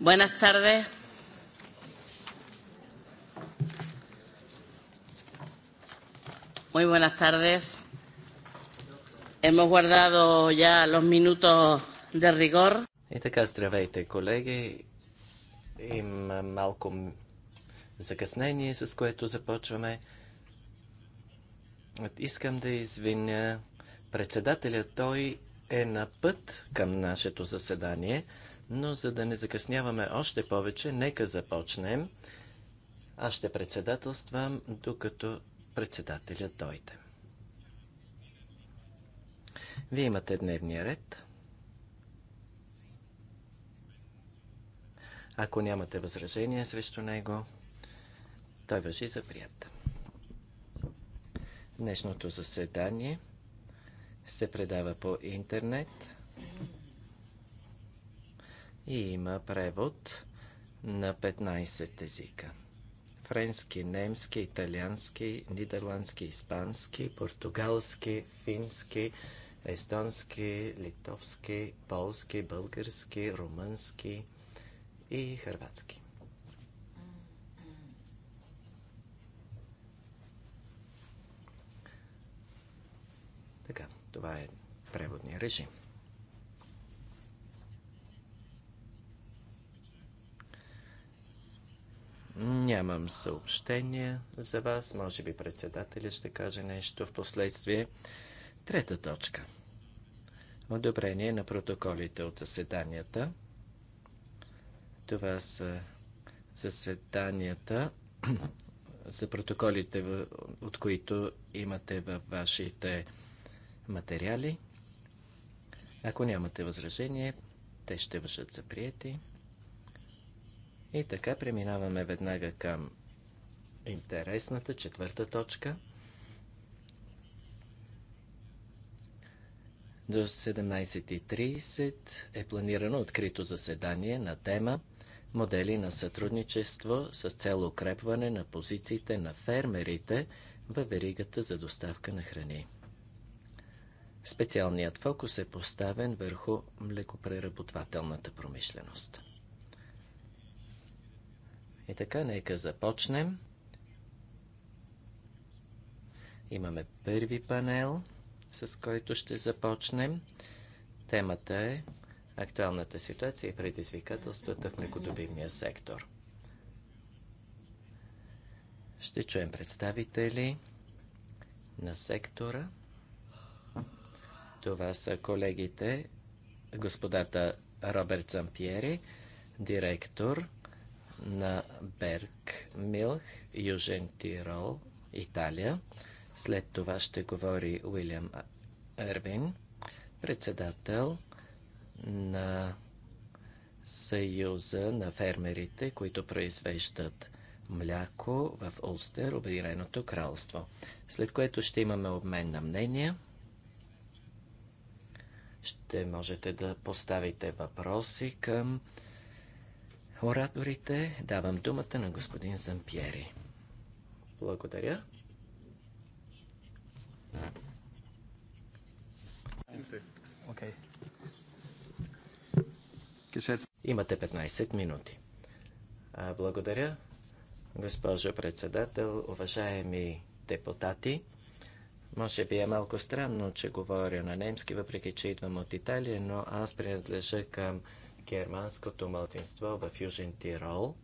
Buenas tardes. Muy buenas tardes. Hemos guardado ya los minutos de rigor. И така, здравейте, колеги. Има малко закъснение, с което започваме. Искам да извиня председателя. Той е на път към нашето заседание, но за да не закъсняваме още повече, нека започнем. Аз ще председателствам, докато председателя дойде. Вие имате дневния ред. Ако нямате възражение срещу него, той въжи за прият. Днешното заседание – се предава по интернет и има превод на 15 езика. Френски, немски, италиански, нидерландски, испански, португалски, фински, естонски, литовски, полски, български, румънски и хърватски. Това е преводния режим. Нямам съобщения за вас. Може би председателя ще каже нещо в последствие. Трета точка. Одобрение на протоколите от заседанията. Това са заседанията за протоколите, от които имате във вашите материали. Ако нямате възражение, те ще въжат за приети. И така преминаваме веднага към интересната четвърта точка. До 17.30 е планирано открито заседание на тема Модели на сътрудничество с цел укрепване на позициите на фермерите във веригата за доставка на храни. Специалният фокус е поставен върху млекопреработвателната промишленост. И така, нека започнем. Имаме първи панел, с който ще започнем. Темата е актуалната ситуация и предизвикателствата в млекодобивния сектор. Ще чуем представители на сектора – това са колегите, господата Роберт Зампиери, директор на Берг Милх, Южен Тирол, Италия. След това ще говори Уилям Ервин, председател на Съюза на фермерите, които произвеждат мляко в Улстер, Обединеното кралство. След което ще имаме обмен на мнения. Ще можете да поставите въпроси към ораторите. Давам думата на господин Зампиери. Благодаря. Имате 15 минути. Благодаря, госпожо председател, уважаеми депутати. Може би е малко странно, че говоря на немски, въпреки че идвам от Италия, но аз принадлежа към германското мълцинство в Южен Тирол.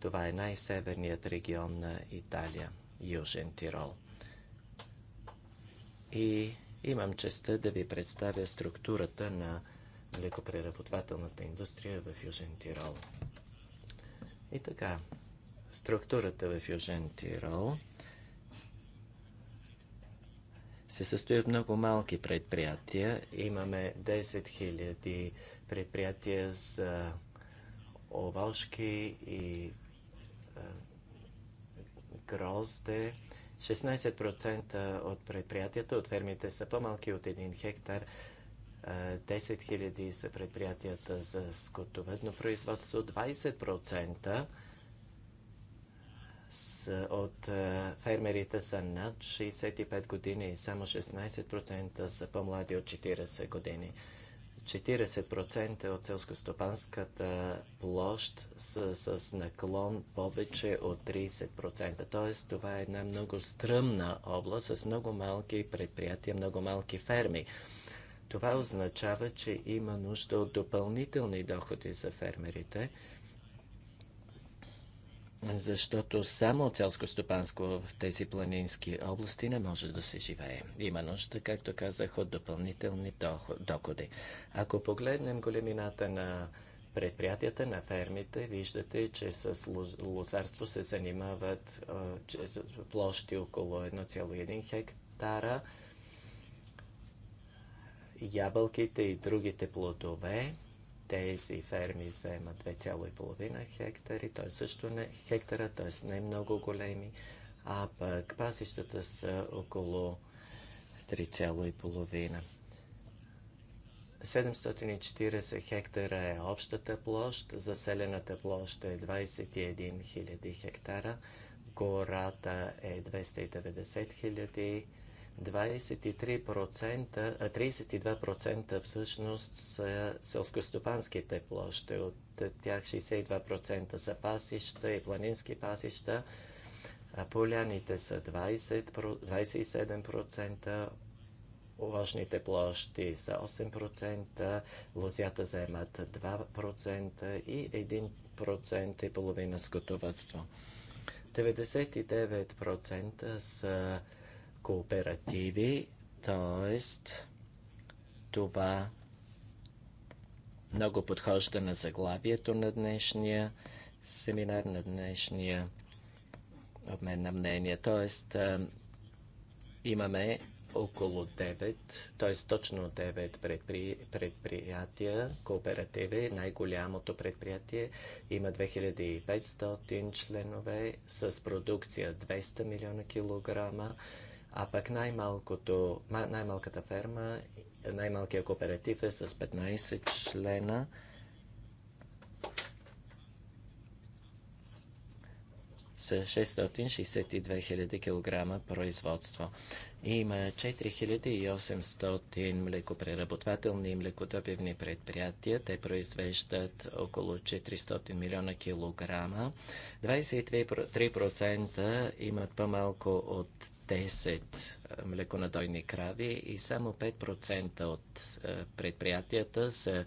Това е най-северният регион на Италия, Южен Тирол. И имам честа да ви представя структурата на млекопреработвателната индустрия в Южен Тирол. И така, структурата в Южен Тирол – се състои от много малки предприятия. Имаме 10 000 предприятия за овалшки и грозде. 16% от предприятията, от фермите са по-малки от 1 хектар. 10 000 са предприятията за скотоведно производство. 20% с, от е, фермерите са над 65 години и само 16% са по-млади от 40 години. 40% от селскостопанската площ са с наклон повече от 30%. Тоест, това е една много стръмна област с много малки предприятия, много малки ферми. Това означава, че има нужда от допълнителни доходи за фермерите защото само от селско стопанство в тези планински области не може да се живее. Има нужда, както казах, от допълнителни доходи. Ако погледнем големината на предприятията, на фермите, виждате, че с лозарство се занимават площи около 1,1 хектара. Ябълките и другите плодове тези ферми заемат 2,5 хектари, т.е. също не хектара, т.е. не много големи, а пък пасищата са около 3,5. 740 хектара е общата площ, заселената площ е 21 000 хектара, гората е 290 000 хектара, 23%, 32% всъщност са селскостопанските площи. От тях 62% са пасища и планински пасища. А поляните са 20, 27%, овощните площи са 8%, лозята заемат 2% и 1% и половина скотовътство. 99% са кооперативи, т.е. това много подхожда на заглавието на днешния семинар, на днешния обмен на мнения. Т.е. имаме около 9, т.е. точно 9 предпри, предприятия, кооперативи, най-голямото предприятие има 2500 членове с продукция 200 милиона килограма а пък най-малкото, най-малката ферма, най-малкият кооператив е с 15 члена. с 662 000 килограма производство. Има 4800 млекопреработвателни и млекодобивни предприятия. Те произвеждат около 400 милиона килограма. 23% имат по-малко от 10 млеконадойни крави и само 5% от предприятията са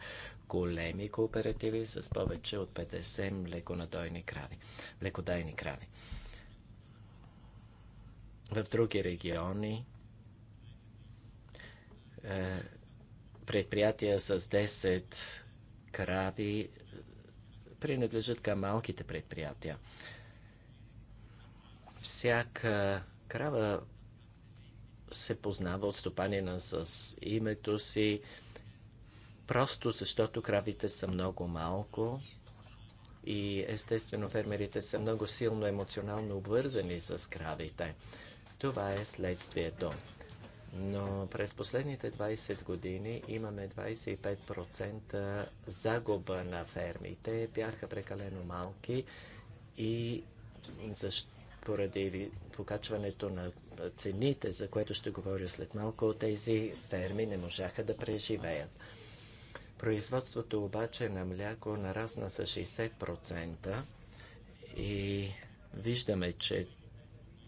големи кооперативи с повече от 50 млеконадойни крави, млекодайни крави. В други региони предприятия с 10 крави принадлежат към малките предприятия. Всяка Крава се познава от стопанина с името си, просто защото кравите са много малко и естествено фермерите са много силно емоционално обвързани с кравите. Това е следствието. Но през последните 20 години имаме 25% загуба на фермите. бяха прекалено малки и защо, поради покачването на цените, за което ще говоря след малко, тези ферми не можаха да преживеят. Производството обаче на мляко нарасна с 60% и виждаме, че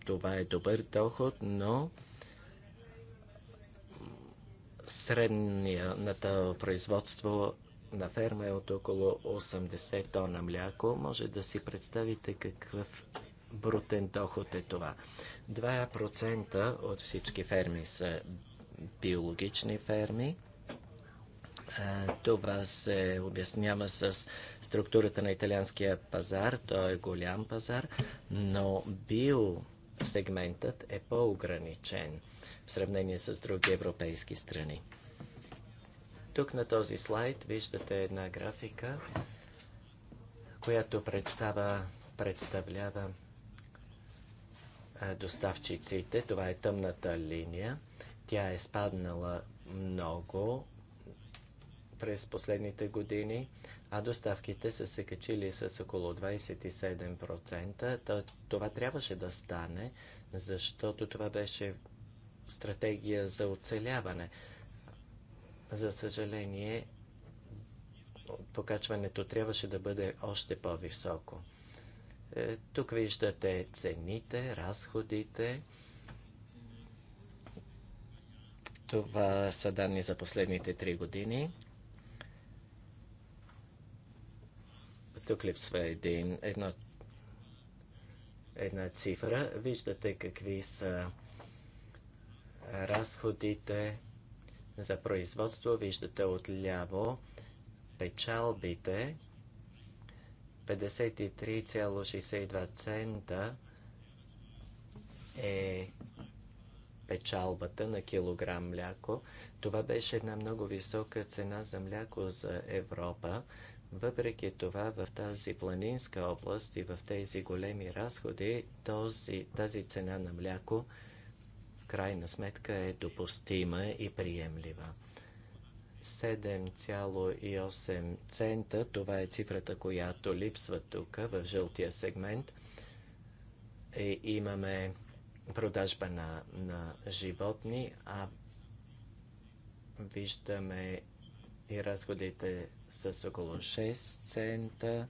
това е добър доход, но средната производство на ферма е от около 80 тона мляко. Може да си представите какъв брутен доход е това. 2% от всички ферми са биологични ферми. Това се обяснява с структурата на италианския пазар. Той е голям пазар, но биосегментът е по-ограничен в сравнение с други европейски страни. Тук на този слайд виждате една графика, която представлява доставчиците. Това е тъмната линия. Тя е спаднала много през последните години, а доставките са се качили с около 27%. Това трябваше да стане, защото това беше стратегия за оцеляване. За съжаление, покачването трябваше да бъде още по-високо. Е, тук виждате цените, разходите. Това са данни за последните три години. Тук липсва един, едно, една цифра. Виждате какви са разходите за производство. Виждате отляво печалбите. 53,62 цента е печалбата на килограм мляко. Това беше една много висока цена за мляко за Европа. Въпреки това, в тази планинска област и в тези големи разходи, този, тази цена на мляко в крайна сметка е допустима и приемлива. 7,8 цента. Това е цифрата, която липсва тук в жълтия сегмент. И е, имаме продажба на, на животни, а виждаме и разходите с около 6 цента,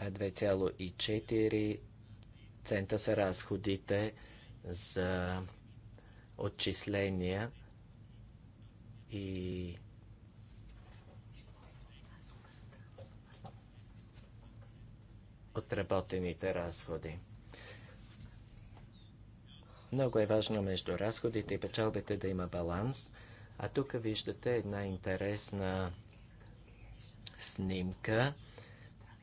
2,4 цента са разходите за отчисления – и отработените разходи. Много е важно между разходите и печалбите да има баланс, а тук виждате една интересна снимка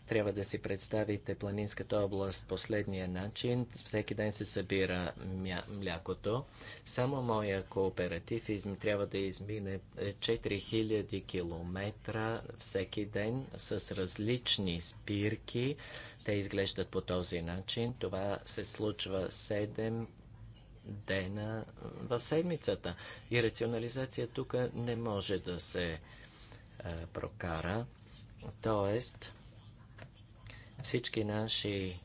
трябва да си представите планинската област последния начин. Всеки ден се събира млякото. Само моя кооператив изм, трябва да измине 4000 е, км всеки ден с различни спирки. Те изглеждат по този начин. Това се случва 7 дена в седмицата. И рационализация тук не може да се е, прокара. Тоест, всички наши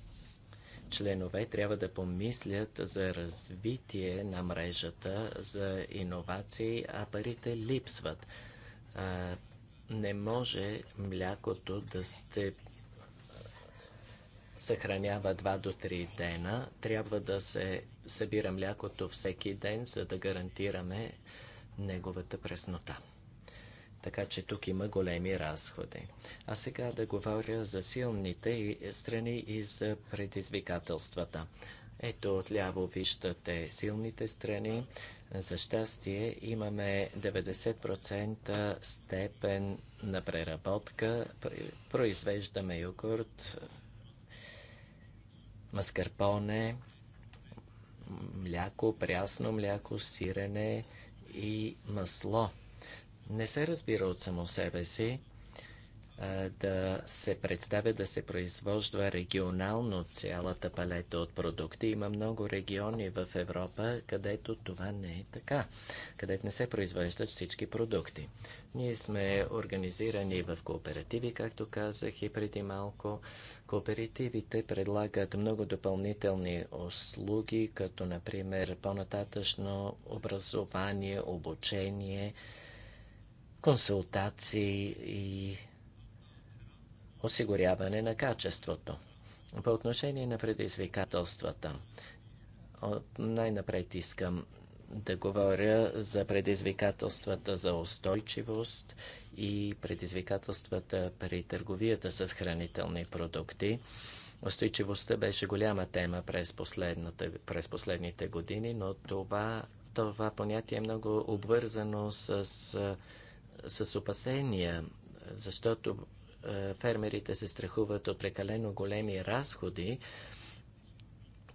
членове трябва да помислят за развитие на мрежата, за иновации, а парите липсват. А, не може млякото да се съхранява 2 до 3 дена. Трябва да се събира млякото всеки ден, за да гарантираме неговата преснота. Така че тук има големи разходи. А сега да говоря за силните страни и за предизвикателствата. Ето отляво виждате силните страни. За щастие имаме 90% степен на преработка. Произвеждаме йогурт, маскарпоне, мляко, прясно мляко, сирене и масло – не се разбира от само себе си да се представя, да се произвожда регионално цялата палета от продукти. Има много региони в Европа, където това не е така, където не се произвеждат всички продукти. Ние сме организирани в кооперативи, както казах и преди малко. Кооперативите предлагат много допълнителни услуги, като например по-нататъчно образование, обучение – консултации и осигуряване на качеството. По отношение на предизвикателствата, най-напред искам да говоря за предизвикателствата за устойчивост и предизвикателствата при търговията с хранителни продукти. Устойчивостта беше голяма тема през, през последните години, но това, това понятие е много обвързано с с опасения, защото е, фермерите се страхуват от прекалено големи разходи,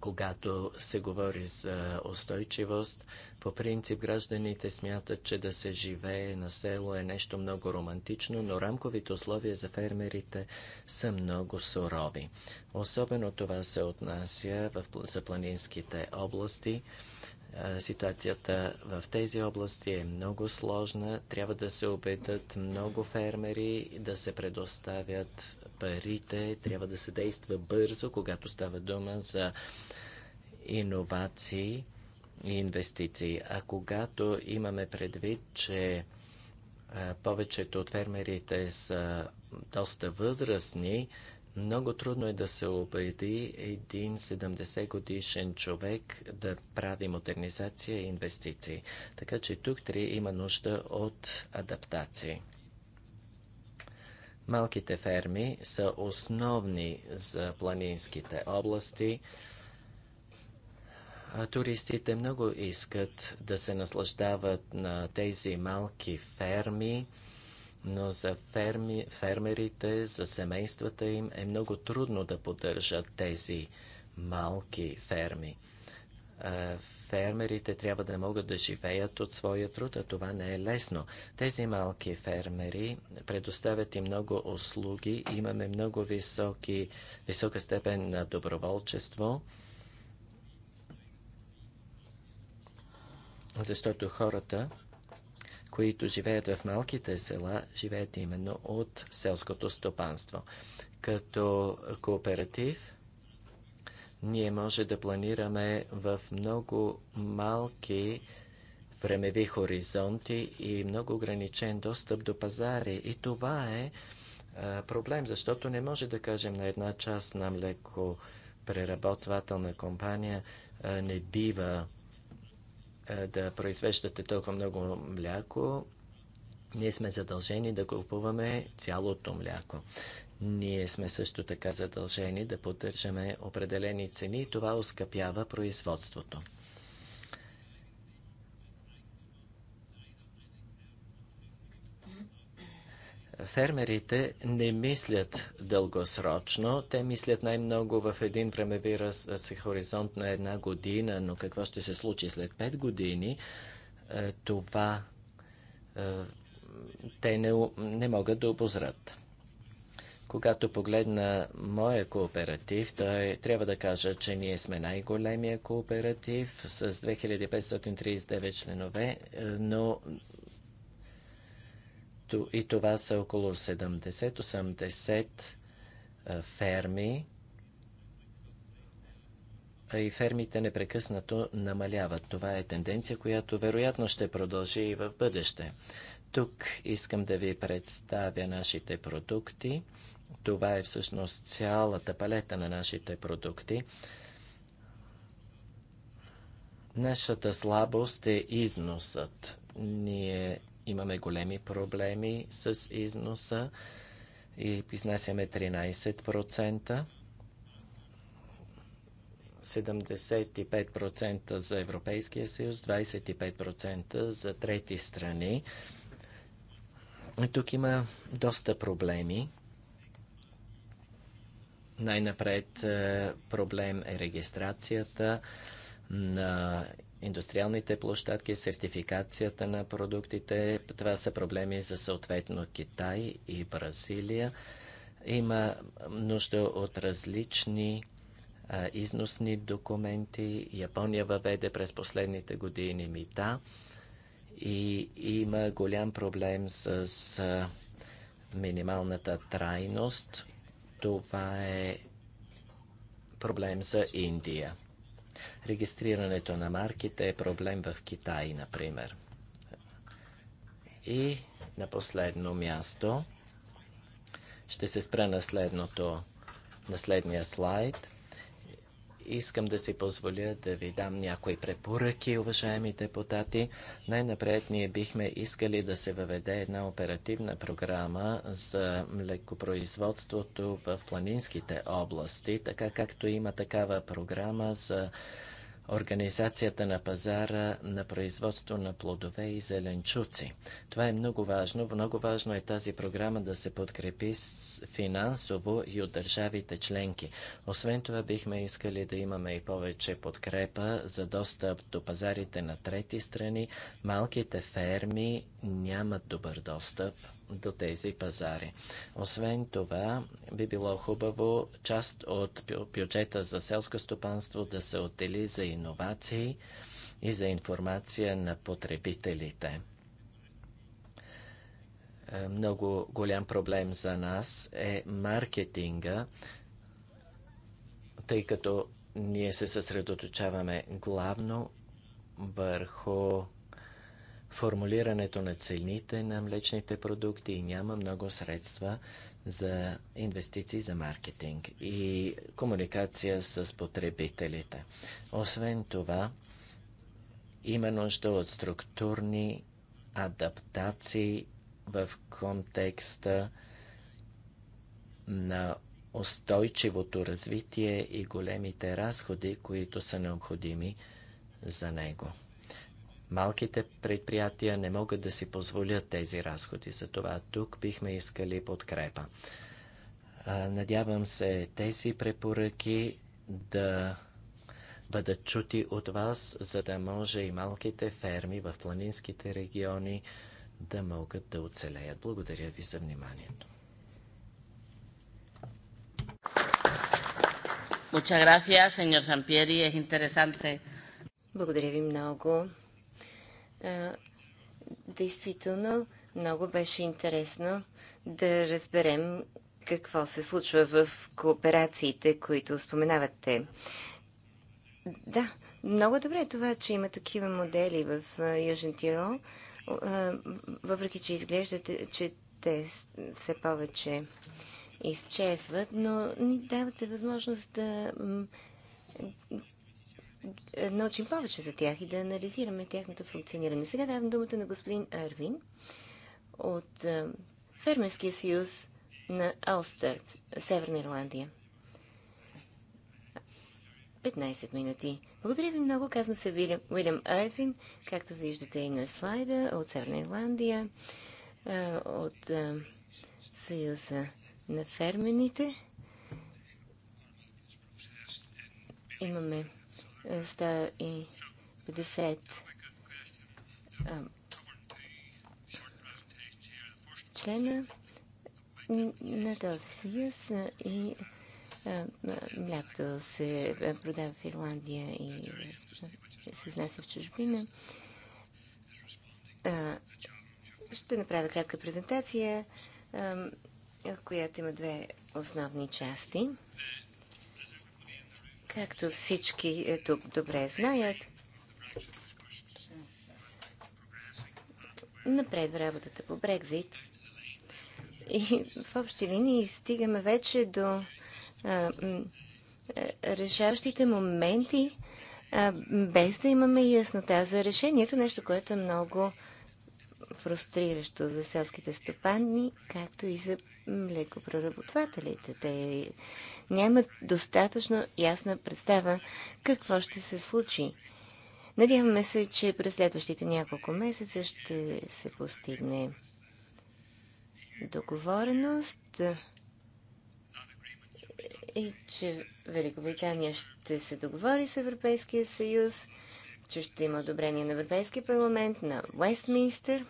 когато се говори за устойчивост. По принцип гражданите смятат, че да се живее на село е нещо много романтично, но рамковите условия за фермерите са много сурови. Особено това се отнася в, за планинските области. Ситуацията в тези области е много сложна. Трябва да се убедят много фермери да се предоставят парите. Трябва да се действа бързо, когато става дума за иновации и инвестиции. А когато имаме предвид, че повечето от фермерите са доста възрастни, много трудно е да се убеди един 70 годишен човек да прави модернизация и инвестиции. Така че тук три има нужда от адаптации. Малките ферми са основни за планинските области. А туристите много искат да се наслаждават на тези малки ферми но за ферми, фермерите, за семействата им е много трудно да поддържат тези малки ферми. Фермерите трябва да могат да живеят от своя труд, а това не е лесно. Тези малки фермери предоставят и много услуги, имаме много високи, висока степен на доброволчество. защото хората които живеят в малките села, живеят именно от селското стопанство. Като кооператив, ние може да планираме в много малки времеви хоризонти и много ограничен достъп до пазари. И това е проблем, защото не може да кажем на една част на млеко преработвателна компания не бива е, да произвеждате толкова много мляко, ние сме задължени да купуваме цялото мляко. Ние сме също така задължени да поддържаме определени цени и това оскъпява производството. фермерите не мислят дългосрочно. Те мислят най-много в един времеви раз, хоризонт на една година, но какво ще се случи след 5 години, е, това е, те не, не могат да обозрат. Когато погледна моя кооператив, той трябва да кажа, че ние сме най-големия кооператив с 2539 членове, е, но и това са около 70-80 ферми. И фермите непрекъснато намаляват. Това е тенденция, която вероятно ще продължи и в бъдеще. Тук искам да ви представя нашите продукти. Това е всъщност цялата палета на нашите продукти. Нашата слабост е износът. Ние Имаме големи проблеми с износа и изнасяме 13%. 75% за Европейския съюз, 25% за трети страни. Тук има доста проблеми. Най-напред е, проблем е регистрацията на индустриалните площадки, сертификацията на продуктите. Това са проблеми за съответно Китай и Бразилия. Има нужда от различни а, износни документи. Япония въведе през последните години мита и има голям проблем с, с минималната трайност. Това е проблем за Индия. Регистрирането на марките е проблем в Китай, например. И на последно място ще се спра на следното, на следния слайд – Искам да си позволя да ви дам някои препоръки, уважаеми депутати. Най-напред ние бихме искали да се въведе една оперативна програма за млекопроизводството в планинските области, така както има такава програма за организацията на пазара на производство на плодове и зеленчуци. Това е много важно. Много важно е тази програма да се подкрепи финансово и от държавите членки. Освен това бихме искали да имаме и повече подкрепа за достъп до пазарите на трети страни, малките ферми нямат добър достъп до тези пазари. Освен това, би било хубаво част от бюджета за селско стопанство да се отдели за иновации и за информация на потребителите. Е, много голям проблем за нас е маркетинга, тъй като ние се съсредоточаваме главно върху формулирането на цените на млечните продукти и няма много средства за инвестиции за маркетинг и комуникация с потребителите. Освен това, има нужда от структурни адаптации в контекста на устойчивото развитие и големите разходи, които са необходими за него. Малките предприятия не могат да си позволят тези разходи, затова тук бихме искали подкрепа. Надявам се тези препоръки да бъдат чути от вас, за да може и малките ферми в планинските региони да могат да оцелеят. Благодаря ви за вниманието. Благодаря ви много, действително много беше интересно да разберем какво се случва в кооперациите, които споменавате. Да, много добре е това, че има такива модели в Южен Тирол, въпреки че изглеждате, че те все повече изчезват, но ни давате възможност да е, научим повече за тях и да анализираме тяхното функциониране. Сега давам думата на господин Арвин от е, Фермерския съюз на Алстър, Северна Ирландия. 15 минути. Благодаря ви много. Казвам се Вилям, Уилям Арвин, както виждате и на слайда, от Северна Ирландия, е, от Съюза на фермените. Имаме 150 члена на този съюз и млякото се продава в Ирландия и се изнася в чужбина. Ще направя кратка презентация, която има две основни части. Както всички е, тук добре знаят, в работата по Брекзит. И в общи линии стигаме вече до а, е, решаващите моменти, а, без да имаме яснота за решението, нещо, което е много фрустриращо за селските стопани, както и за млекопроработвателите. Те нямат достатъчно ясна представа какво ще се случи. Надяваме се, че през следващите няколко месеца ще се постигне договореност и че Великобритания ще се договори с Европейския съюз, че ще има одобрение на Европейския парламент, на Уестминстър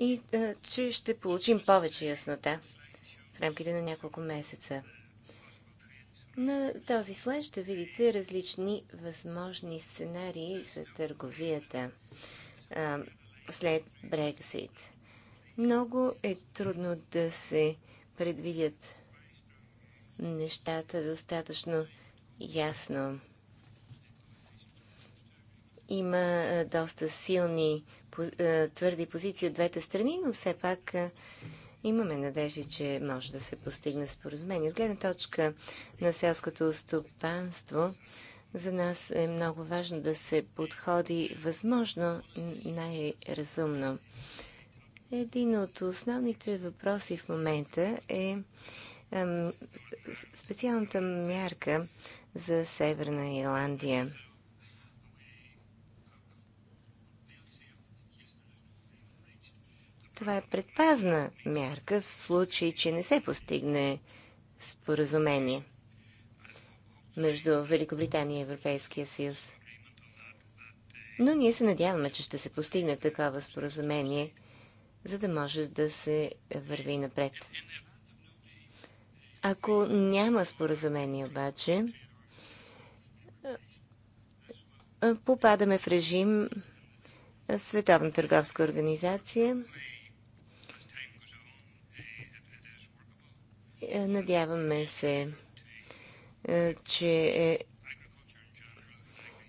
и че ще получим повече яснота в рамките на няколко месеца. На този слайд ще видите различни възможни сценарии за търговията а, след Брекзит. Много е трудно да се предвидят нещата достатъчно ясно. Има доста силни твърди позиции от двете страни, но все пак Имаме надежда, че може да се постигне споразумение. От гледна точка на селското стопанство, за нас е много важно да се подходи възможно най-разумно. Един от основните въпроси в момента е специалната мярка за Северна Ирландия. Това е предпазна мярка в случай, че не се постигне споразумение между Великобритания и Европейския съюз. Но ние се надяваме, че ще се постигне такова споразумение, за да може да се върви напред. Ако няма споразумение обаче, попадаме в режим Световна търговска организация, Е, надяваме се, е, че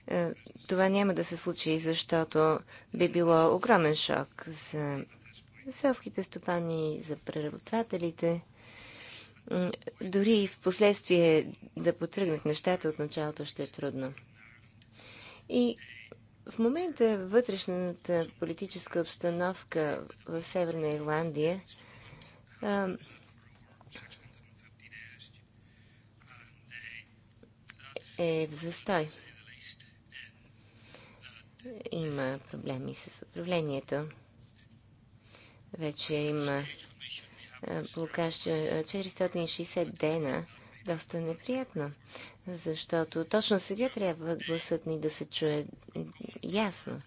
е, това няма да се случи, защото би било огромен шок за селските стопани, за преработвателите. Дори и в последствие да потръгнат нещата от началото ще е трудно. И в момента вътрешната политическа обстановка в Северна Ирландия е в застой. Има проблеми с управлението. Вече има блокаж 460 дена. Доста неприятно, защото точно сега трябва гласът ни да се чуе ясно.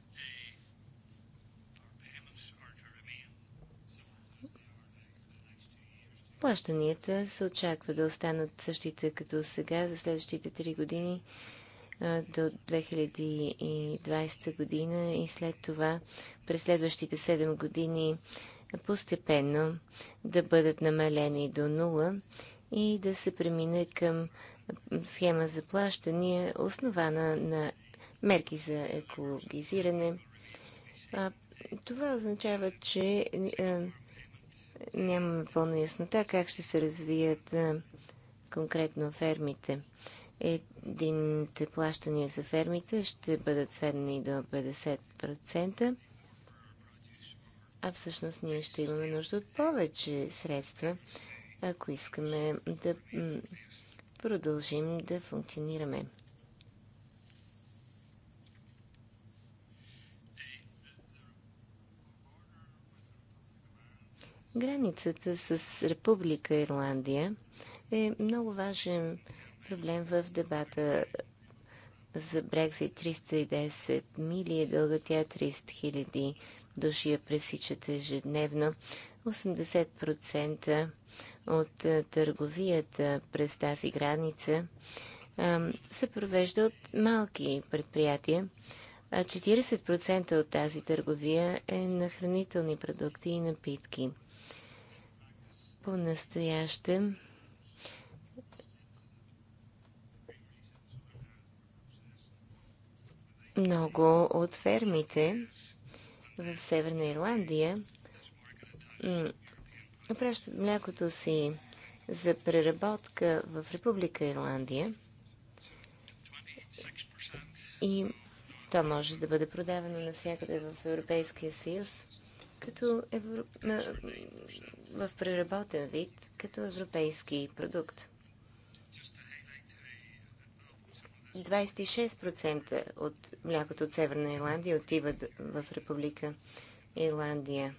Плащанията се очаква да останат същите като сега за следващите 3 години до 2020 година и след това през следващите 7 години постепенно да бъдат намалени до нула и да се премине към схема за плащания, основана на мерки за екологизиране. това означава, че е, нямаме пълна яснота как ще се развият а, конкретно фермите. Едините плащания за фермите ще бъдат сведени до 50%, а всъщност ние ще имаме нужда от повече средства, ако искаме да продължим да функционираме. Границата с Република Ирландия е много важен проблем в дебата за Брекзит. 310 мили е дълга тя, 30 хиляди души я пресичат ежедневно. 80% от търговията през тази граница се провежда от малки предприятия, а 40% от тази търговия е на хранителни продукти и напитки. По-настоящем много от фермите в Северна Ирландия пращат млякото си за преработка в Република Ирландия и то може да бъде продавано навсякъде в Европейския съюз като евро... в преработен вид като европейски продукт. 26% от млякото от Северна Ирландия отива в Република Ирландия.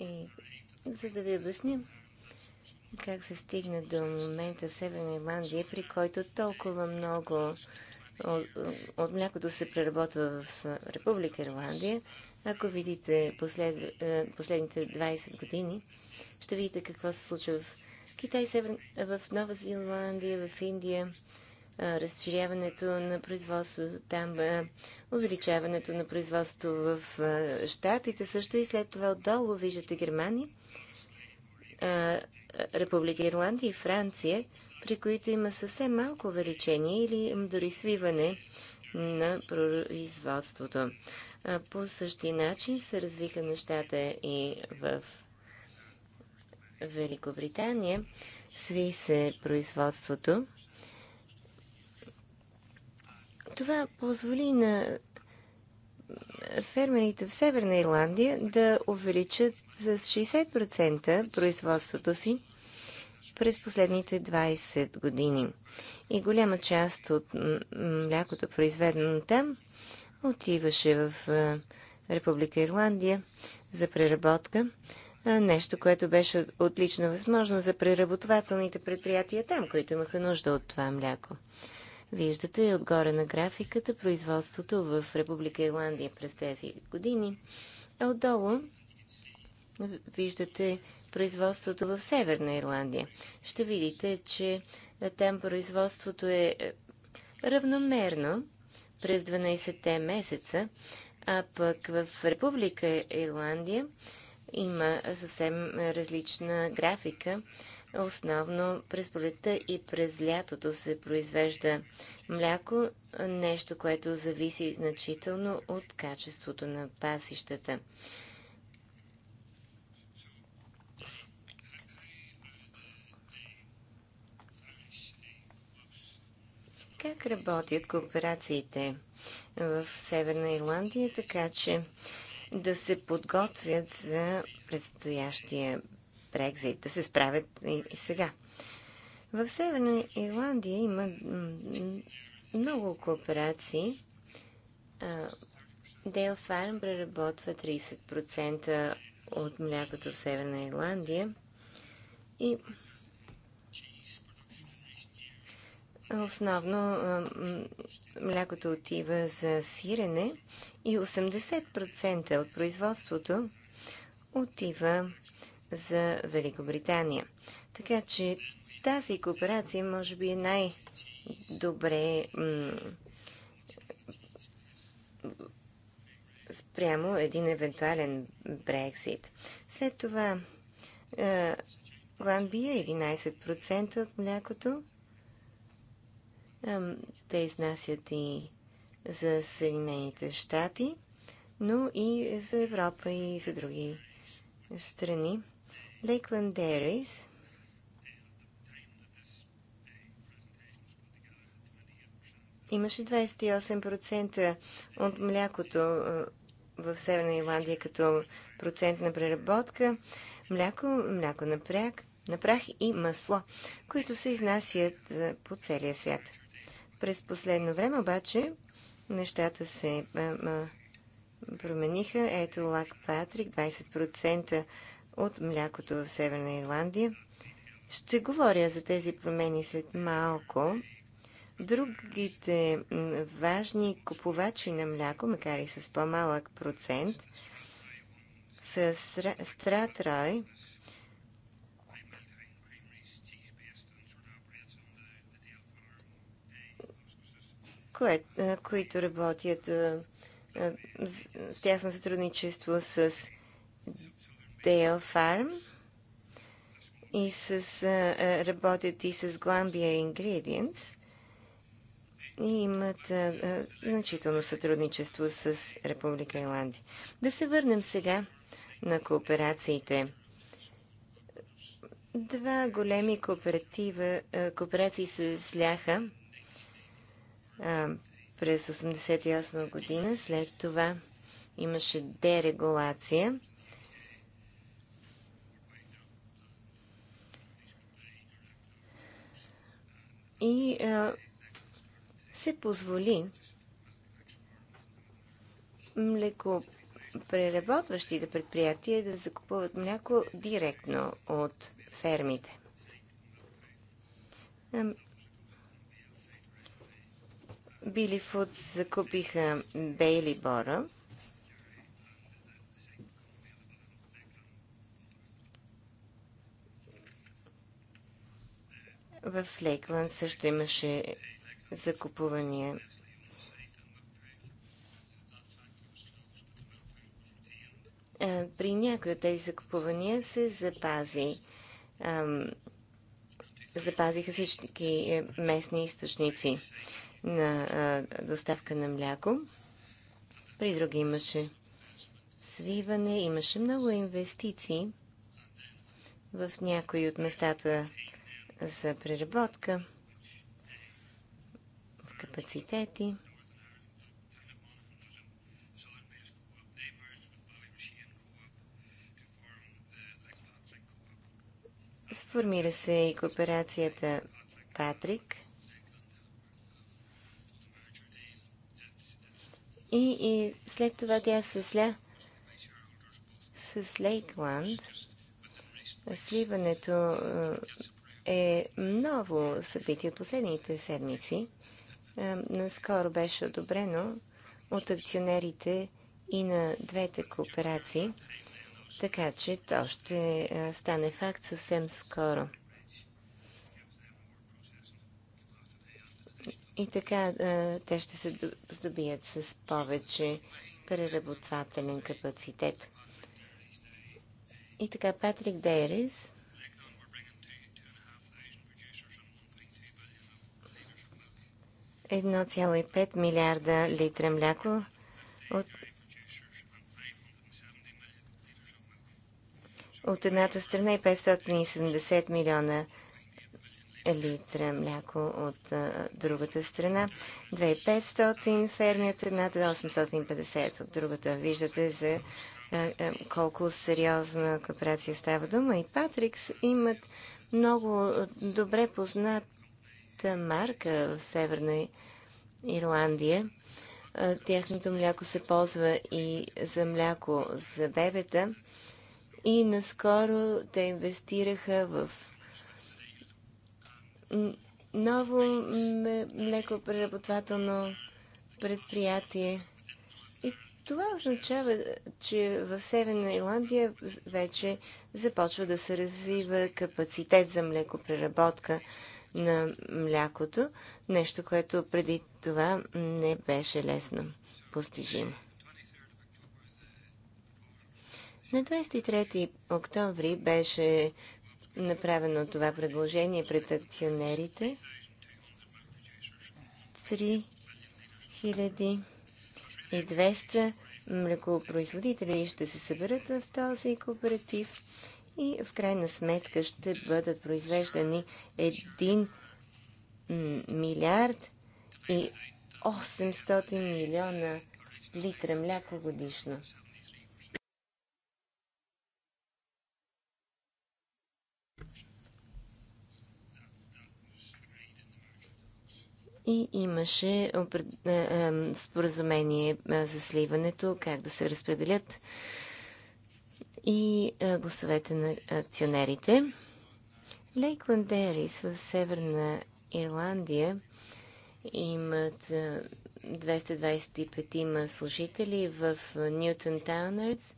И за да ви обясня как се стигна до момента в Северна Ирландия, при който толкова много от млякото се преработва в Република Ирландия. Ако видите послед... последните 20 години, ще видите какво се случва в Китай, Север... в Нова Зеландия, в Индия, разширяването на производството там, увеличаването на производството в Штатите също и след това отдолу виждате Германия Република Ирландия и Франция, при които има съвсем малко увеличение или дори свиване на производството. По същия начин се развиха нещата и в Великобритания. Сви се производството. Това позволи на фермерите в Северна Ирландия да увеличат с 60% производството си през последните 20 години. И голяма част от млякото, произведено там, отиваше в Република Ирландия за преработка. Нещо, което беше отлична възможност за преработвателните предприятия там, които имаха нужда от това мляко. Виждате отгоре на графиката производството в Република Ирландия през тези години. А отдолу виждате производството в Северна Ирландия. Ще видите, че там производството е, е равномерно през 12-те месеца, а пък в Република Ирландия има съвсем различна графика Основно през пролетта и през лятото се произвежда мляко, нещо, което зависи значително от качеството на пасищата. Как работят кооперациите в Северна Ирландия, така че да се подготвят за предстоящия Брекзит, да се справят и, и сега. В Северна Ирландия има много кооперации. Дейл Фарм преработва 30% от млякото в Северна Ирландия и Основно млякото отива за сирене и 80% от производството отива за Великобритания. Така че тази кооперация може би е най-добре спрямо един евентуален Брексит. След това е, Гланбия 11% е от млякото. те изнасят и за Съединените щати, но и за Европа и за други страни. Lakeland Dairies, имаше 28% от млякото в Северна Ирландия като процент на преработка. Мляко, мляко на пряк, на прах и масло, които се изнасят по целия свят. През последно време обаче нещата се промениха. Ето Лак Патрик, 20% от млякото в Северна Ирландия. Ще говоря за тези промени след малко. Другите важни купувачи на мляко, макар и с по-малък процент, са Стратрой, които работят в тясно сътрудничество с Дейл Farm и с, работят и с Гламбия Ingredients и имат а, а, значително сътрудничество с Република Ирландия. Да се върнем сега на кооперациите. Два големи кооператива, а, кооперации се сляха а, през 1988 година. След това имаше дерегулация и а, е, се позволи млеко преработващите предприятия да закупуват мляко директно от фермите. Били Фудс закупиха Бейли Бора В Лейкланд също имаше закупувания. При някои от тези закупувания се запази запазиха всички е, местни източници на доставка на мляко. При други имаше свиване, имаше много инвестиции в някои от местата за преработка в капацитети. Сформира се и кооперацията Патрик и, и след това тя се сля с Лейкланд. Сливането е ново събитие от последните седмици. Е, наскоро беше одобрено от акционерите и на двете кооперации, така че то ще е, стане факт съвсем скоро. И така е, те ще се здобият с повече преработвателен капацитет. И така Патрик Дейрис 1,5 милиарда литра мляко от, от едната страна и 570 милиона литра мляко от а, другата страна. 2500 ферми от едната, 850 от другата. Виждате за а, а, колко сериозна кооперация става дума. И Патрикс имат много добре познат марка в Северна Ирландия. Тяхното мляко се ползва и за мляко за бебета. И наскоро те инвестираха в ново млекопреработвателно предприятие. И това означава, че в Северна Ирландия вече започва да се развива капацитет за млекопреработка на млякото, нещо, което преди това не беше лесно постижимо. На 23 октомври беше направено това предложение пред акционерите. 3200 млекопроизводители ще се съберат в този кооператив и в крайна сметка ще бъдат произвеждани 1 милиард и 800 милиона литра мляко годишно. и имаше споразумение за сливането, как да се разпределят и гласовете на акционерите. Лейкланд Ерис в Северна Ирландия имат 225 служители в Ньютон Таунърдс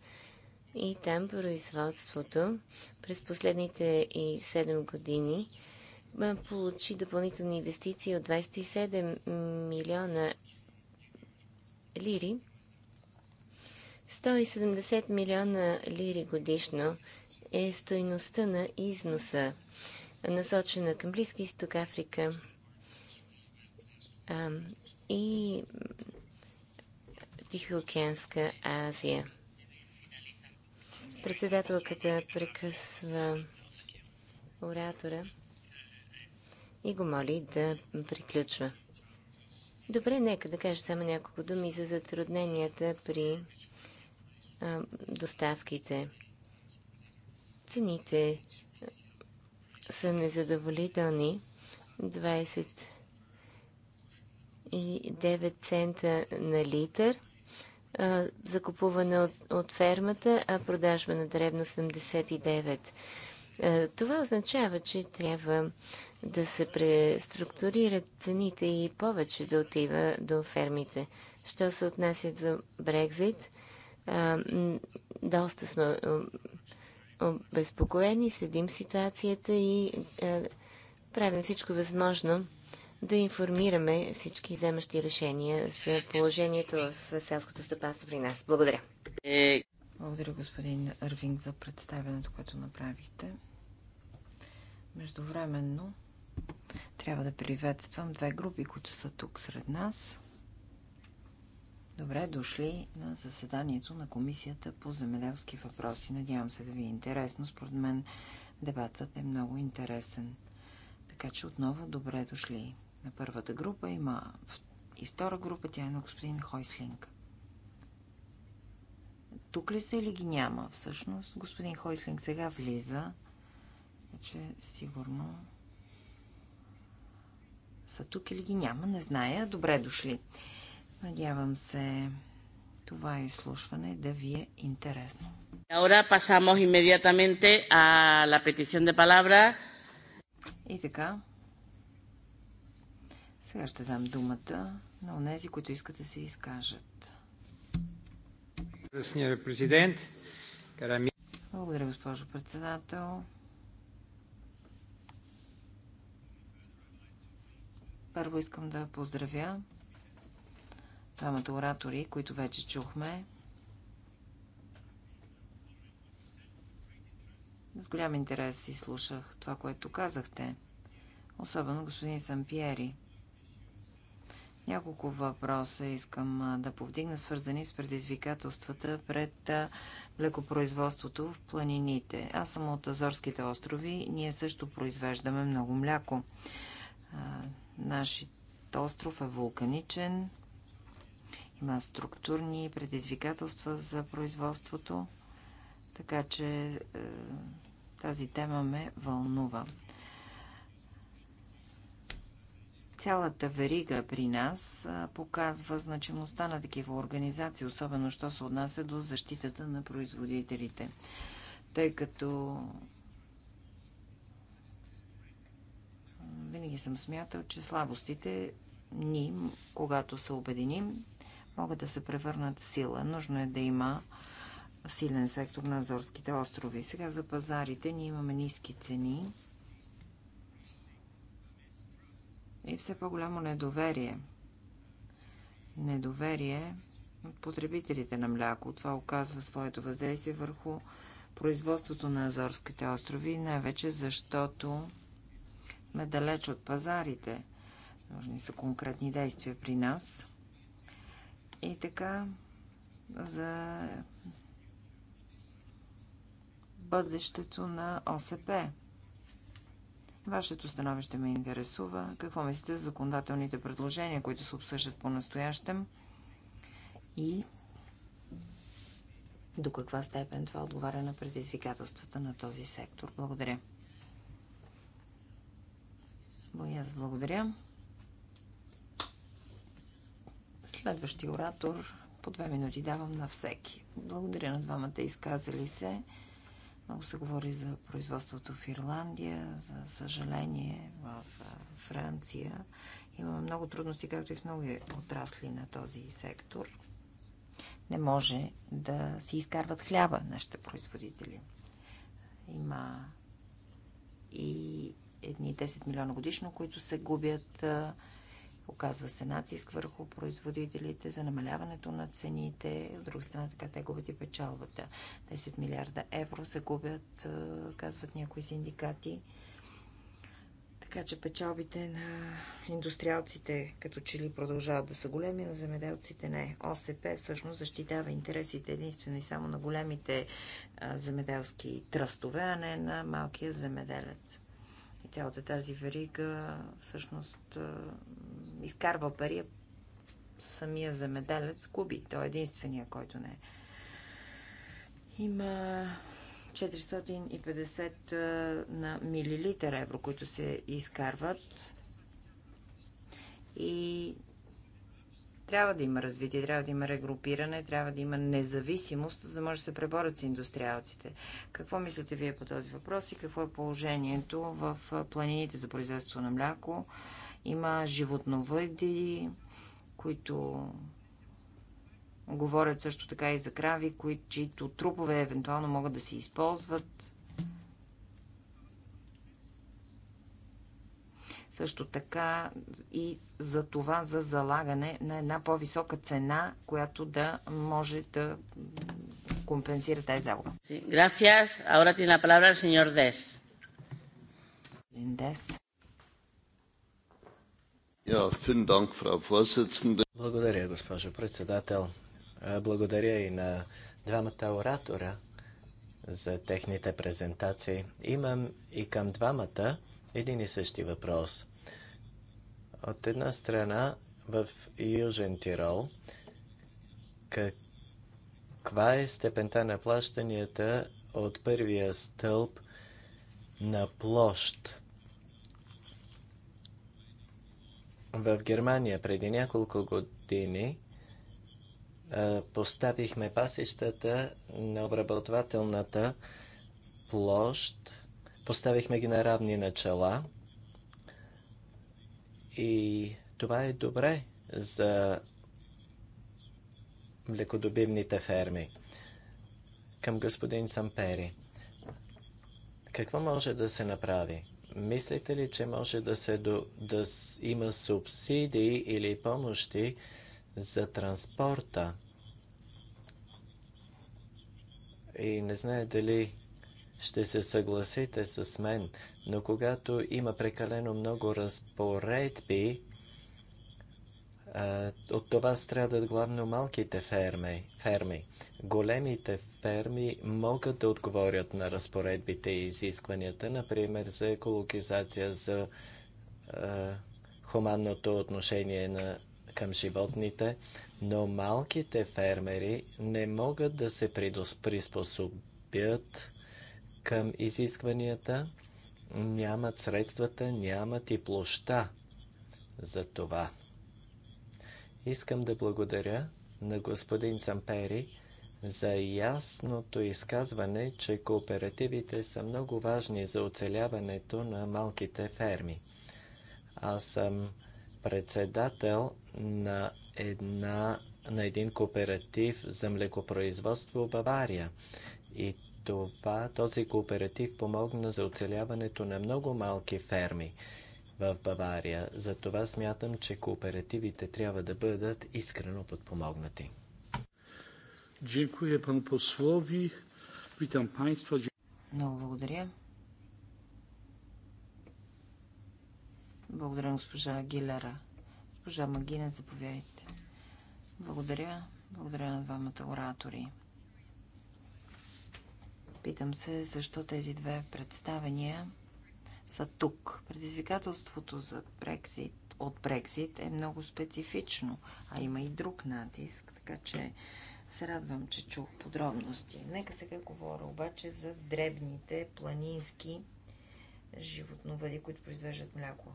и там производството през последните и 7 години получи допълнителни инвестиции от 27 милиона лири 170 милиона лири годишно е стоеността на износа, насочена към Близки изток Африка а, и Тихоокеанска Азия. Председателката прекъсва оратора и го моли да приключва. Добре, нека да кажа само няколко думи за затрудненията при доставките. Цените са незадоволителни. 29 цента на литър, закупуване от, от фермата, а продажба на дребно 79. Това означава, че трябва да се преструктурират цените и повече да отива до фермите. Що се отнася за Брекзит, доста сме обезпокоени, следим ситуацията и правим всичко възможно да информираме всички вземащи решения за положението в селското стопанство при нас. Благодаря. Е, Благодаря, господин Ирвинг, за представянето, което направихте. Междувременно трябва да приветствам две групи, които са тук сред нас. Добре дошли на заседанието на Комисията по земеделски въпроси. Надявам се да ви е интересно. Според мен дебатът е много интересен. Така че отново добре дошли. На първата група има и втора група, тя е на господин Хойслинг. Тук ли са или ги няма? Всъщност господин Хойслинг сега влиза, че значи, сигурно са тук или ги няма, не зная. Добре дошли. Надявам се това изслушване да ви е интересно. Ahora pasamos inmediatamente a la petición de palabra. И така. Сега ще дам думата на онези, които искат да се изкажат. президент, Благодаря, госпожо председател. Първо искам да поздравя двамата оратори, които вече чухме, с голям интерес си слушах това, което казахте, особено господин Сампиери. Няколко въпроса искам да повдигна, свързани с предизвикателствата пред млекопроизводството в планините. Аз съм от Азорските острови. Ние също произвеждаме много мляко. Нашият остров е вулканичен. Има структурни предизвикателства за производството, така че е, тази тема ме вълнува. Цялата верига при нас е, показва значимостта на такива организации, особено що се отнася до защитата на производителите. Тъй като винаги съм смятал, че слабостите ни, когато се обединим, могат да се превърнат в сила. Нужно е да има силен сектор на Азорските острови. Сега за пазарите ние имаме ниски цени и все по-голямо недоверие. Недоверие от потребителите на мляко. Това оказва своето въздействие върху производството на Азорските острови, най-вече защото сме далеч от пазарите. Нужни са конкретни действия при нас. И така, за бъдещето на ОСП. Вашето становище ме интересува. Какво мислите за законодателните предложения, които се обсъждат по-настоящем? И до каква степен това отговаря на предизвикателствата на този сектор? Благодаря. Бо аз благодаря. Следващия оратор по две минути давам на всеки. Благодаря на двамата изказали се. Много се говори за производството в Ирландия, за съжаление в Франция. Има много трудности, както и в много отрасли на този сектор. Не може да си изкарват хляба нашите производители. Има и едни 10 милиона годишно, които се губят оказва се натиск върху производителите за намаляването на цените. От друга страна, така те губят и печалбата. 10 милиарда евро се губят, е, казват някои синдикати. Така че печалбите на индустриалците като че ли продължават да са големи, на земеделците не. ОСП всъщност защитава интересите единствено и само на големите е, земеделски тръстове, а не на малкия земеделец. И цялата тази верига всъщност е, изкарва пари, самия земеделец губи. Той е единствения, който не е. Има 450 на милилитър евро, които се изкарват. И трябва да има развитие, трябва да има регрупиране, трябва да има независимост, за да може да се преборят с индустриалците. Какво мислите вие по този въпрос и какво е положението в планините за производство на мляко? Има животновъди, които говорят също така и за крави, кои, чието трупове евентуално могат да се използват. Също така и за това за залагане на една по-висока цена, която да може да компенсира тази загуба. Gracias. Ahora tiene la palabra el señor Des. Дес. Благодаря, госпожо председател. Благодаря и на двамата оратора за техните презентации. Имам и към двамата един и същи въпрос. От една страна, в Южен Тирол, каква е степента на плащанията от първия стълб на площ? В Германия преди няколко години поставихме пасищата на обработвателната площ, поставихме ги на равни начала и това е добре за млекодобивните ферми. Към господин Сампери. Какво може да се направи? Мислите ли, че може да, се до, да има субсидии или помощи за транспорта? И не знае дали ще се съгласите с мен, но когато има прекалено много разпоредби, от това страдат главно малките ферми. ферми. Големите ферми могат да отговорят на разпоредбите и изискванията, например за екологизация, за е, хуманното отношение на, към животните, но малките фермери не могат да се приспособят към изискванията, нямат средствата, нямат и площа за това. Искам да благодаря на господин Сампери за ясното изказване, че кооперативите са много важни за оцеляването на малките ферми. Аз съм председател на, една, на един кооператив за млекопроизводство в Бавария. И това, този кооператив помогна за оцеляването на много малки ферми в Бавария. Затова смятам, че кооперативите трябва да бъдат искрено подпомогнати. Дякую, пан Послови. Витам państwa. Много благодаря. Благодаря, госпожа Гилера. Госпожа Магина, заповядайте. Благодаря. Благодаря на двамата оратори. Питам се, защо тези две представения са тук. Предизвикателството за Брекзит, от Брекзит е много специфично, а има и друг натиск, така че се радвам, че чух подробности. Нека сега говоря обаче за дребните планински животновъди, които произвеждат мляко.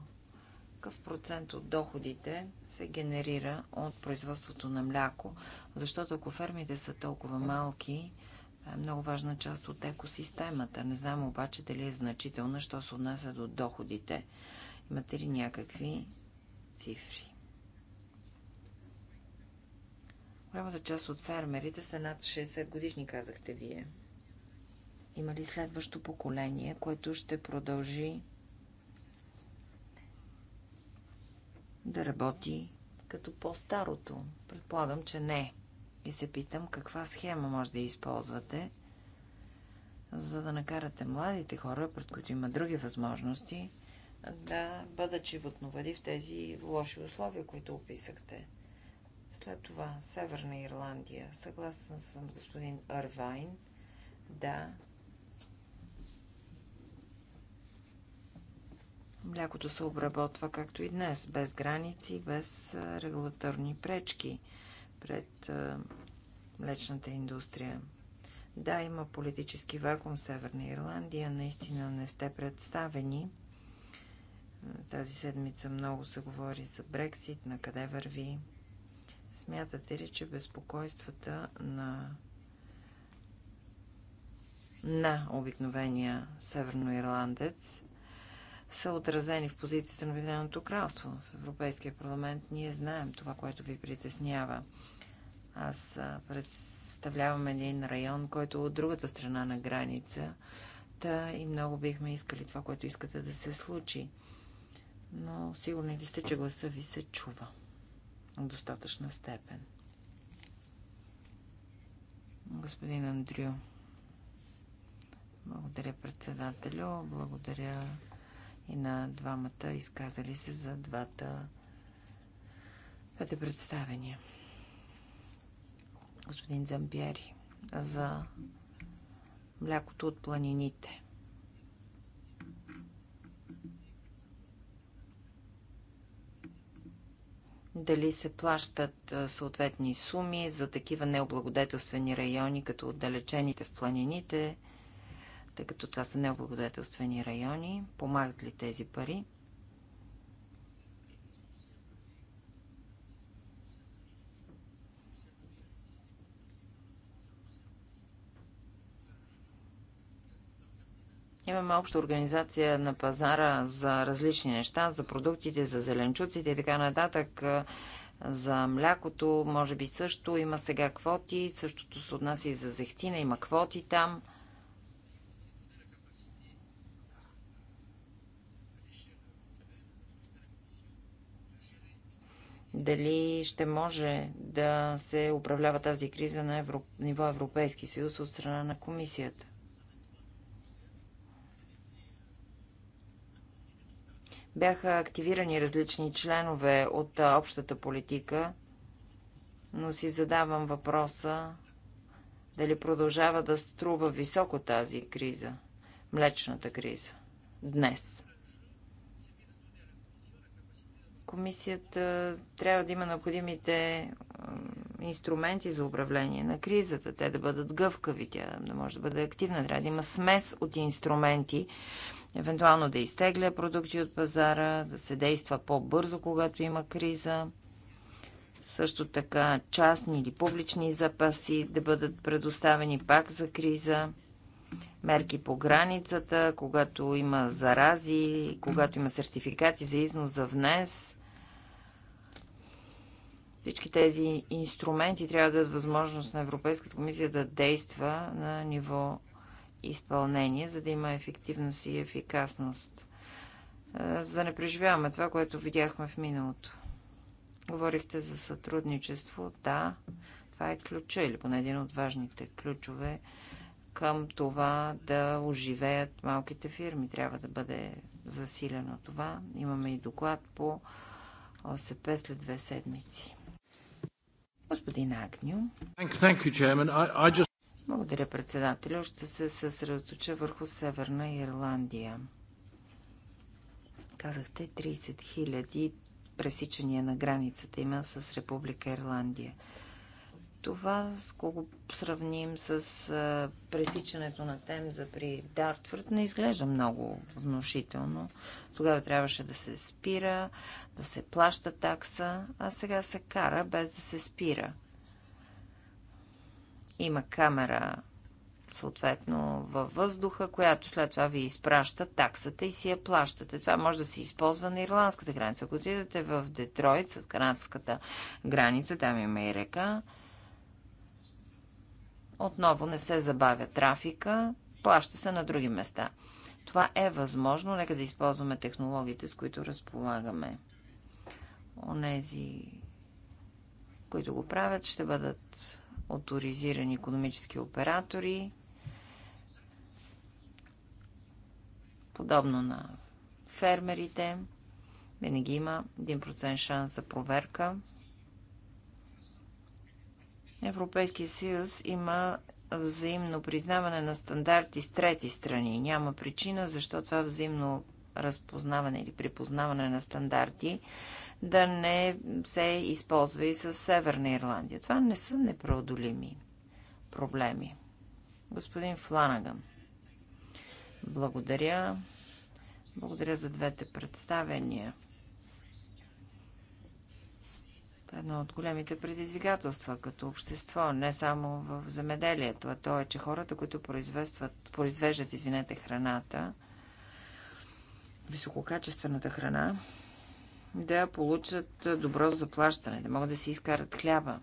Какъв процент от доходите се генерира от производството на мляко? Защото ако фермите са толкова малки, е много важна част от екосистемата. Не знам обаче дали е значителна, що се отнася до доходите. Имате ли някакви цифри? Голямата част от фермерите са над 60 годишни, казахте вие. Има ли следващо поколение, което ще продължи да работи като по-старото? Предполагам, че не. И се питам каква схема може да използвате, за да накарате младите хора, пред които има други възможности, да бъдат животновъди в тези лоши условия, които описахте. След това Северна Ирландия. Съгласен съм господин Арвайн. Да. Млякото се обработва както и днес, без граници, без регулаторни пречки – пред млечната индустрия. Да, има политически вакуум в Северна Ирландия. Наистина не сте представени. Тази седмица много се говори за Брексит, на къде върви. Смятате ли, че безпокойствата на на обикновения северноирландец са отразени в позицията на Обединеното кралство в Европейския парламент. Ние знаем това, което ви притеснява. Аз представлявам един район, който е от другата страна на граница та и много бихме искали това, което искате да се случи. Но сигурни ли сте, че гласа ви се чува в достатъчна степен? Господин Андрю. Благодаря, председателю. Благодаря и на двамата изказали се за двата, двете представения. Господин Замбиери, за млякото от планините. дали се плащат съответни суми за такива необлагодетелствени райони, като отдалечените в планините – тъй като това са необлагодетелствени райони. Помагат ли тези пари? Имаме обща организация на пазара за различни неща, за продуктите, за зеленчуците и така нататък, за млякото, може би също. Има сега квоти, същото се отнася и за зехтина, има квоти там. дали ще може да се управлява тази криза на евро... ниво Европейски съюз от страна на комисията. Бяха активирани различни членове от общата политика, но си задавам въпроса дали продължава да струва високо тази криза, млечната криза, днес комисията трябва да има необходимите инструменти за управление на кризата. Те да бъдат гъвкави, тя да може да бъде активна. Трябва да има смес от инструменти, евентуално да изтегля продукти от пазара, да се действа по-бързо, когато има криза. Също така частни или публични запаси да бъдат предоставени пак за криза мерки по границата, когато има зарази, когато има сертификати за износ, за внес, всички тези инструменти трябва да дадат възможност на Европейската комисия да действа на ниво изпълнение, за да има ефективност и ефикасност. За да не преживяваме това, което видяхме в миналото. Говорихте за сътрудничество. Да, това е ключа или поне един от важните ключове към това да оживеят малките фирми. Трябва да бъде засилено това. Имаме и доклад по ОСП след две седмици. Господин Агню. Благодаря, председател. Ще се съсредоточа върху Северна Ирландия. Казахте 30 000 пресичания на границата има с Република Ирландия. Това, с кого сравним с пресичането на Темза при Дартфорд, не изглежда много внушително. Тогава трябваше да се спира, да се плаща такса, а сега се кара без да се спира. Има камера, съответно, във въздуха, която след това ви изпраща таксата и си я плащате. Това може да се използва на ирландската граница. Ако отидете в Детройт, с канадската граница, там има и река, отново не се забавя трафика, плаща се на други места. Това е възможно. Нека да използваме технологиите, с които разполагаме. Онези, които го правят, ще бъдат авторизирани економически оператори, подобно на фермерите. Винаги има 1% шанс за проверка. Европейския съюз има взаимно признаване на стандарти с трети страни. Няма причина защо това взаимно разпознаване или припознаване на стандарти да не се използва и с Северна Ирландия. Това не са непреодолими проблеми. Господин Фланаган, благодаря. Благодаря за двете представения едно от големите предизвикателства като общество, не само в земеделието, а то е, че хората, които произвеждат извинете, храната, висококачествената храна, да получат добро заплащане, да могат да си изкарат хляба.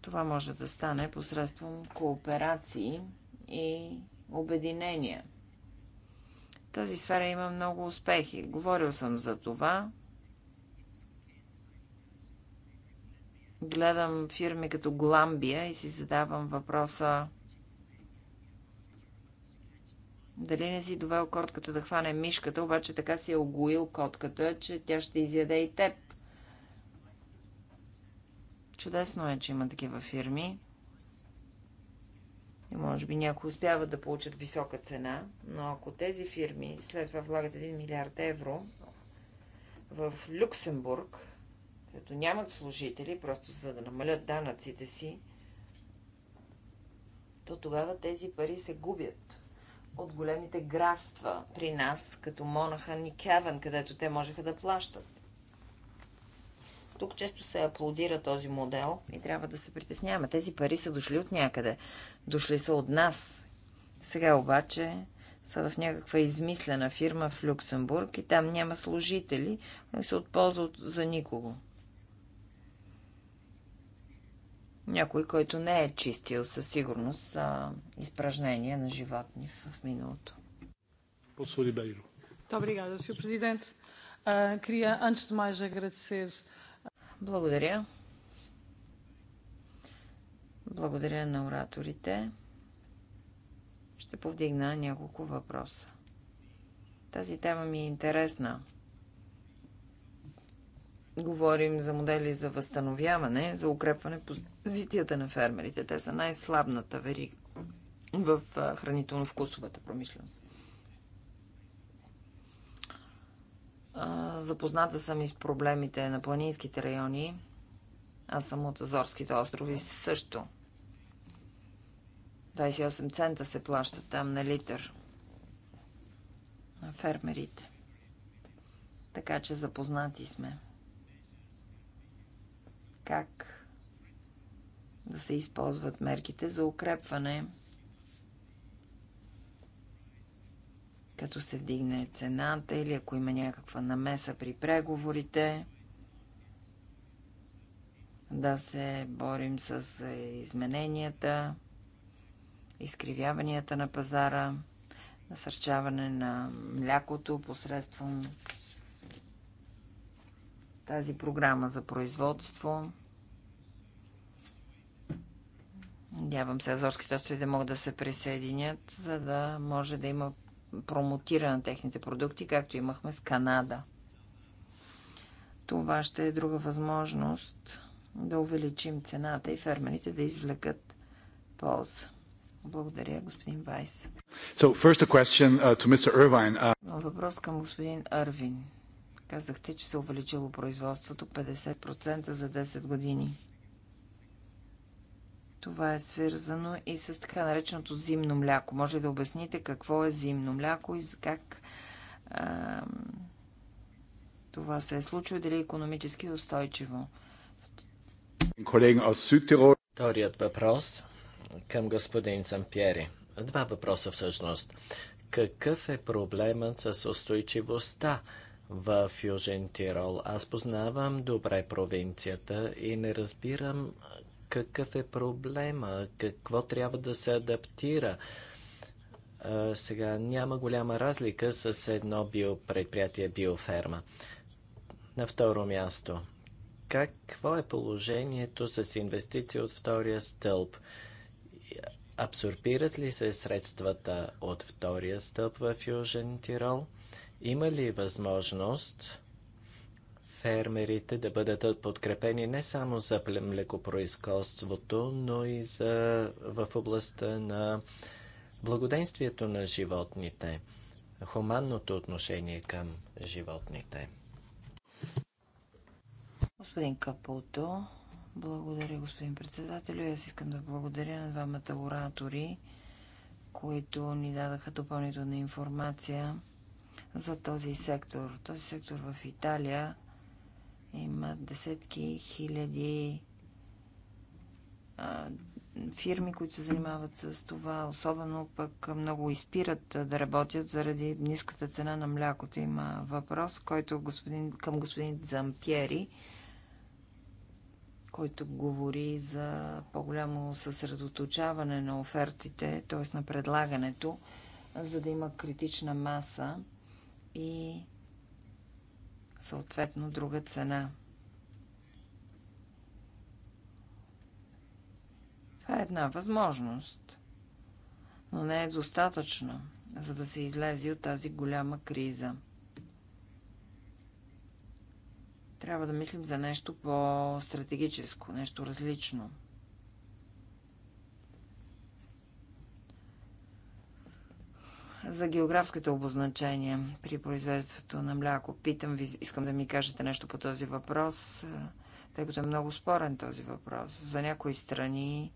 Това може да стане посредством кооперации и обединения. тази сфера има много успехи. Говорил съм за това гледам фирми като Гламбия и си задавам въпроса дали не си довел котката да хване мишката, обаче така си е огоил котката, че тя ще изяде и теб. Чудесно е, че има такива фирми. И може би някои успяват да получат висока цена, но ако тези фирми след това влагат 1 милиард евро в Люксембург, които нямат служители, просто за да намалят данъците си, то тогава тези пари се губят от големите графства при нас, като Монахан и Кевен, където те можеха да плащат. Тук често се аплодира този модел и трябва да се притесняваме. Тези пари са дошли от някъде. Дошли са от нас. Сега обаче са в някаква измислена фирма в Люксембург и там няма служители, но се отползва за никого. Някой, който не е чистил със сигурност а, изпражнения на животни в миналото. Посоли Бейро. Obrigada, Sr. Presidente. Uh, queria, de mais, agradecer. Благодаря. Благодаря на ораторите. Ще повдигна няколко въпроса. Тази тема ми е интересна. Говорим за модели за възстановяване, за укрепване позицията на фермерите. Те са най-слабната верига в хранително-вкусовата промишленост. Запозната съм и с проблемите на планинските райони. Аз съм от Азорските острови също. 28 цента се плаща там на литър на фермерите. Така че запознати сме как да се използват мерките за укрепване, като се вдигне цената или ако има някаква намеса при преговорите, да се борим с измененията, изкривяванията на пазара, насърчаване на млякото посредством тази програма за производство. Надявам се Азорските острови да могат да се присъединят, за да може да има промотиране на техните продукти, както имахме с Канада. Това ще е друга възможност да увеличим цената и фермерите да извлекат полза. Благодаря, господин Вайс. So, first a question, uh, to Mr. Irvine. Uh... Въпрос към господин Арвин. Казахте, че се увеличило производството 50% за 10 години. Това е свързано и с така нареченото зимно мляко. Може ли да обясните какво е зимно мляко и как а, това се е случило, дали е економически устойчиво? Вторият въпрос към господин Сампиери. Два въпроса всъщност. Какъв е проблемът с устойчивостта в Южен Тирол. Аз познавам добре провинцията и не разбирам какъв е проблема, какво трябва да се адаптира. сега няма голяма разлика с едно биопредприятие биоферма. На второ място, какво е положението с инвестиции от втория стълб? Абсорбират ли се средствата от втория стълб в Южен Тирол? Има ли възможност фермерите да бъдат подкрепени не само за млекопроизводството, но и за, в областта на благоденствието на животните, хуманното отношение към животните? Господин Капуто, благодаря, господин председател. Аз искам да благодаря на двамата оратори, които ни дадаха допълнителна информация за този сектор. Този сектор в Италия има десетки хиляди а, фирми, които се занимават с това. Особено пък много изпират да работят заради ниската цена на млякото. Има въпрос, който господин, към господин Зампери, който говори за по-голямо съсредоточаване на офертите, т.е. на предлагането, за да има критична маса и съответно друга цена. Това е една възможност, но не е достатъчно, за да се излезе от тази голяма криза. Трябва да мислим за нещо по-стратегическо, нещо различно – за географските обозначения при производството на мляко. Питам ви, искам да ми кажете нещо по този въпрос, е, тъй като е много спорен този въпрос. За някои страни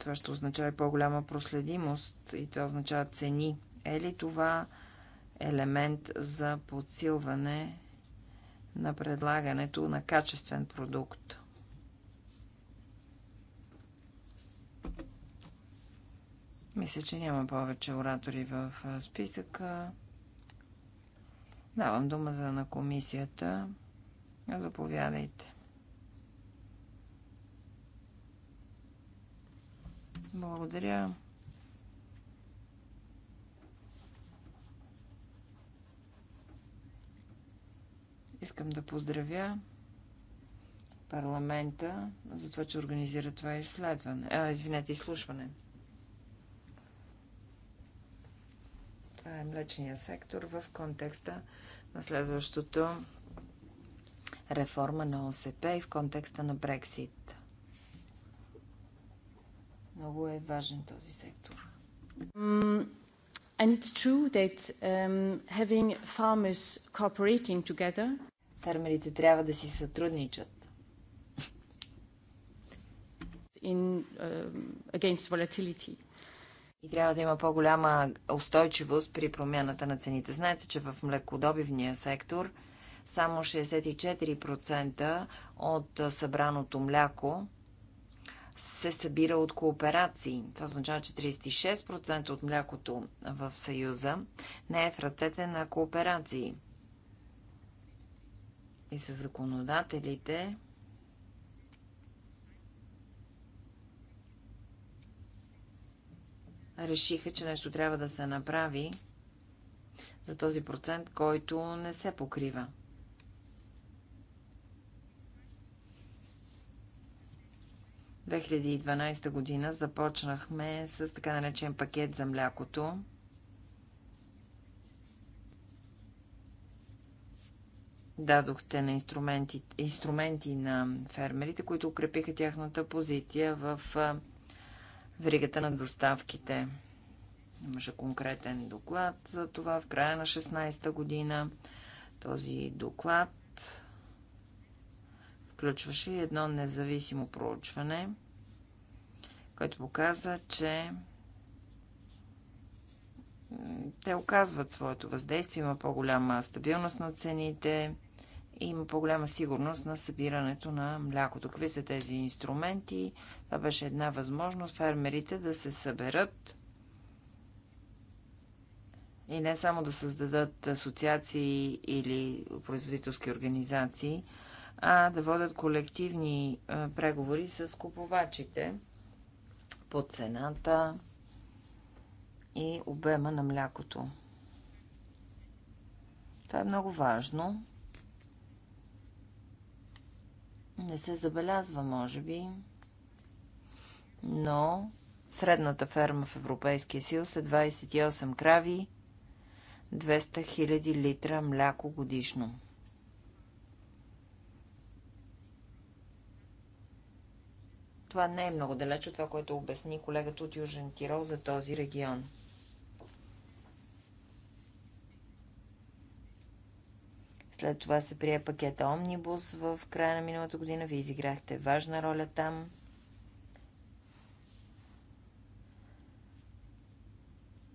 това ще означава и по-голяма проследимост и това означава цени. Е ли това елемент за подсилване на предлагането на качествен продукт? Мисля, че няма повече оратори в списъка. Давам думата на комисията. Заповядайте. Благодаря. Искам да поздравя парламента за това, че организира това изследване. А, извинете, изслушване. Това е млечния сектор в контекста на следващото реформа на ОСП и в контекста на Брексит. Много е важен този сектор. and it's true that um, having farmers cooperating together... Фермерите трябва да си сътрудничат. In, uh, against volatility. И трябва да има по-голяма устойчивост при промяната на цените. Знаете, че в млекодобивния сектор само 64% от събраното мляко се събира от кооперации. Това означава, че 36% от млякото в Съюза не е в ръцете на кооперации. И с законодателите решиха, че нещо трябва да се направи за този процент, който не се покрива. В 2012 година започнахме с така наречен пакет за млякото. дадохте на инструменти, инструменти на фермерите, които укрепиха тяхната позиция в Вригата на доставките. Имаше конкретен доклад за това в края на 16-та година. Този доклад включваше едно независимо проучване, което показа, че те оказват своето въздействие, има по-голяма стабилност на цените, има по-голяма сигурност на събирането на млякото. Какви са тези инструменти? Това беше една възможност фермерите да се съберат и не само да създадат асоциации или производителски организации, а да водят колективни преговори с купувачите по цената и обема на млякото. Това е много важно не се забелязва, може би, но средната ферма в Европейския съюз е 28 крави, 200 000 литра мляко годишно. Това не е много далеч от това, което обясни колегата от Южен Тирол за този регион. След това се прие пакета Омнибус в края на миналата година. Вие изиграхте важна роля там.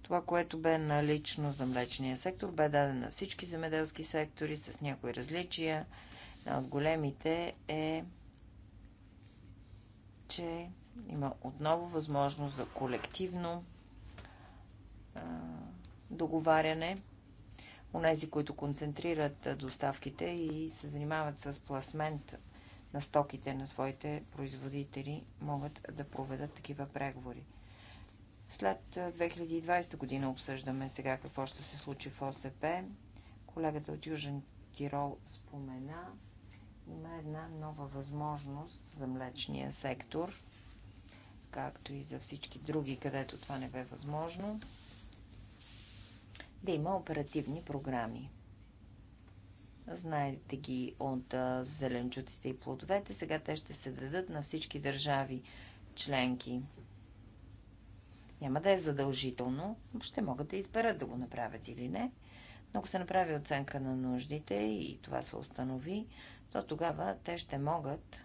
Това, което бе налично за млечния сектор, бе дадено на всички земеделски сектори с някои различия. Една от големите е, че има отново възможност за колективно а, договаряне онези, които концентрират доставките и се занимават с пласмент на стоките на своите производители, могат да проведат такива преговори. След 2020 година обсъждаме сега какво ще се случи в ОСП. Колегата от Южен Тирол спомена, има една нова възможност за млечния сектор, както и за всички други, където това не бе възможно да има оперативни програми. Знаете ги от зеленчуците и плодовете. Сега те ще се дадат на всички държави членки. Няма да е задължително. Ще могат да изберат да го направят или не. Но ако се направи оценка на нуждите и това се установи, то тогава те ще могат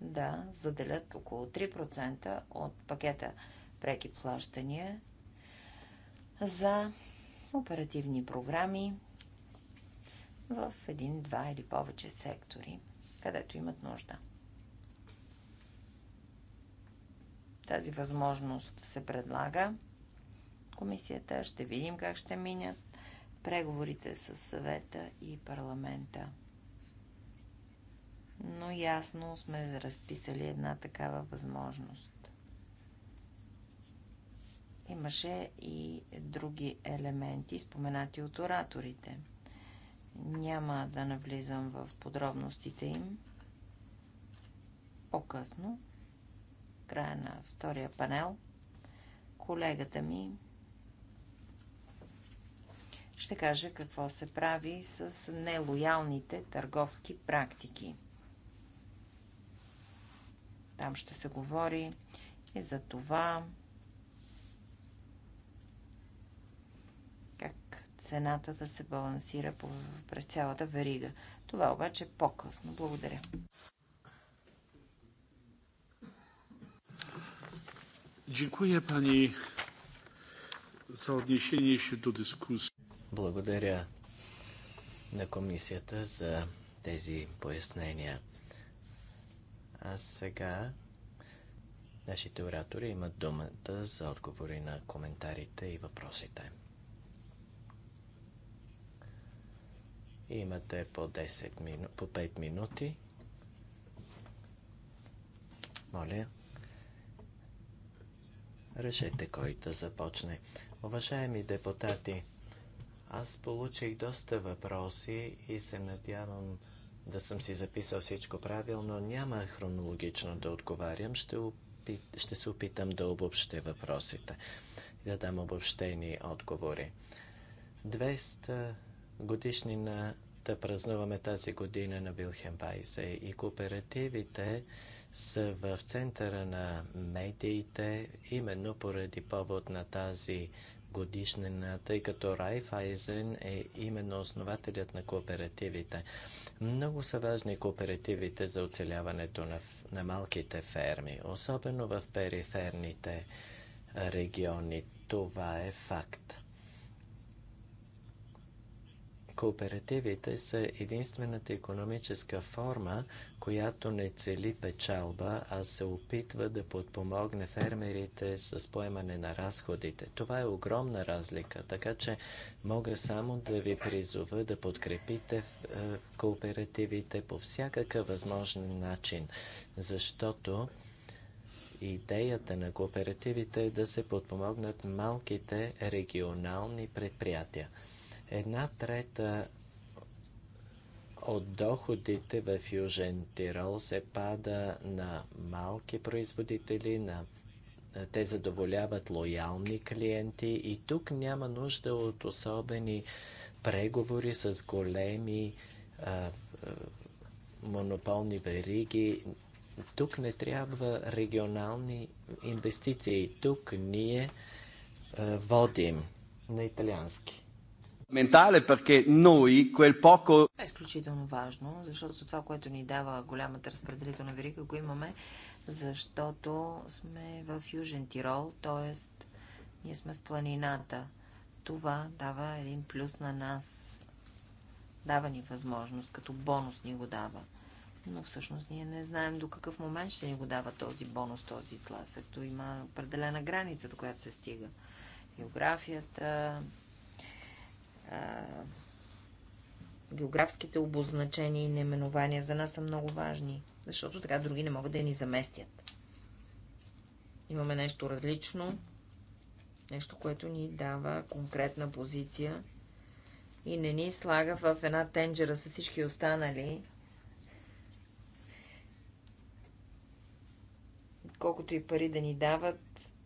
да заделят около 3% от пакета преки плащания за оперативни програми в един, два или повече сектори, където имат нужда. Тази възможност се предлага. Комисията ще видим как ще минят преговорите с съвета и парламента. Но ясно сме разписали една такава възможност. Имаше и други елементи, споменати от ораторите. Няма да навлизам в подробностите им. По-късно, края на втория панел, колегата ми ще каже какво се прави с нелоялните търговски практики. Там ще се говори и за това цената да се балансира през цялата верига. Това обаче е по-късно. Благодаря. Dziękuję Pani за отнесение до дискусия. Благодаря на комисията за тези пояснения. А сега нашите оратори имат думата за отговори на коментарите и въпросите. Имате по, 10 мину... по 5 минути. Моля, решете кой да започне. Уважаеми депутати, аз получих доста въпроси и се надявам да съм си записал всичко правилно. Няма хронологично да отговарям. Ще, опит... ще се опитам да обобщя въпросите и да дам обобщени отговори. 200 годишнина да празнуваме тази година на Вилхем Вайзе и кооперативите са в центъра на медиите именно поради повод на тази годишнина, тъй като Райфайзен е именно основателят на кооперативите. Много са важни кооперативите за оцеляването на, на малките ферми, особено в периферните региони. Това е факт. Кооперативите са единствената економическа форма, която не цели печалба, а се опитва да подпомогне фермерите с поемане на разходите. Това е огромна разлика, така че мога само да ви призова да подкрепите е, кооперативите по всякакъв възможен начин, защото идеята на кооперативите е да се подпомогнат малките регионални предприятия. Една трета от доходите в Южен Тирол се пада на малки производители, на те задоволяват лоялни клиенти и тук няма нужда от особени преговори с големи а, а, монополни вериги. Тук не трябва регионални инвестиции. Тук ние а, водим на италиански. Това е изключително важно, защото това, което ни дава голямата разпределителна верига, го имаме, защото сме в Южен Тирол, т.е. ние сме в планината. Това дава един плюс на нас. Дава ни възможност, като бонус ни го дава. Но всъщност ние не знаем до какъв момент ще ни го дава този бонус, този тласък. То има определена граница, до която се стига. Географията, географските обозначения и наименования за нас са много важни, защото така други не могат да ни заместят. Имаме нещо различно, нещо, което ни дава конкретна позиция и не ни слага в една тенджера с всички останали. Колкото и пари да ни дават,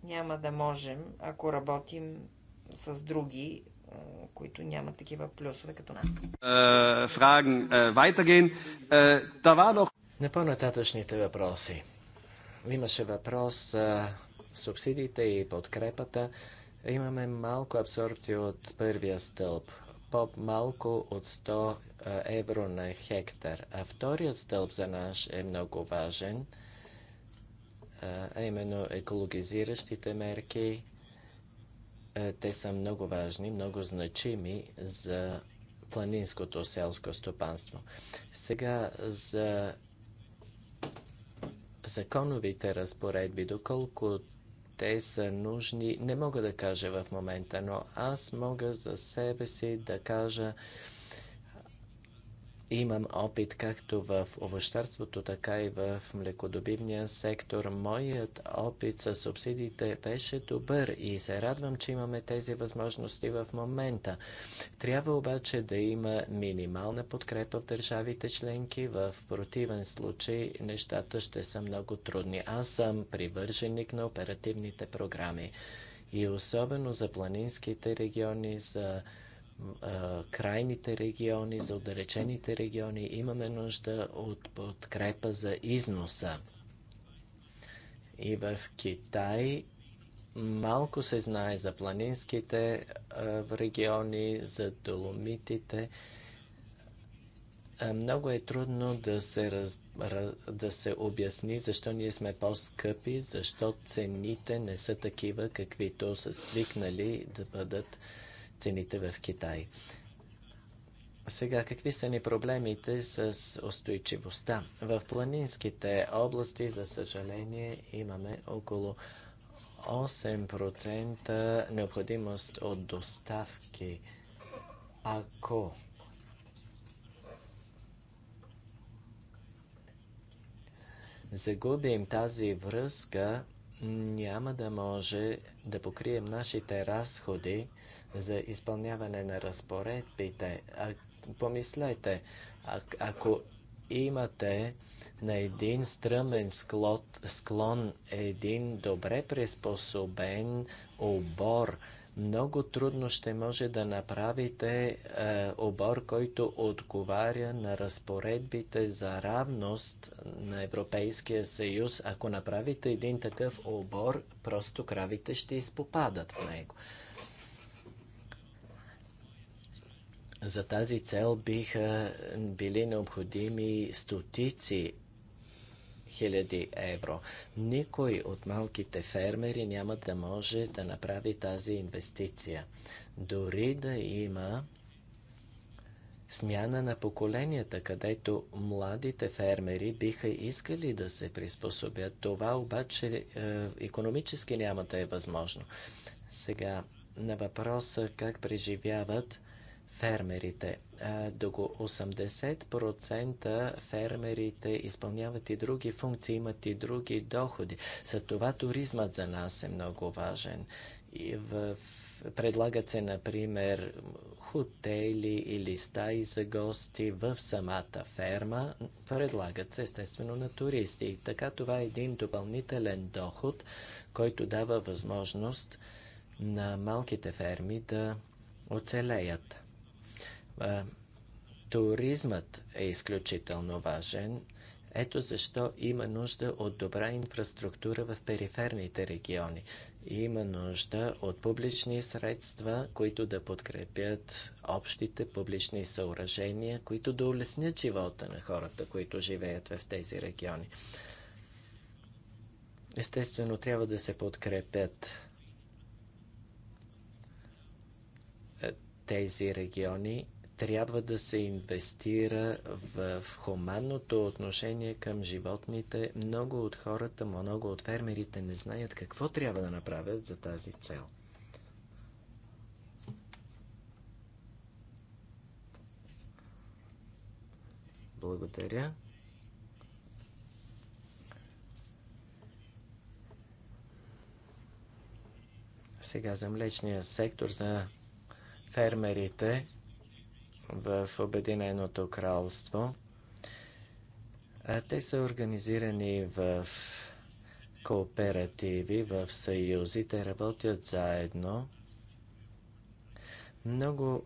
няма да можем, ако работим с други, които нямат такива плюсове като нас. Е, е, е, на по-нататъчните въпроси. Имаше въпрос за субсидиите и подкрепата. Имаме малко абсорбция от първия стълб. По-малко от 100 евро на хектар. А вторият стълб за наш е много важен, а именно екологизиращите мерки е, те са много важни, много значими за планинското селско стопанство. Сега за законовите разпоредби, доколко те са нужни, не мога да кажа в момента, но аз мога за себе си да кажа, Имам опит както в овощарството, така и в млекодобивния сектор. Моят опит с субсидиите беше добър и се радвам, че имаме тези възможности в момента. Трябва обаче да има минимална подкрепа в държавите членки. В противен случай нещата ще са много трудни. Аз съм привърженик на оперативните програми и особено за планинските региони, за крайните региони, за отдалечените региони. Имаме нужда от подкрепа за износа. И в Китай малко се знае за планинските региони, за доломитите. Много е трудно да се, раз, да се обясни защо ние сме по-скъпи, защо цените не са такива, каквито са свикнали да бъдат цените в Китай. Сега, какви са ни проблемите с устойчивостта? В планинските области, за съжаление, имаме около 8% необходимост от доставки. Ако загубим тази връзка, няма да може да покрием нашите разходи за изпълняване на разпоредбите. А, помислете, а, ако имате на един стръмен склон, склон един добре приспособен обор, много трудно ще може да направите е, обор, който отговаря на разпоредбите за равност на Европейския съюз. Ако направите един такъв обор, просто кравите ще изпопадат в него. За тази цел биха били необходими стотици 000 евро. Никой от малките фермери няма да може да направи тази инвестиция. Дори да има смяна на поколенията, където младите фермери биха искали да се приспособят. Това обаче економически няма да е възможно. Сега на въпроса как преживяват фермерите до 80% фермерите изпълняват и други функции, имат и други доходи. За това туризмът за нас е много важен. И в Предлагат се, например, хотели или стаи за гости в самата ферма. Предлагат се, естествено, на туристи. И така това е един допълнителен доход, който дава възможност на малките ферми да оцелеят. Е, туризмът е изключително важен. Ето защо има нужда от добра инфраструктура в периферните региони. Има нужда от публични средства, които да подкрепят общите публични съоръжения, които да улеснят живота на хората, които живеят в тези региони. Естествено, трябва да се подкрепят е, тези региони трябва да се инвестира в, хуманното отношение към животните. Много от хората, много от фермерите не знаят какво трябва да направят за тази цел. Благодаря. Сега за млечния сектор, за фермерите в Обединеното кралство. Те са организирани в кооперативи, в съюзи, те работят заедно. Много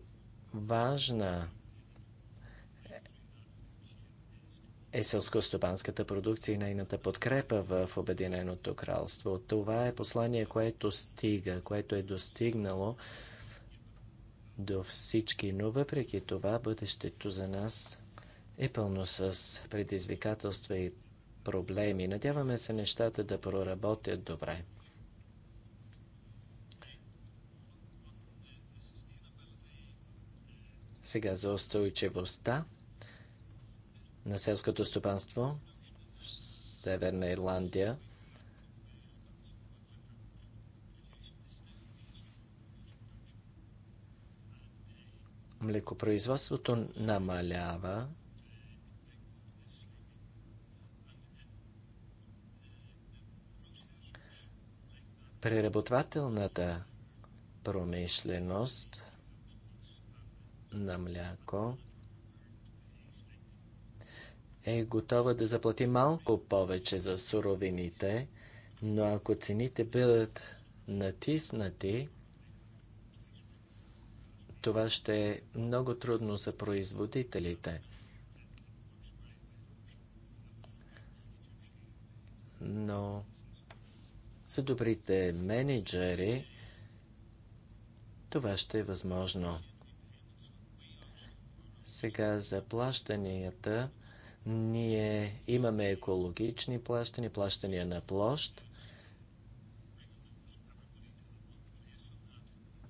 важна е селско-стопанската продукция и нейната подкрепа в Обединеното кралство. Това е послание, което стига, което е достигнало до всички, но въпреки това бъдещето за нас е пълно с предизвикателства и проблеми. Надяваме се нещата да проработят добре. Сега за устойчивостта на селското стопанство в Северна Ирландия – млекопроизводството намалява, преработвателната промишленост на мляко е готова да заплати малко повече за суровините, но ако цените бъдат натиснати, това ще е много трудно за производителите. Но за добрите менеджери това ще е възможно. Сега за плащанията ние имаме екологични плащания, плащания на площ.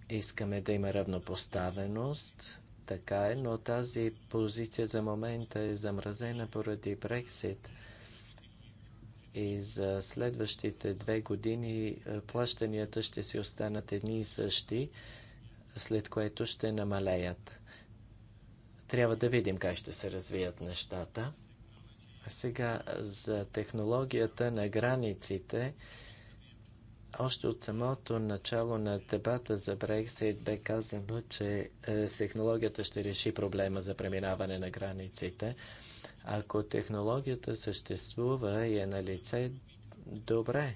Искаме да има равнопоставеност, така е, но тази позиция за момента е замразена поради Брексит. И за следващите две години плащанията ще си останат едни и същи, след което ще намалеят. Трябва да видим как ще се развият нещата. А сега за технологията на границите още от самото начало на дебата за Брексит бе казано, че е, технологията ще реши проблема за преминаване на границите. Ако технологията съществува и е на лице, добре.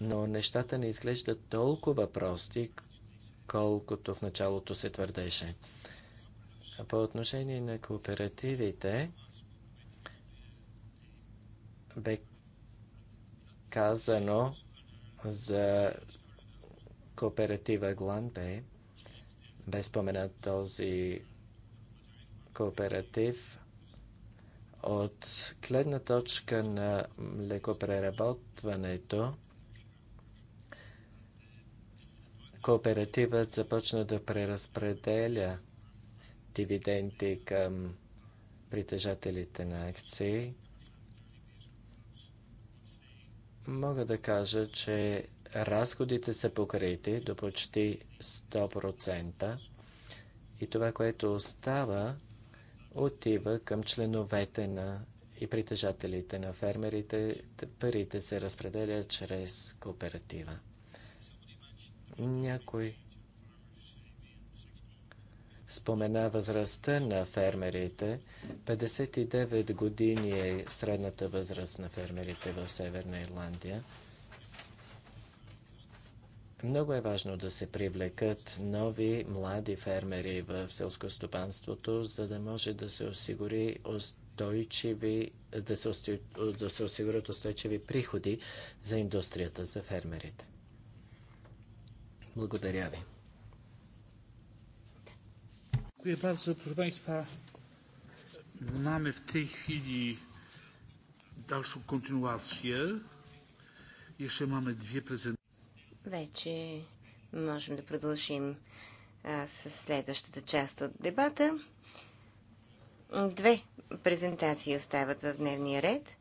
Но нещата не изглеждат толкова прости, колкото в началото се твърдеше. По отношение на кооперативите, бе казано за кооператива Гланбе, бе споменат този кооператив от гледна точка на млекопреработването кооперативът започна да преразпределя дивиденти към притежателите на акции – мога да кажа, че разходите са покрити до почти 100% и това, което остава, отива към членовете на и притежателите на фермерите. Парите се разпределят чрез кооператива. Някой спомена възрастта на фермерите. 59 години е средната възраст на фермерите в Северна Ирландия. Много е важно да се привлекат нови млади фермери в селскостопанството, за да може да се осигури устойчиви, да се, да се осигурят устойчиви приходи за индустрията, за фермерите. Благодаря ви. Dziękuję bardzo. Proszę Państwa, mamy w tej chwili dalszą kontynuację. Jeszcze mamy dwie prezentacje. Вече можем да продължим а, с следващата част от дебата. Две презентации остават в дневния ред.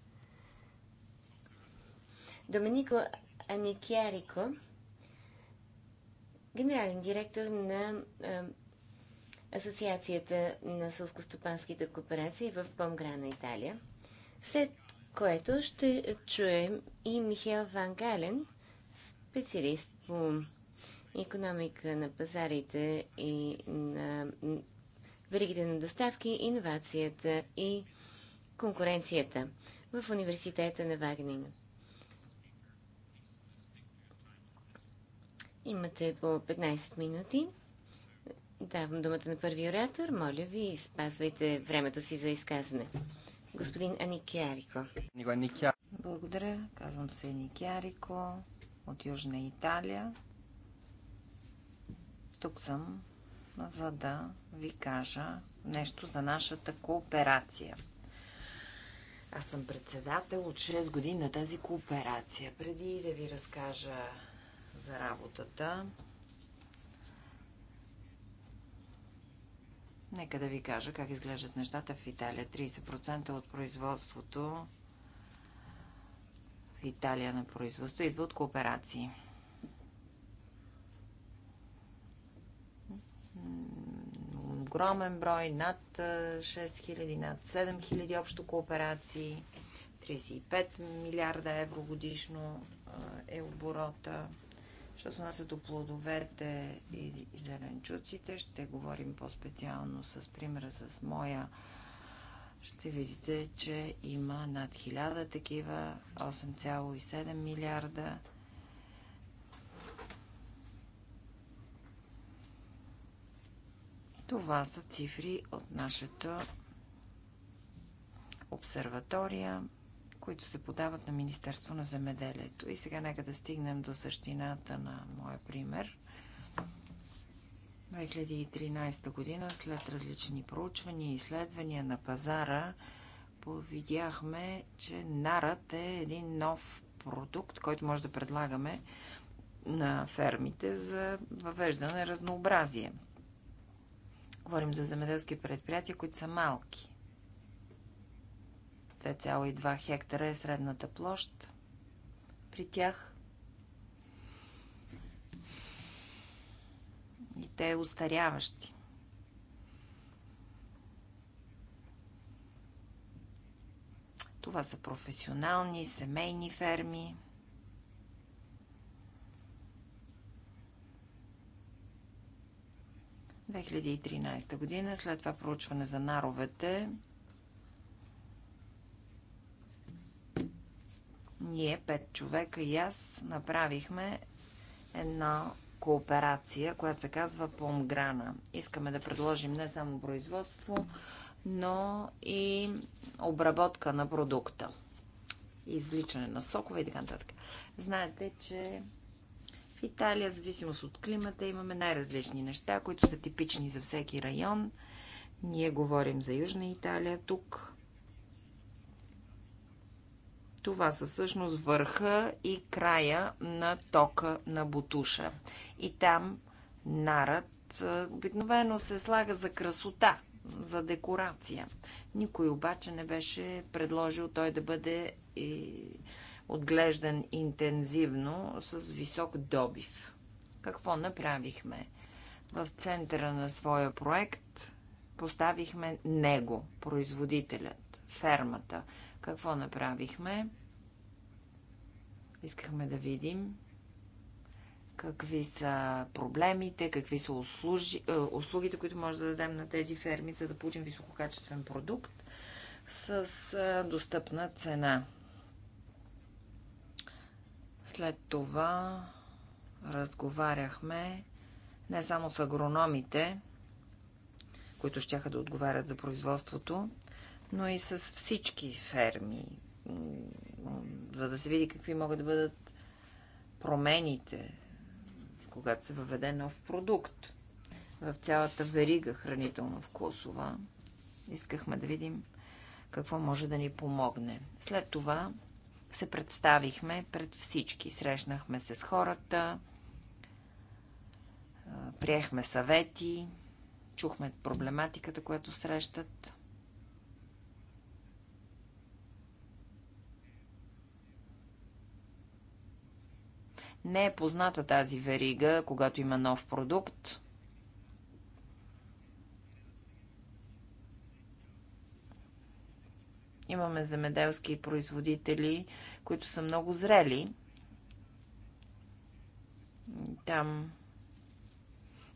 Доменико Аникиарико, генерален директор на а, е, Асоциацията на сълскостопанските кооперации в Помграна, Италия. След което ще чуем и Михел Ван Гален, специалист по економика на пазарите и на веригите на доставки, иновацията и конкуренцията в университета на Вагнина. Имате по 15 минути. Давам думата на първи оратор. Моля ви, спазвайте времето си за изказване. Господин Аникиарико. Благодаря. Казвам се Аникиарико от Южна Италия. Тук съм, за да ви кажа нещо за нашата кооперация. Аз съм председател от 6 години на тази кооперация. Преди да ви разкажа за работата, Нека да ви кажа как изглеждат нещата в Италия. 30% от производството в Италия на производство идва от кооперации. Огромен брой, над 6000, над 7000 общо кооперации, 35 милиарда евро годишно е оборота. Що се нас до плодовете и, и зеленчуците, ще говорим по-специално с примера с моя. Ще видите, че има над 1000 такива, 8,7 милиарда. Това са цифри от нашата обсерватория които се подават на Министерство на земеделието. И сега нека да стигнем до същината на моя пример. 2013 година, след различни проучвания и изследвания на пазара, видяхме, че нарът е един нов продукт, който може да предлагаме на фермите за въвеждане разнообразие. Говорим за земеделски предприятия, които са малки. 2,2 хектара е средната площ. При тях и те е устаряващи. Това са професионални, семейни ферми. В 2013 година, след това проучване за наровете, Ние, пет човека и аз, направихме една кооперация, която се казва Помграна. Искаме да предложим не само производство, но и обработка на продукта. Извличане на сокове и така нататък. Знаете, че в Италия, в зависимост от климата, имаме най-различни неща, които са типични за всеки район. Ние говорим за Южна Италия тук. Това са всъщност върха и края на тока на Бутуша. И там нарът обикновено се слага за красота, за декорация. Никой обаче не беше предложил той да бъде и отглеждан интензивно с висок добив. Какво направихме? В центъра на своя проект поставихме него, производителят, фермата – какво направихме? Искахме да видим какви са проблемите, какви са услужи, е, услугите, които може да дадем на тези ферми, за да получим висококачествен продукт с е, достъпна цена. След това разговаряхме не само с агрономите, които ще да отговарят за производството, но и с всички ферми, за да се види какви могат да бъдат промените, когато се въведе нов продукт в цялата верига хранително-вкусова. Искахме да видим какво може да ни помогне. След това се представихме пред всички. Срещнахме се с хората, приехме съвети, чухме проблематиката, която срещат. не е позната тази верига, когато има нов продукт. Имаме земеделски производители, които са много зрели. Там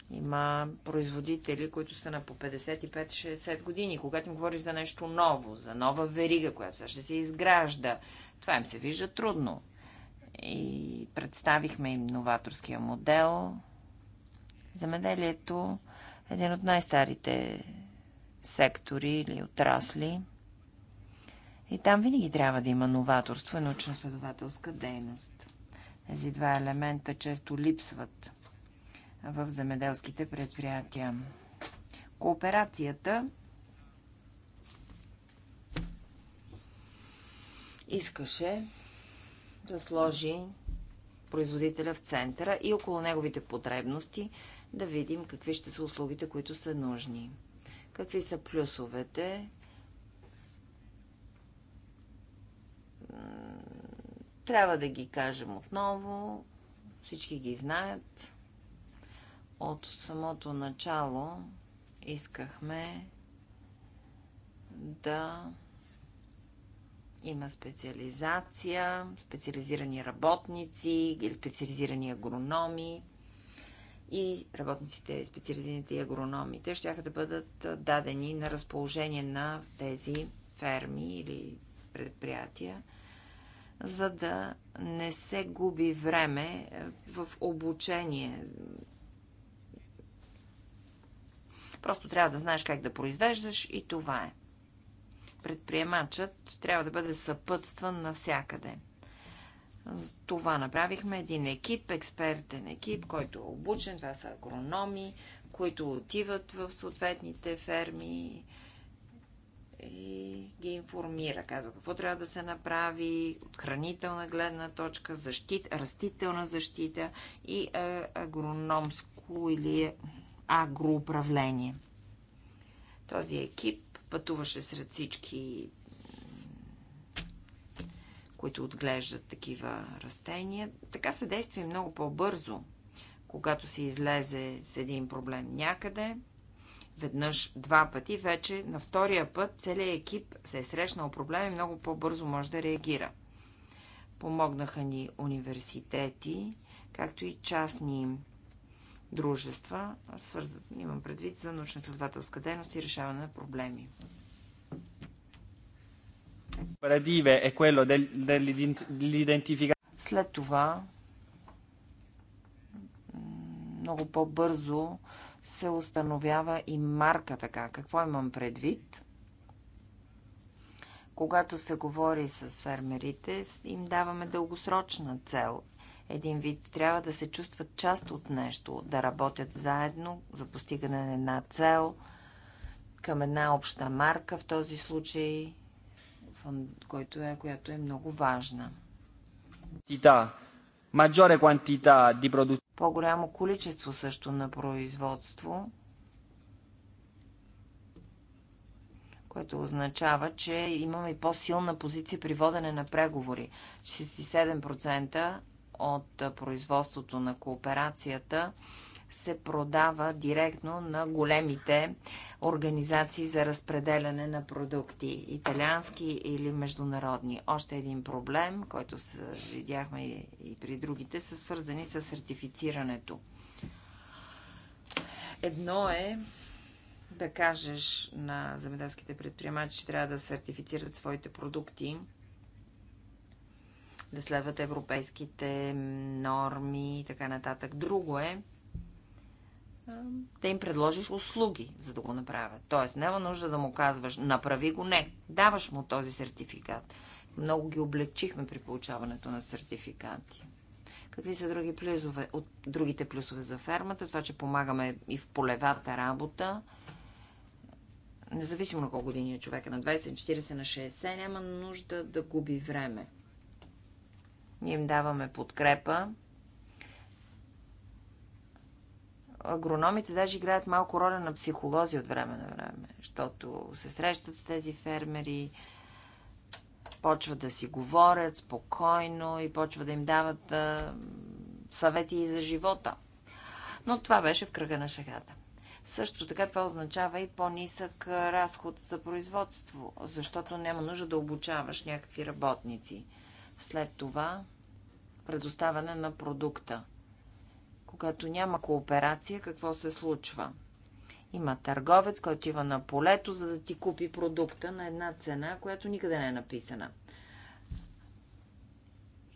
има производители, които са на по 55-60 години. Когато им говориш за нещо ново, за нова верига, която сега ще се изгражда, това им се вижда трудно и представихме им новаторския модел. Замеделието е един от най-старите сектори или отрасли. И там винаги трябва да има новаторство и научно-следователска дейност. Тези два елемента често липсват в земеделските предприятия. Кооперацията искаше да сложи производителя в центъра и около неговите потребности да видим какви ще са услугите, които са нужни. Какви са плюсовете? Трябва да ги кажем отново. Всички ги знаят. От самото начало искахме да има специализация, специализирани работници или специализирани агрономи. И работниците, специализираните и агрономите ще да бъдат дадени на разположение на тези ферми или предприятия, за да не се губи време е, в обучение Просто трябва да знаеш как да произвеждаш и това е предприемачът трябва да бъде съпътстван навсякъде. Това направихме един екип, експертен екип, който е обучен, това са агрономи, които отиват в съответните ферми и ги информира. Казва какво трябва да се направи от хранителна гледна точка, защита, растителна защита и е, агрономско или агроуправление. Този екип пътуваше сред всички, които отглеждат такива растения. Така се действа и много по-бързо, когато се излезе с един проблем някъде. Веднъж, два пъти, вече на втория път целият екип се е срещнал проблем и много по-бързо може да реагира. Помогнаха ни университети, както и частни дружества, свързат, имам предвид за научно-изследователска дейност и решаване на проблеми. Е След това много по-бързо се установява и марка така. Какво имам предвид? Когато се говори с фермерите, им даваме дългосрочна цел – един вид. Трябва да се чувстват част от нещо, да работят заедно за постигане на една цел, към една обща марка в този случай, който е, която е много важна. По-голямо количество също на производство, което означава, че имаме по-силна позиция при водене на преговори. 67% от производството на кооперацията се продава директно на големите организации за разпределяне на продукти, италиански или международни. Още един проблем, който видяхме и при другите, са свързани с сертифицирането. Едно е да кажеш на земеделските предприемачи, че трябва да сертифицират своите продукти – да следват европейските норми и така нататък. Друго е да им предложиш услуги, за да го направят. Тоест, няма нужда да му казваш, направи го, не. Даваш му този сертификат. Много ги облегчихме при получаването на сертификати. Какви са други плюсове, от другите плюсове за фермата? Това, че помагаме и в полевата работа. Независимо на колко години е човека, на 20, 40, на 60, няма нужда да губи време. Ние им даваме подкрепа. Агрономите даже играят малко роля на психолози от време на време, защото се срещат с тези фермери, почват да си говорят спокойно и почват да им дават а, съвети и за живота. Но това беше в кръга на шагата. Също така това означава и по-нисък разход за производство, защото няма нужда да обучаваш някакви работници. След това предоставяне на продукта. Когато няма кооперация, какво се случва? Има търговец, който отива на полето, за да ти купи продукта на една цена, която никъде не е написана.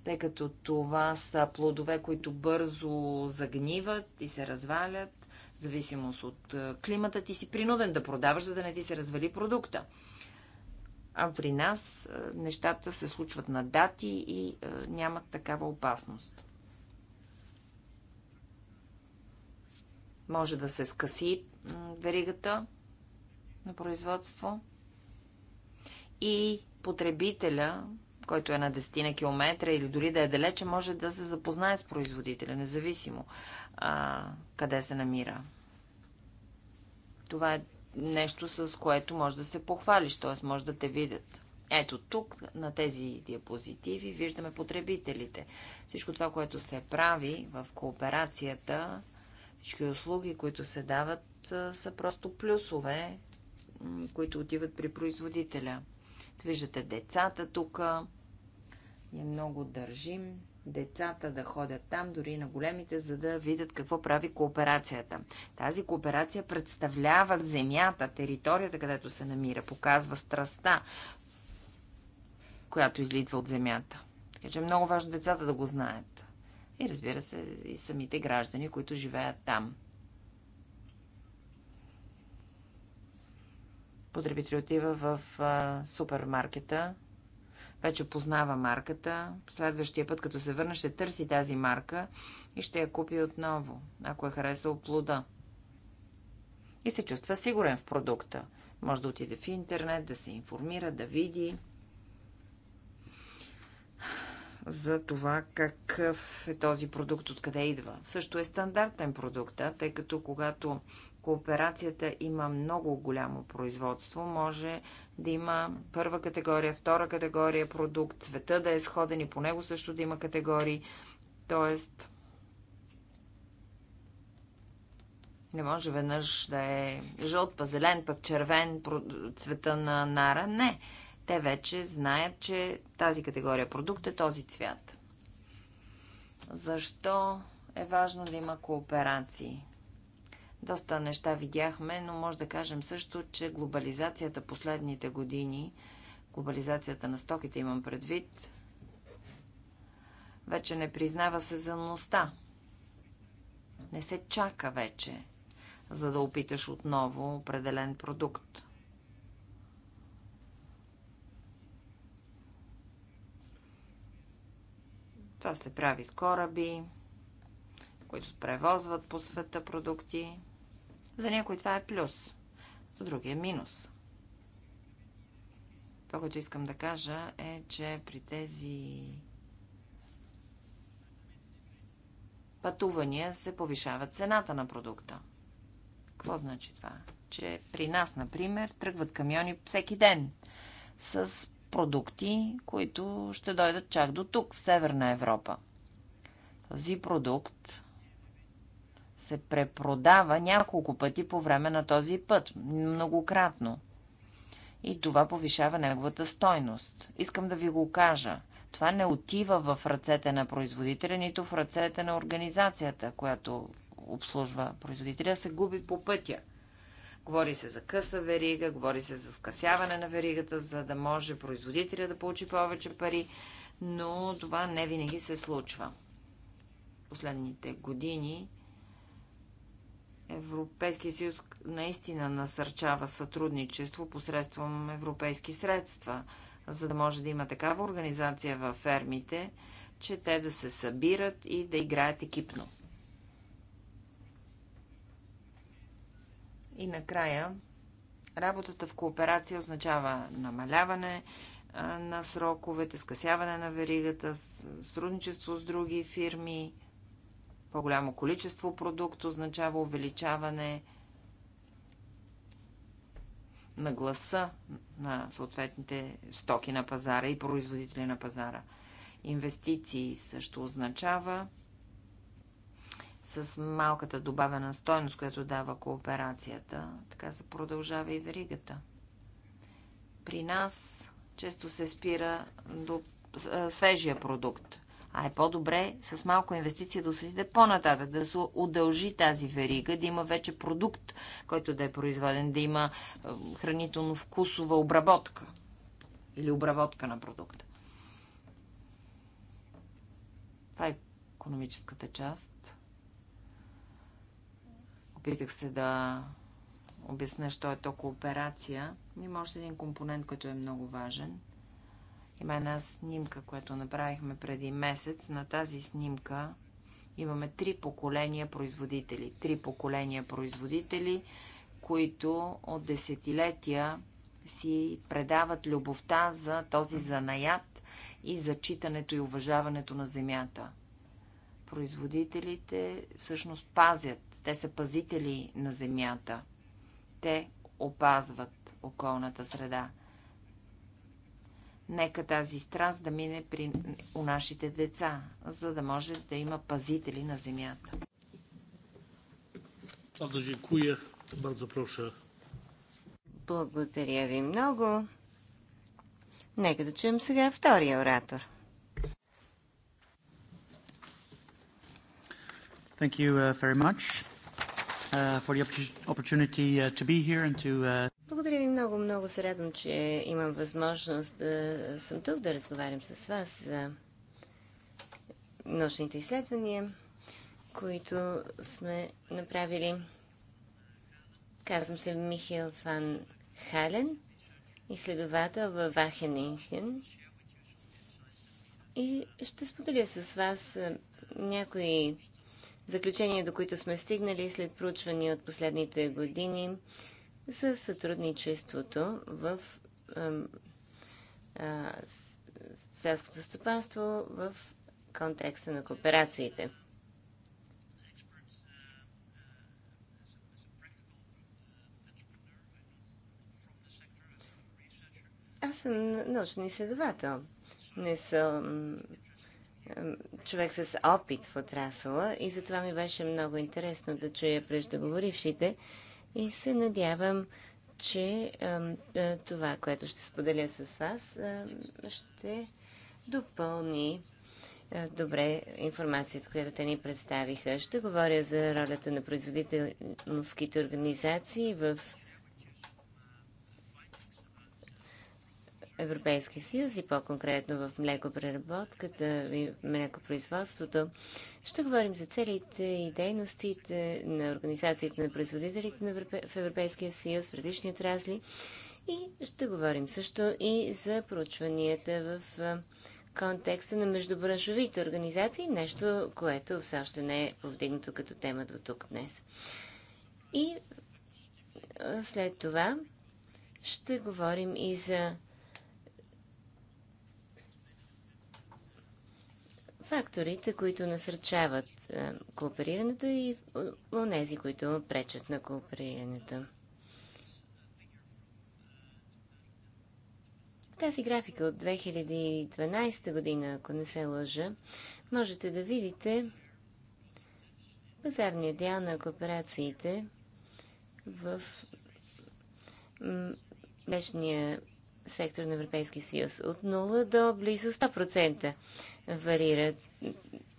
Тъй като това са плодове, които бързо загниват и се развалят, в зависимост от климата, ти си принуден да продаваш, за да не ти се развали продукта. А при нас е, нещата се случват на дати и е, нямат такава опасност. Може да се скъси веригата на производство и потребителя, който е на 10 на километра или дори да е далече, може да се запознае с производителя, независимо а, къде се намира. Това е нещо, с което може да се похвалиш, т.е. може да те видят. Ето тук, на тези диапозитиви, виждаме потребителите. Всичко това, което се прави в кооперацията, всички услуги, които се дават, са просто плюсове, които отиват при производителя. Виждате децата тук. Ние много държим децата да ходят там, дори на големите, за да видят какво прави кооперацията. Тази кооперация представлява земята, територията, където се намира, показва страста, която излитва от земята. Така че е много важно децата да го знаят. И разбира се, и самите граждани, които живеят там. Потребител отива в супермаркета вече познава марката. Следващия път, като се върна, ще търси тази марка и ще я купи отново, ако е харесал плода. И се чувства сигурен в продукта. Може да отиде в интернет, да се информира, да види за това какъв е този продукт, откъде идва. Също е стандартен продукт, тъй като когато кооперацията има много голямо производство, може да има първа категория, втора категория продукт, цвета да е сходен и по него също да има категории. Тоест, не може веднъж да е жълт, па зелен, пък червен цвета на нара. Не, те вече знаят, че тази категория продукт е този цвят. Защо е важно да има кооперации? Доста неща видяхме, но може да кажем също, че глобализацията последните години, глобализацията на стоките имам предвид, вече не признава сезонността. Не се чака вече, за да опиташ отново определен продукт. Това се прави с кораби, които превозват по света продукти. За някой това е плюс, за други е минус. Това, което искам да кажа е, че при тези пътувания се повишава цената на продукта. Какво значи това? Че при нас, например, тръгват камиони всеки ден с продукти, които ще дойдат чак до тук, в Северна Европа. Този продукт се препродава няколко пъти по време на този път, многократно. И това повишава неговата стойност. Искам да ви го кажа. Това не отива в ръцете на производителя, нито в ръцете на организацията, която обслужва производителя, се губи по пътя – Говори се за къса верига, говори се за скъсяване на веригата, за да може производителя да получи повече пари, но това не винаги се случва. Последните години Европейския съюз наистина насърчава сътрудничество посредством европейски средства, за да може да има такава организация във фермите, че те да се събират и да играят екипно. И накрая, работата в кооперация означава намаляване на сроковете, скъсяване на веригата, сътрудничество с други фирми, по-голямо количество продукт означава увеличаване на гласа на съответните стоки на пазара и производители на пазара. Инвестиции също означава с малката добавена стойност, която дава кооперацията, така се продължава и веригата. При нас често се спира до свежия продукт. А е по-добре с малко инвестиция да усетите по-нататък, да се удължи тази верига, да има вече продукт, който да е произведен, да има хранително-вкусова обработка или обработка на продукта. Това е економическата част. Опитах се да обясня, що е то кооперация. Има още един компонент, който е много важен. Има една снимка, която направихме преди месец. На тази снимка имаме три поколения производители. Три поколения производители, които от десетилетия си предават любовта за този занаят и зачитането и уважаването на земята. Производителите всъщност пазят. Те са пазители на земята. Те опазват околната среда. Нека тази страст да мине при, у нашите деца, за да може да има пазители на земята. Благодаря ви много. Нека да чуем сега втория оратор. Thank you uh, very much uh, for the opportunity uh, to be here and to Благодаря ви много, много се радвам, че имам възможност да съм тук, да разговарям с вас за научните изследвания, които сме направили. Казвам се Михел Фан Хален, изследовател в Вахенинхен. И ще споделя с вас някои заключения, до които сме стигнали след проучвания от последните години за сътрудничеството в селското стопанство в контекста на кооперациите. Аз съм научен изследовател. Не съм човек с опит в отрасъла и затова ми беше много интересно да чуя преждеговорившите и се надявам, че е, това, което ще споделя с вас, ще допълни е, добре информацията, която те ни представиха. Ще говоря за ролята на производителските организации в Европейския съюз и по-конкретно в млекопреработката и млекопроизводството. Ще говорим за целите и дейностите на организациите на производителите в Европейския съюз в различни отрасли и ще говорим също и за проучванията в контекста на междубраншовите организации, нещо, което все още не е повдигнато като тема до тук днес. И след това ще говорим и за факторите, които насърчават е, кооперирането и е, онези, които пречат на кооперирането. тази графика от 2012 година, ако не се лъжа, можете да видите пазарния дял на кооперациите в днешния сектор на Европейския съюз. От 0 до близо 100% варира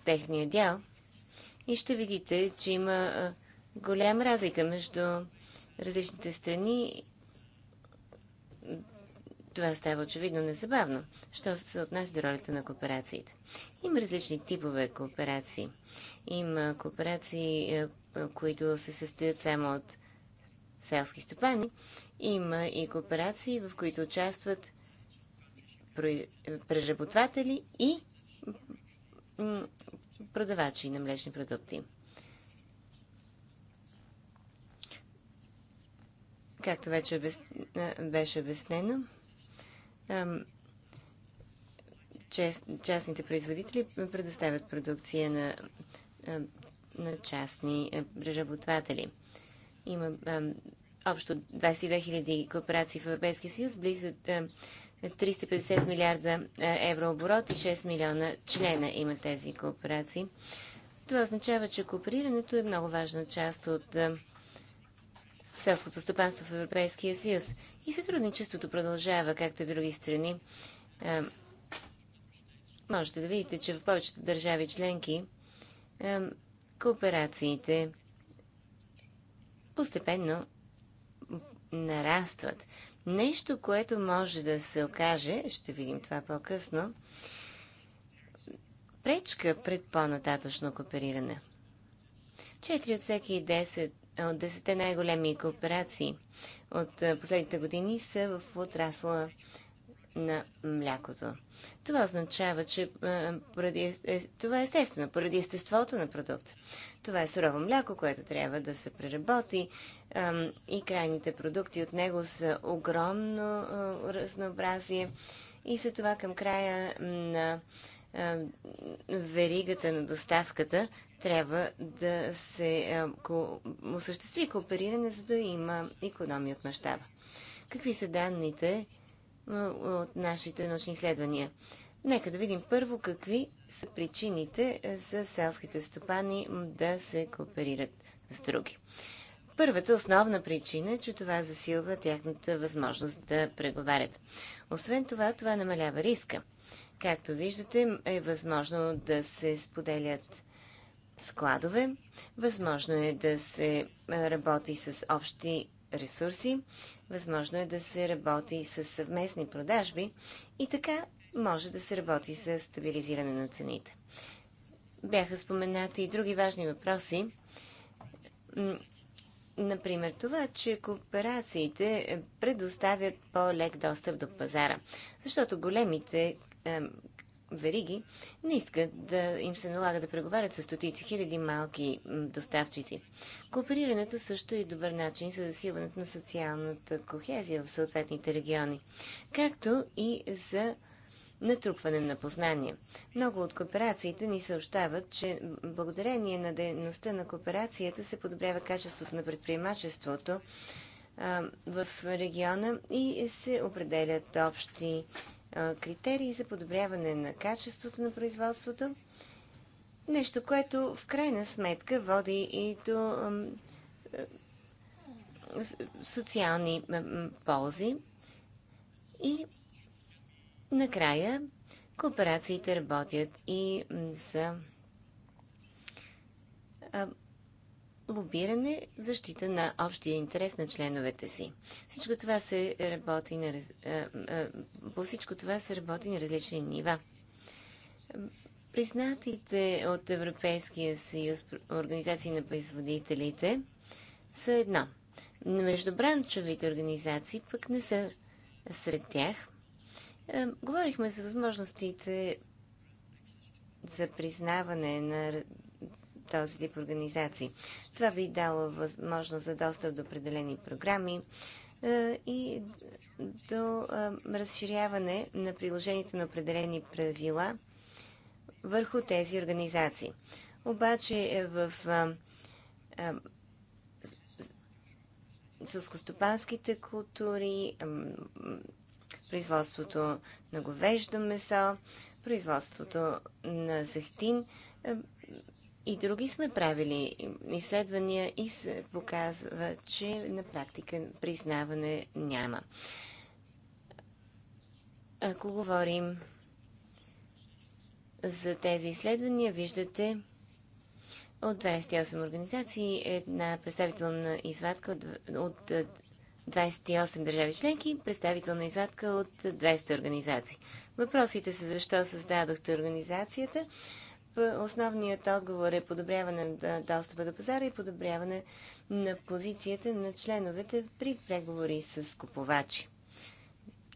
техния дял. И ще видите, че има голяма разлика между различните страни. Това става очевидно незабавно, що се отнася до ролята на кооперациите. Има различни типове кооперации. Има кооперации, които се състоят само от селски стопани. Има и кооперации, в които участват преработватели и продавачи на млечни продукти. Както вече беше обяснено, частните производители предоставят продукция на, на частни преработватели. Има общо 22 000 кооперации в Европейския съюз, близо 350 милиарда евро оборот и 6 милиона члена има тези кооперации. Това означава, че кооперирането е много важна част от а, селското стопанство в Европейския съюз. И сътрудничеството продължава, както и в други страни. А, можете да видите, че в повечето държави членки а, кооперациите постепенно нарастват. Нещо, което може да се окаже, ще видим това по-късно, пречка пред по-нататъчно коопериране. Четири от всеки 10 от 10 най-големи кооперации от последните години са в отрасла на млякото. Това означава, че поради, е, това е естествено, поради естеството на продукта. Това е сурово мляко, което трябва да се преработи и крайните продукти от него са огромно разнообразие. И след това към края на веригата на доставката трябва да се осъществи коопериране, за да има економия от мащаба. Какви са данните от нашите научни изследвания? Нека да видим първо какви са причините е, за селските стопани да се кооперират с други. Първата основна причина е, че това засилва тяхната възможност да преговарят. Освен това, това намалява риска. Както виждате, е възможно да се споделят складове, възможно е да се е, работи с общи ресурси, възможно е да се работи с съвместни продажби и така може да се работи с стабилизиране на цените. Бяха споменати и други важни въпроси. Например, това, че кооперациите предоставят по-лек достъп до пазара, защото големите е, вериги не искат да им се налага да преговарят с стотици хиляди малки доставчици. Кооперирането също е добър начин за засилването на социалната кохезия в съответните региони, както и за натрупване на познания. Много от кооперациите ни съобщават, че благодарение на дейността на кооперацията се подобрява качеството на предприемачеството в региона и се определят общи критерии за подобряване на качеството на производството. Нещо, което в крайна сметка води и до социални ползи и Накрая, кооперациите работят и за лобиране в защита на общия интерес на членовете си. Всичко това се работи на, по всичко това се работи на различни нива. Признатите от Европейския съюз организации на производителите са едно. Междубранчовите организации пък не са сред тях – Говорихме за възможностите за признаване на този тип организации. Това би дало възможност за достъп до определени програми и до разширяване на приложението на определени правила върху тези организации. Обаче в сълскостопанските култури, производството на говеждо месо, производството на захтин. Е, и други сме правили изследвания и се показва, че на практика признаване няма. Ако говорим за тези изследвания, виждате от 28 организации една представителна извадка от, от 28 държави членки, представителна извадка от 20 организации. Въпросите са защо създадохте организацията. Основният отговор е подобряване на достъпа до пазара и подобряване на позицията на членовете при преговори с купувачи.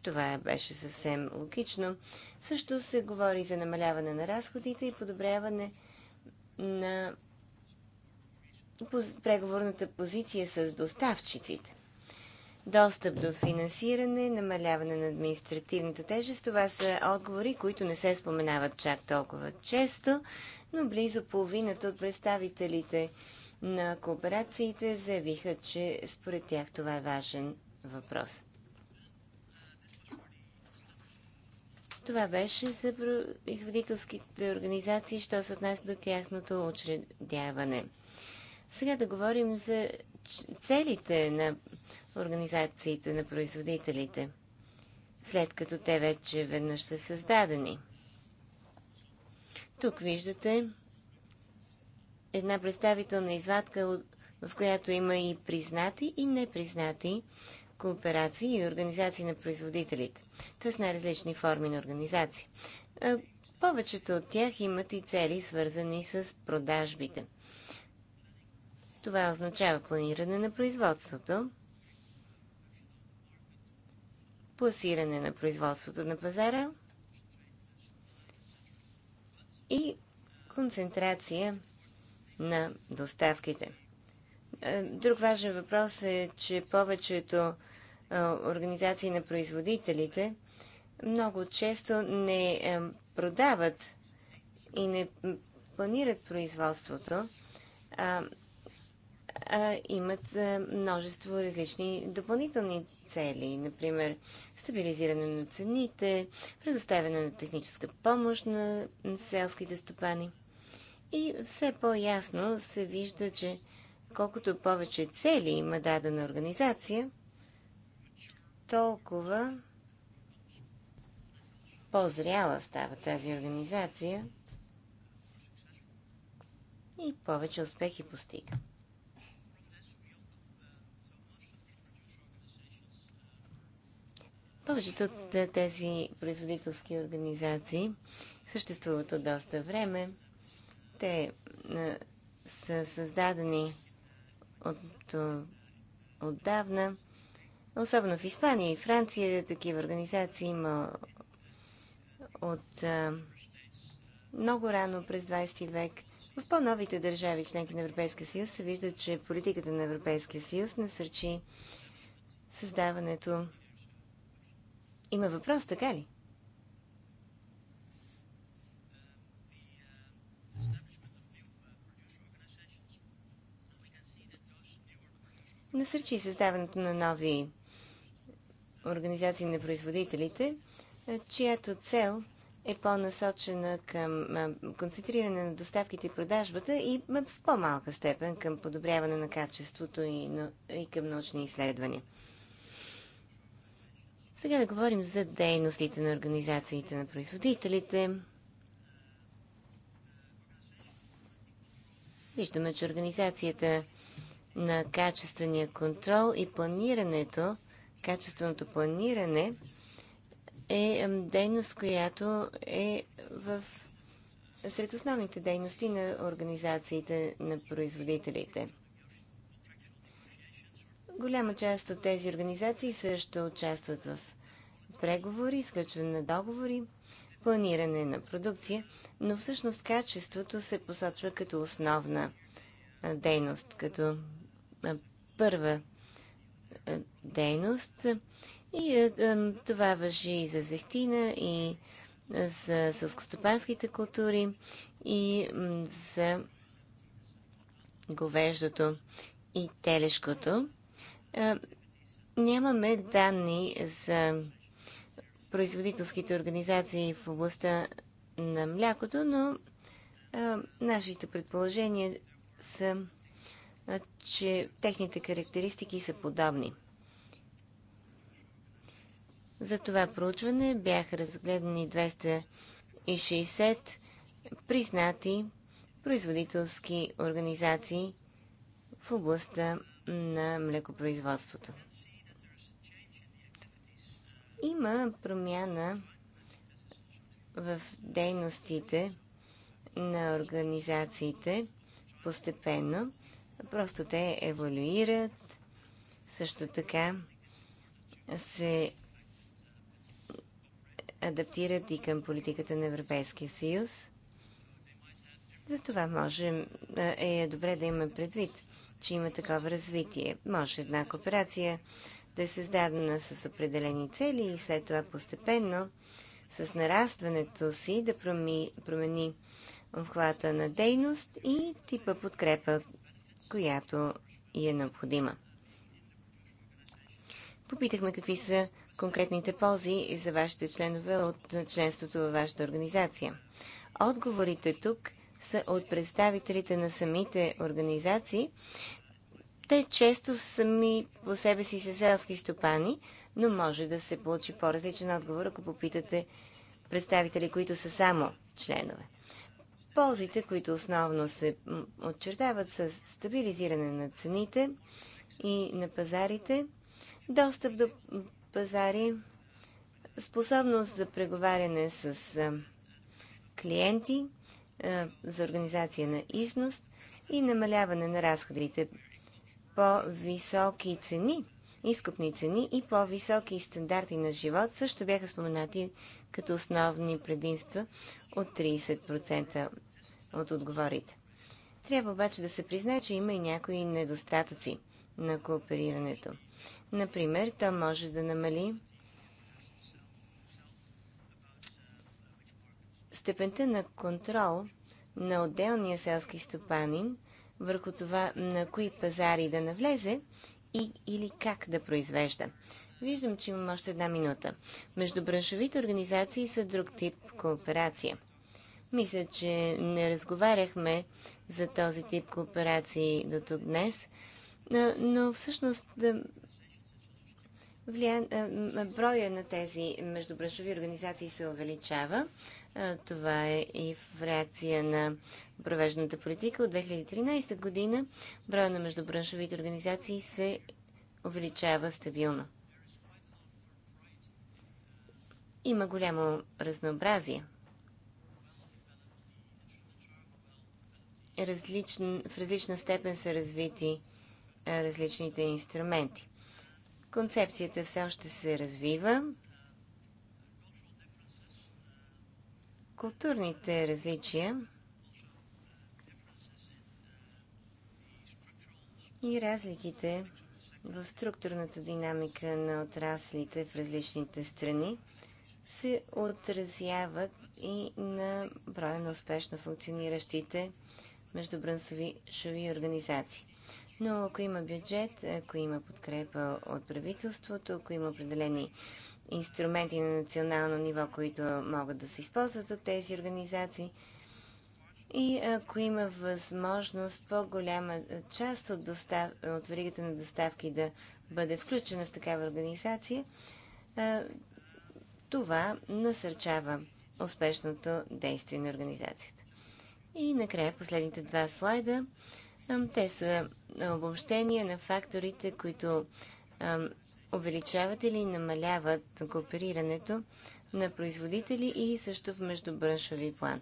Това беше съвсем логично. Също се говори за намаляване на разходите и подобряване на преговорната позиция с доставчиците достъп до финансиране, намаляване на административната тежест. Това са отговори, които не се споменават чак толкова често, но близо половината от представителите на кооперациите заявиха, че според тях това е важен въпрос. Това беше за производителските организации, що се отнася до тяхното учредяване. Сега да говорим за целите на организациите на производителите, след като те вече веднъж са създадени. Тук виждате една представителна извадка, в която има и признати и непризнати кооперации и организации на производителите, т.е. най-различни форми на организации. Повечето от тях имат и цели, свързани с продажбите – това означава планиране на производството, пласиране на производството на пазара и концентрация на доставките. Е, друг важен въпрос е, че повечето е, организации на производителите много често не е, продават и не планират производството, а, имат а, множество различни допълнителни цели, например стабилизиране на цените, предоставяне на техническа помощ на селските стопани. И все по-ясно се вижда, че колкото повече цели има дадена организация, толкова по-зряла става тази организация и повече успехи постига. Повечето от тези производителски организации съществуват от доста време. Те а, е, са създадени от, е, отдавна. Особено в Испания и Франция такива организации има от а, е, много рано през 20 век. В по-новите държави, членки на Европейския съюз, се вижда, че политиката на Европейския съюз насърчи създаването има въпрос, така ли? Насърчи създаването на нови организации на производителите, чиято цел е по-насочена към концентриране на доставките и продажбата и в по-малка степен към подобряване на качеството и, и към научни изследвания. Сега да говорим за дейностите на организациите на производителите. Виждаме, че организацията на качествения контрол и планирането, качественото планиране е дейност, която е в сред основните дейности на организациите на производителите. Голяма част от тези организации също участват в преговори, изключване на договори, планиране на продукция, но всъщност качеството се посочва като основна дейност, като първа дейност. И това въжи и за зехтина, и за сълскостопанските култури, и за говеждото и телешкото. Е, нямаме данни за производителските организации в областта на млякото, но а, е, нашите предположения са, а, е, че техните характеристики са подобни. За това проучване бяха разгледани 260 признати производителски организации в областта на млекопроизводството. Има промяна в дейностите на организациите постепенно. Просто те еволюират. Също така се адаптират и към политиката на Европейския съюз. За това може е, е добре да имаме предвид че има такова развитие. Може една кооперация да е създадена с определени цели и след това постепенно с нарастването си да промени обхвата на дейност и типа подкрепа, която и е необходима. Попитахме какви са конкретните ползи за вашите членове от членството във вашата организация. Отговорите тук са от представителите на самите организации. Те често сами по себе си са селски стопани, но може да се получи по-различен отговор, ако попитате представители, които са само членове. Ползите, които основно се отчертават са стабилизиране на цените и на пазарите, достъп до пазари, способност за преговаряне с клиенти, е, за организация на износ и намаляване на разходите по-високи цени, изкупни цени и по-високи стандарти на живот също бяха споменати като основни предимства от 30% от отговорите. Трябва обаче да се признае, че има и някои недостатъци на кооперирането. Например, то може да намали степента на контрол на отделния селски стопанин върху това на кои пазари да навлезе и или как да произвежда. Виждам, че имам още една минута. Междубраншовите организации са друг тип кооперация. Мисля, че не разговаряхме за този тип кооперации до тук днес, но, но всъщност да, е, броя на тези междубраншови организации се увеличава. Е, това е и в реакция на провежданата политика. От 2013 година броя на междубраншовите организации се увеличава стабилно. Има голямо разнообразие. в различна степен са развити е, различните инструменти. Концепцията все още се развива. Културните различия и разликите в структурната динамика на отраслите в различните страни се отразяват и на броя на успешно функциониращите междубраншови организации. Но ако има бюджет, ако има подкрепа от правителството, ако има определени инструменти на национално ниво, които могат да се използват от тези организации, и ако има възможност по-голяма част от, достав... от веригата на доставки да бъде включена в такава организация, това насърчава успешното действие на организацията. И накрая последните два слайда те са обобщения на факторите, които увеличават или намаляват кооперирането на производители и също в междубраншови план.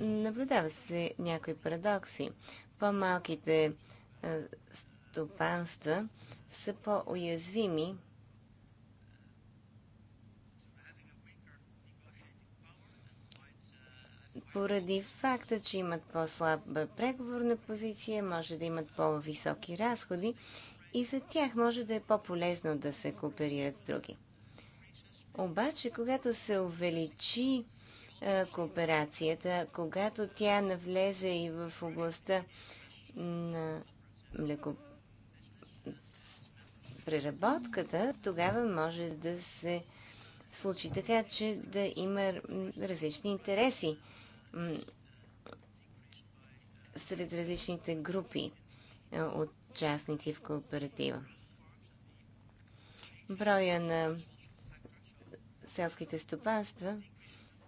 Наблюдава се някои парадокси. По-малките стопанства са по-уязвими Поради факта, че имат по-слаба преговорна позиция, може да имат по-високи разходи и за тях може да е по-полезно да се кооперират с други. Обаче, когато се увеличи а, кооперацията, когато тя навлезе и в областта на млеко преработката, тогава може да се случи така, че да има различни интереси сред различните групи от е, частници в кооператива. Броя на селските стопанства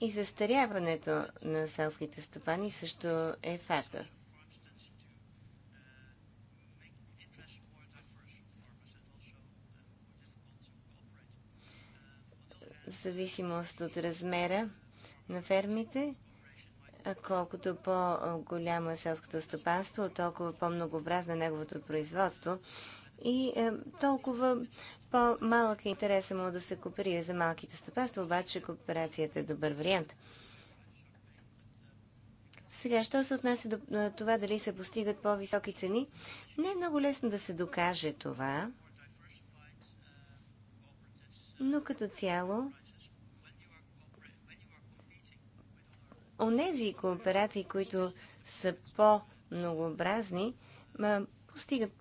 и застаряването на селските стопани също е фактор. В зависимост от размера на фермите, колкото по-голямо е селското стопанство, толкова по-многообразно е неговото производство и е, толкова по-малък е интереса му да се кооперира за малките стопанства, обаче кооперацията е добър вариант. Сега, що се отнася до е, това дали се постигат по-високи цени, не е много лесно да се докаже това, но като цяло онези кооперации, които са по-многообразни, постигат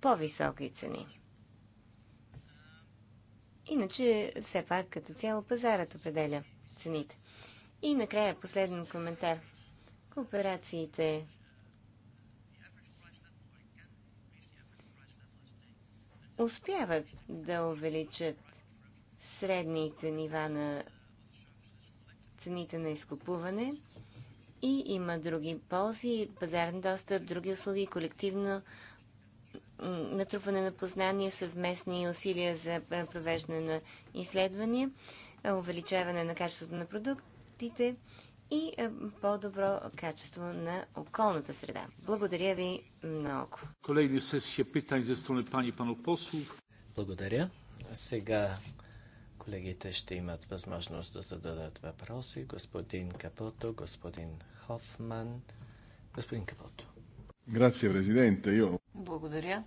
по-високи цени. Иначе, все пак, като цяло, пазарът определя цените. И накрая последен коментар. Кооперациите успяват да увеличат средните нива на цените на изкупуване и има други ползи, пазарен достъп, други услуги, колективно натрупване на познания, съвместни усилия за провеждане на изследвания, увеличаване на качеството на продуктите и по-добро качество на околната среда. Благодаря ви много. Колеги сесия питань за страна пани панов послов. Благодаря. Сега Колегите ще имат възможност да зададат въпроси. Господин Капото, господин Хофман. Господин Капото. Грация, президенте. Йо. Благодаря.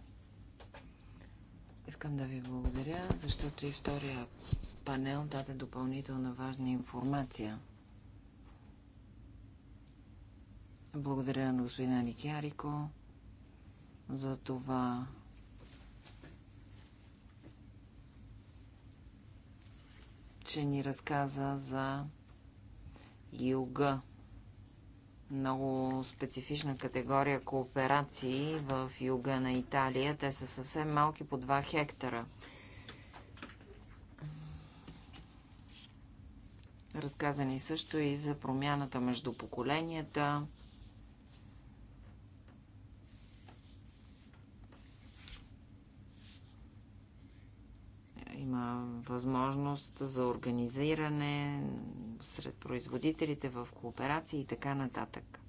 Искам да ви благодаря, защото и втория панел даде допълнителна важна информация. Благодаря на господин Аникярико за това че ни разказа за юга. Много специфична категория кооперации в юга на Италия. Те са съвсем малки по 2 хектара. Разказани също и за промяната между поколенията, Има възможност за организиране сред производителите в кооперации и така нататък.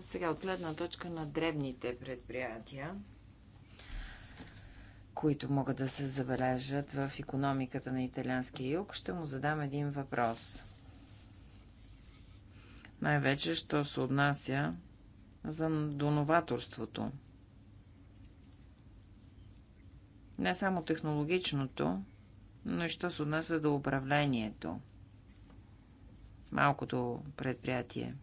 Сега от гледна точка на дребните предприятия, които могат да се забележат в економиката на италианския юг, ще му задам един въпрос. Най-вече, що се отнася за, доноваторството. Не само технологичното, но и що се отнася до управлението. Малкото предприятие.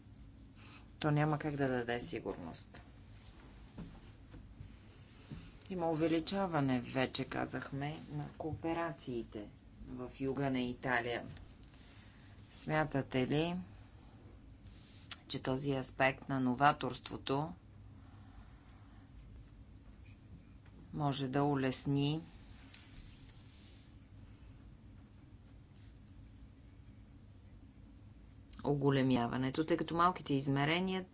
То няма как да даде сигурност. Има увеличаване, вече казахме, на кооперациите в юга на Италия. Смятате ли, че този аспект на новаторството може да улесни оголемяването, тъй като малките измерения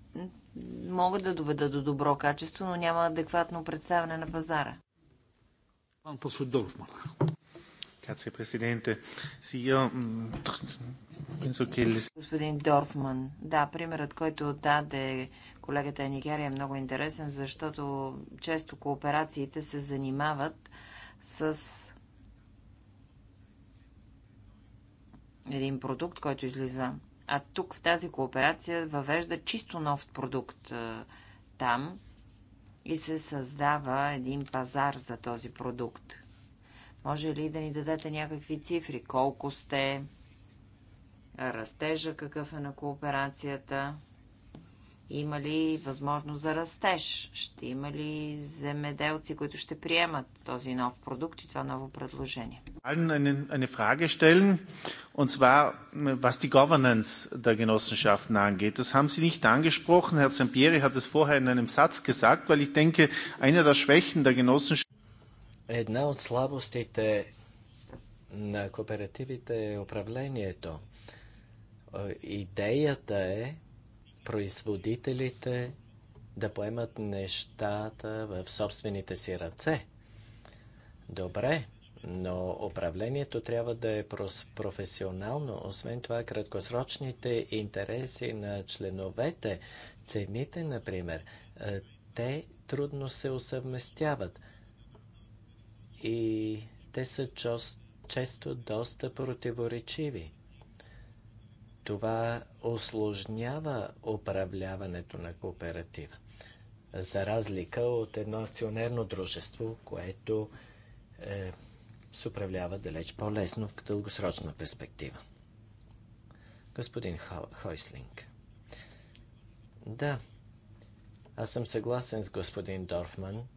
могат да доведат до добро качество, но няма адекватно представяне на пазара. Пан Grazie Presidente. Sì, io penso che... Господин Дорфман, да, примерът, който даде колегата е Нигерия е много интересен, защото често кооперациите се занимават с един продукт, който излиза. А тук в тази кооперация въвежда чисто нов продукт там и се създава един пазар за този продукт. Може ли да ни дадете някакви цифри? Колко сте? Растежа какъв е на кооперацията? Има ли възможност за растеж? Ще има ли земеделци, които ще приемат този нов продукт и това ново предложение? Eine Frage stellen, und zwar, was die Governance der Genossenschaften angeht. Das haben Sie nicht angesprochen. Herr Zampieri hat es vorher in einem Satz gesagt, weil ich denke, eine der Schwächen der Genossenschaften... Една от слабостите на кооперативите е управлението. Идеята е, производителите да поемат нещата в собствените си ръце. Добре, но управлението трябва да е професионално. Освен това, краткосрочните интереси на членовете, цените, например, е, те трудно се усъвместяват. И те са често доста противоречиви. Това осложнява управляването на кооператива. За разлика от едно акционерно дружество, което е, се управлява далеч по-лесно в дългосрочна перспектива. Господин Хо, Хойслинг. Да, аз съм съгласен с господин Дорфман.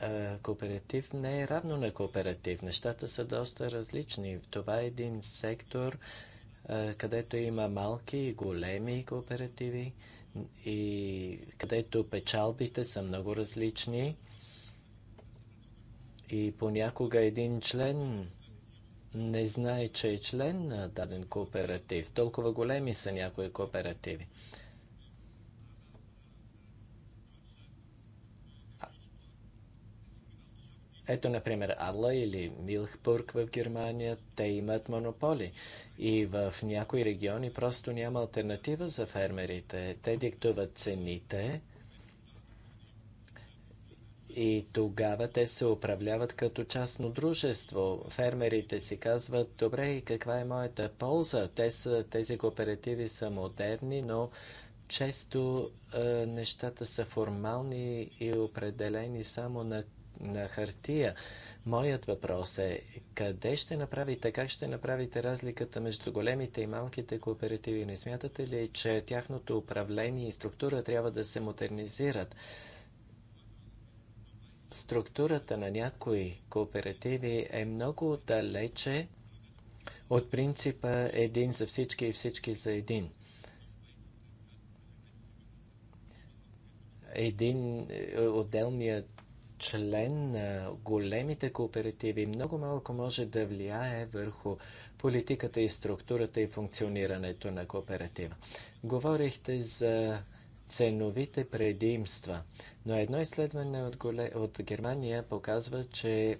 Е, кооператив не е равно на кооператив. Нещата са доста различни. Това е един сектор, е, където има малки и големи кооперативи и където печалбите са много различни и понякога един член не знае, че е член на даден кооператив. Толкова големи са някои кооперативи. Ето, например, Адла или Милхбург в Германия, те имат монополи. И в някои региони просто няма альтернатива за фермерите. Те диктуват цените и тогава те се управляват като частно дружество. Фермерите си казват, добре, и каква е моята полза? Те са, тези кооперативи са модерни, но често е, нещата са формални и определени само на на хартия. Моят въпрос е, къде ще направите, как ще направите разликата между големите и малките кооперативи? Не смятате ли, че тяхното управление и структура трябва да се модернизират? Структурата на някои кооперативи е много далече от принципа един за всички и всички за един. един е, отделният член на големите кооперативи много малко може да влияе върху политиката и структурата и функционирането на кооператива. Говорихте за ценовите предимства, но едно изследване от, голем... от Германия показва, че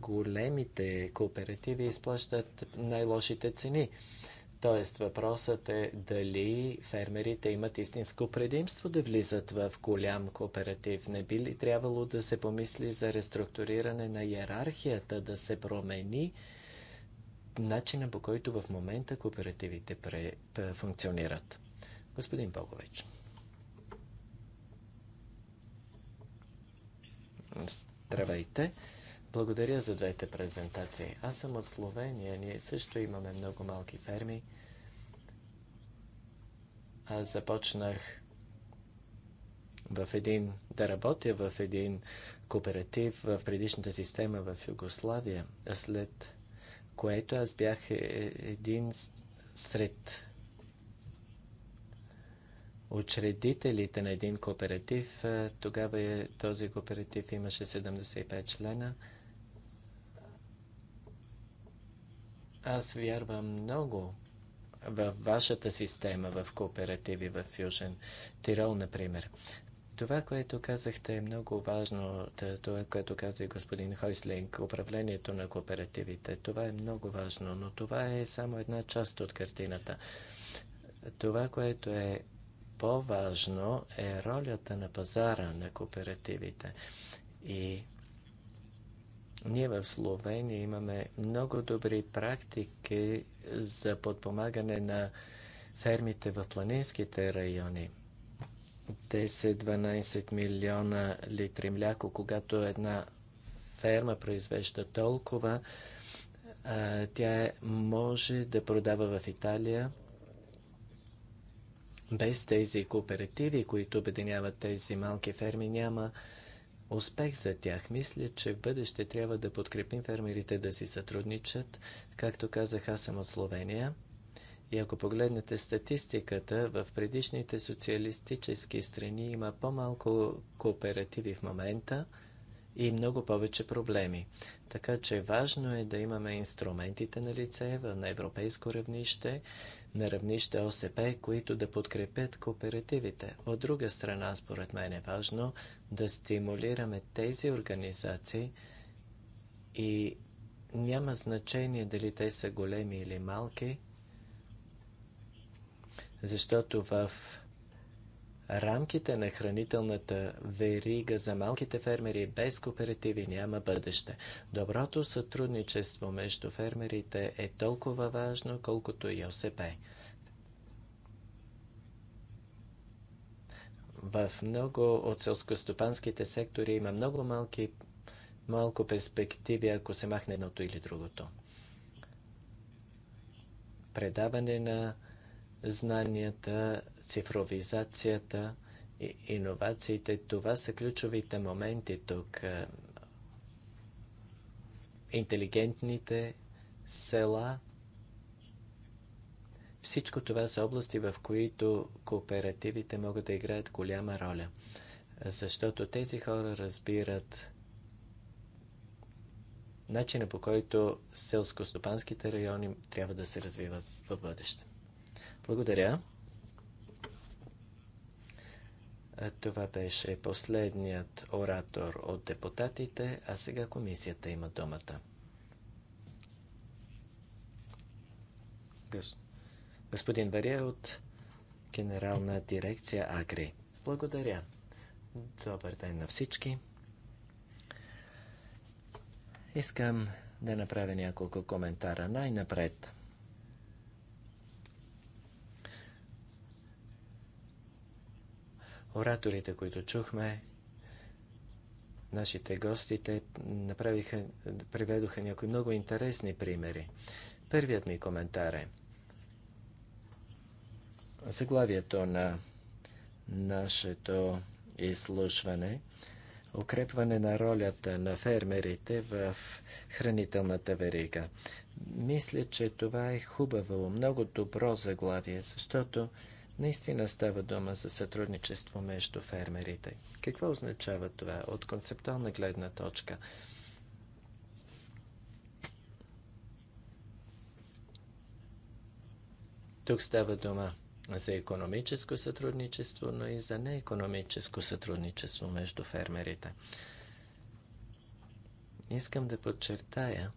големите кооперативи изплащат най-лошите цени. Тоест въпросът е дали фермерите имат истинско предимство да влизат в голям кооператив. Не би ли трябвало да се помисли за реструктуриране на иерархията, да се промени начина по който в момента кооперативите пре, пре, функционират? Господин Богович. Здравейте. Благодаря за двете презентации. Аз съм от Словения. Ние също имаме много малки ферми. Аз започнах в един, да работя в един кооператив в предишната система в Югославия, след което аз бях е, един сред учредителите на един кооператив. Е, тогава е, този кооператив имаше 75 члена – Аз вярвам много в вашата система в кооперативи в Южен Тирол, например. Това, което казахте е много важно, това, което каза и господин Хойслинг, управлението на кооперативите. Това е много важно, но това е само една част от картината. Това, което е по-важно, е ролята на пазара на кооперативите. И ние в Словения имаме много добри практики за подпомагане на фермите в планинските райони. 10-12 милиона литри мляко, когато една ферма произвежда толкова, тя е, може да продава в Италия без тези кооперативи, които обединяват тези малки ферми, няма успех за тях. Мисля, че в бъдеще трябва да подкрепим фермерите да си сътрудничат. Както казах, аз съм от Словения. И ако погледнете статистиката, в предишните социалистически страни има по-малко кооперативи в момента и много повече проблеми. Така че важно е да имаме инструментите на лице на европейско равнище на равнище ОСП, които да подкрепят кооперативите. От друга страна, според мен е важно да стимулираме тези организации и няма значение дали те са големи или малки, защото в рамките на хранителната верига за малките фермери без кооперативи няма бъдеще. Доброто сътрудничество между фермерите е толкова важно, колкото и ОСП. В много от селскостопанските сектори има много малки, малко перспективи, ако се махне едното или другото. Предаване на знанията, цифровизацията и иновациите. Това са ключовите моменти тук. Е, интелигентните села. Всичко това са области, в които кооперативите могат да играят голяма роля. Защото тези хора разбират начина по който селско-стопанските райони трябва да се развиват в бъдеще. Благодаря. Това беше последният оратор от депутатите, а сега комисията има думата. Господин Вария от Генерална дирекция Агри. Благодаря. Добър ден на всички. Искам да направя няколко коментара най-напред. ораторите, които чухме, нашите гости, те направиха, приведоха някои много интересни примери. Първият ми коментар е заглавието на нашето изслушване укрепване на ролята на фермерите в хранителната верига. Мисля, че това е хубаво, много добро заглавие, защото Наистина става дума за сътрудничество между фермерите. Какво означава това от концептуална гледна точка? Тук става дума за економическо сътрудничество, но и за неекономическо сътрудничество между фермерите. Искам да подчертая,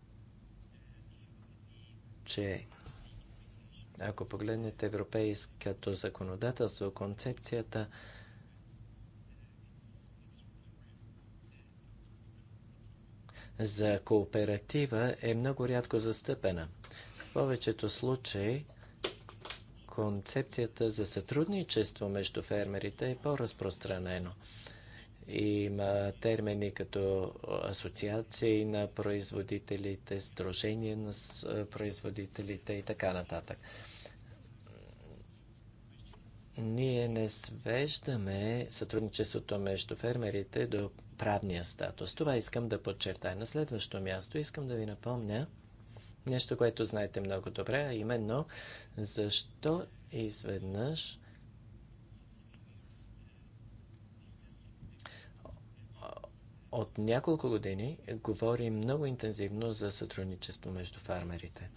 че ако погледнете европейското законодателство, концепцията за кооператива е много рядко застъпена. В повечето случаи концепцията за сътрудничество между фермерите е по-разпространено. Има термини като асоциации на производителите, сдружение на производителите и така нататък ние не свеждаме сътрудничеството между фермерите до правния статус. Това искам да подчертая. На следващо място искам да ви напомня нещо, което знаете много добре, а именно защо изведнъж от няколко години говорим много интензивно за сътрудничество между фармерите.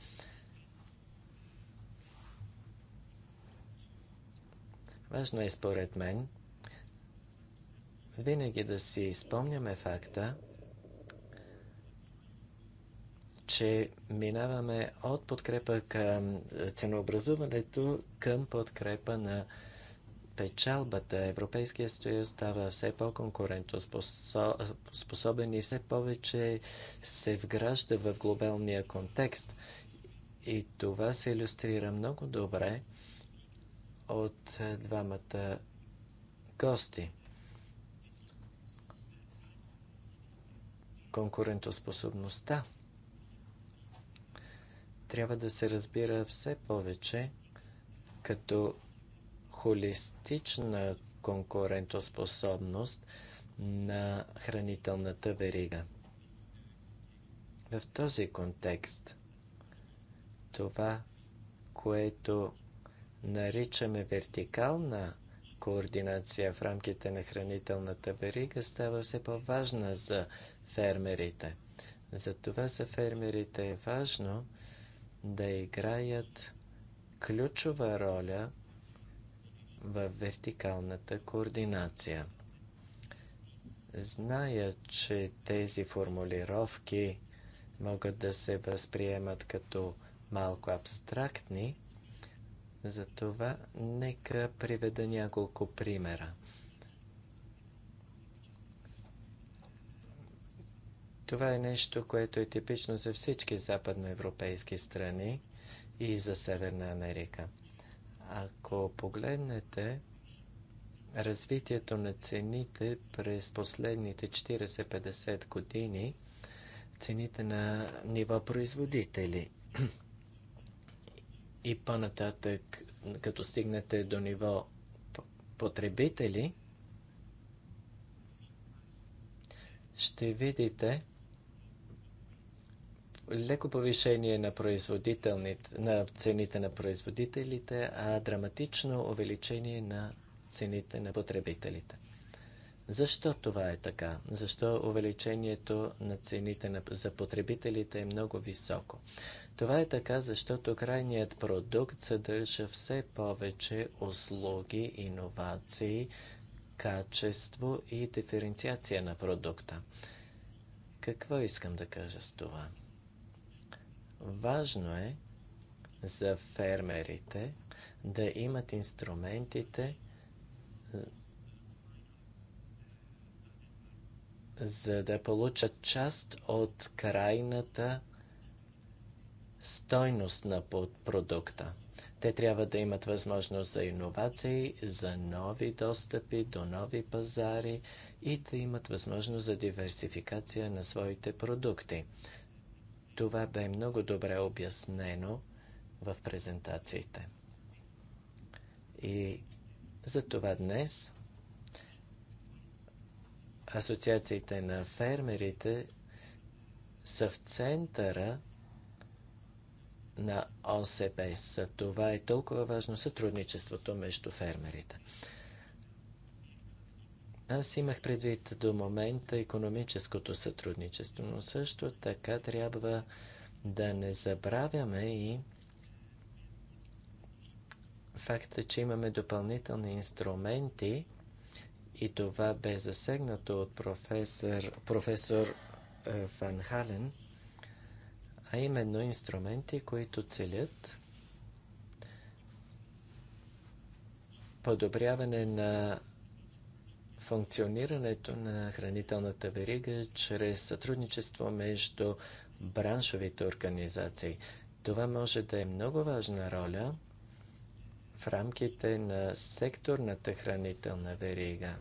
Важно е според мен винаги да си спомняме факта, че минаваме от подкрепа към ценообразуването към подкрепа на печалбата. Европейския съюз става все по-конкурентоспособен и все повече се вгражда в глобалния контекст. И това се иллюстрира много добре от е, двамата гости. Конкурентоспособността трябва да се разбира все повече като холистична конкурентоспособност на хранителната верига. В този контекст това, което наричаме вертикална координация в рамките на хранителната верига става все по-важна за фермерите. Затова за фермерите е важно да играят ключова роля в вертикалната координация. Зная, че тези формулировки могат да се възприемат като малко абстрактни, за това нека приведа няколко примера. Това е нещо, което е типично за всички западноевропейски страни и за Северна Америка. Ако погледнете развитието на цените през последните 40-50 години, цените на ниво производители – и по-нататък, като стигнете до ниво потребители, ще видите леко повишение на, на цените на производителите, а драматично увеличение на цените на потребителите. Защо това е така? Защо увеличението на цените на, за потребителите е много високо? Това е така, защото крайният продукт съдържа все повече услуги, иновации, качество и диференциация на продукта. Какво искам да кажа с това? Важно е за фермерите да имат инструментите за да получат част от крайната стойност на продукта. Те трябва да имат възможност за иновации, за нови достъпи до нови пазари и да имат възможност за диверсификация на своите продукти. Това бе много добре обяснено в презентациите. И за това днес асоциациите на фермерите са в центъра на ОСП. За това е толкова важно сътрудничеството между фермерите. Аз имах предвид до момента економическото сътрудничество, но също така трябва да не забравяме и факта, че имаме допълнителни инструменти и това бе засегнато от професор, професор е, Ван Хален – а именно инструменти, които целят подобряване на функционирането на хранителната верига чрез сътрудничество между браншовите организации. Това може да е много важна роля в рамките на секторната хранителна верига.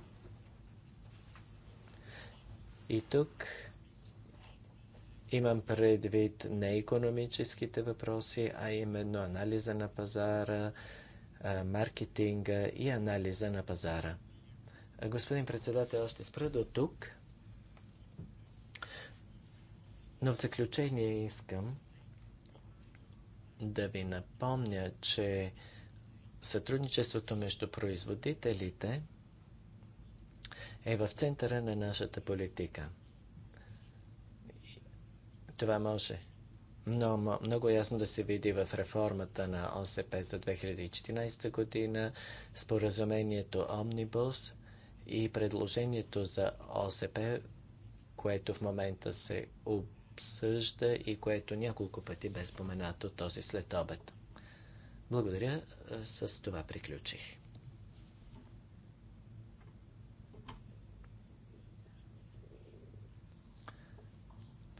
И тук Имам предвид не економическите въпроси, а именно анализа на пазара, маркетинга и анализа на пазара. Господин председател, ще спра до тук. Но в заключение искам да ви напомня, че сътрудничеството между производителите е в центъра на нашата политика – това може но много ясно да се види в реформата на ОСП за 2014 година, споразумението Омнибус и предложението за ОСП, което в момента се обсъжда и което няколко пъти бе споменато този след обед. Благодаря, с това приключих.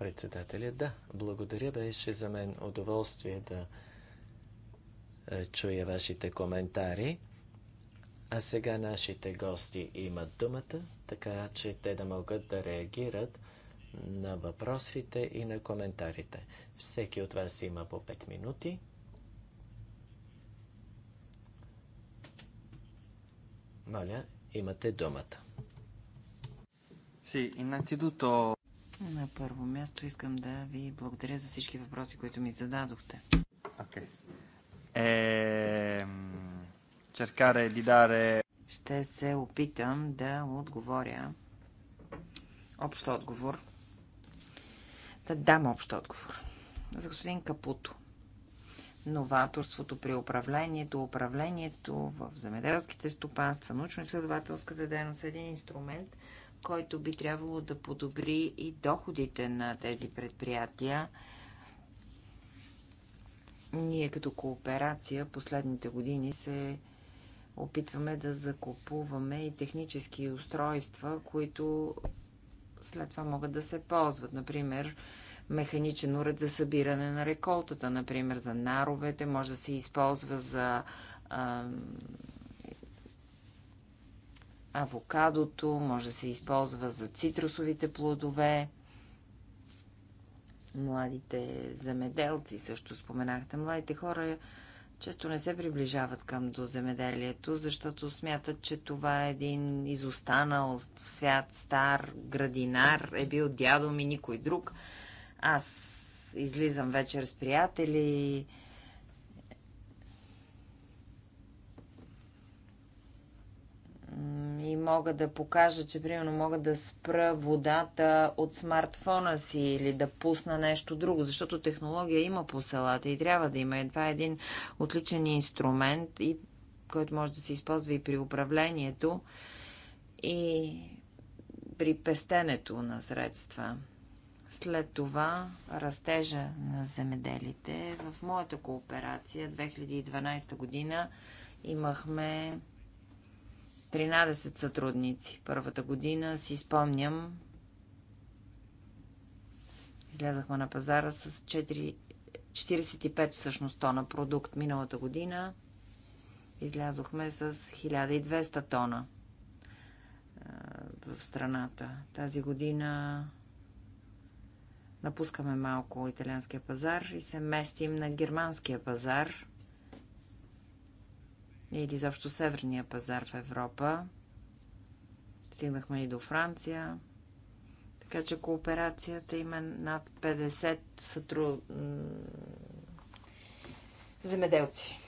Председателя, да, благодаря. Беше за мен удоволствие да е, чуя вашите коментари. А сега нашите гости имат думата, така че те да могат да реагират на въпросите и на коментарите. Всеки от вас има по 5 минути. Моля, имате думата. Sì, innanzitutto на първо място искам да ви благодаря за всички въпроси, които ми зададохте. Okay. E... Cercare di Ще се опитам да отговоря общ отговор. Да дам общ отговор. За господин Капуто. Новаторството при управлението, управлението в земеделските стопанства, научно-изследователската дейност е един инструмент – който би трябвало да подобри и доходите на тези предприятия. Ние като кооперация последните години се опитваме да закупуваме и технически устройства, които след това могат да се ползват. Например, механичен уред за събиране на реколтата, например, за наровете, може да се използва за авокадото, може да се използва за цитрусовите плодове. Младите замеделци, също споменахте, младите хора често не се приближават към до земеделието, защото смятат, че това е един изостанал свят, стар, градинар, е бил дядо ми, никой друг. Аз излизам вечер с приятели, и мога да покажа, че примерно мога да спра водата от смартфона си или да пусна нещо друго, защото технология има по селата и трябва да има. Едва е един отличен инструмент, и, който може да се използва и при управлението и при пестенето на средства. След това растежа на земеделите. В моята кооперация 2012 година имахме 13 сътрудници. Първата година си спомням, излязахме на пазара с 4, 45 всъщност тона продукт. Миналата година излязохме с 1200 тона в страната. Тази година напускаме малко италианския пазар и се местим на германския пазар или изобщо северния пазар в Европа. Стигнахме и до Франция. Така че кооперацията има над 50 сътру... земеделци.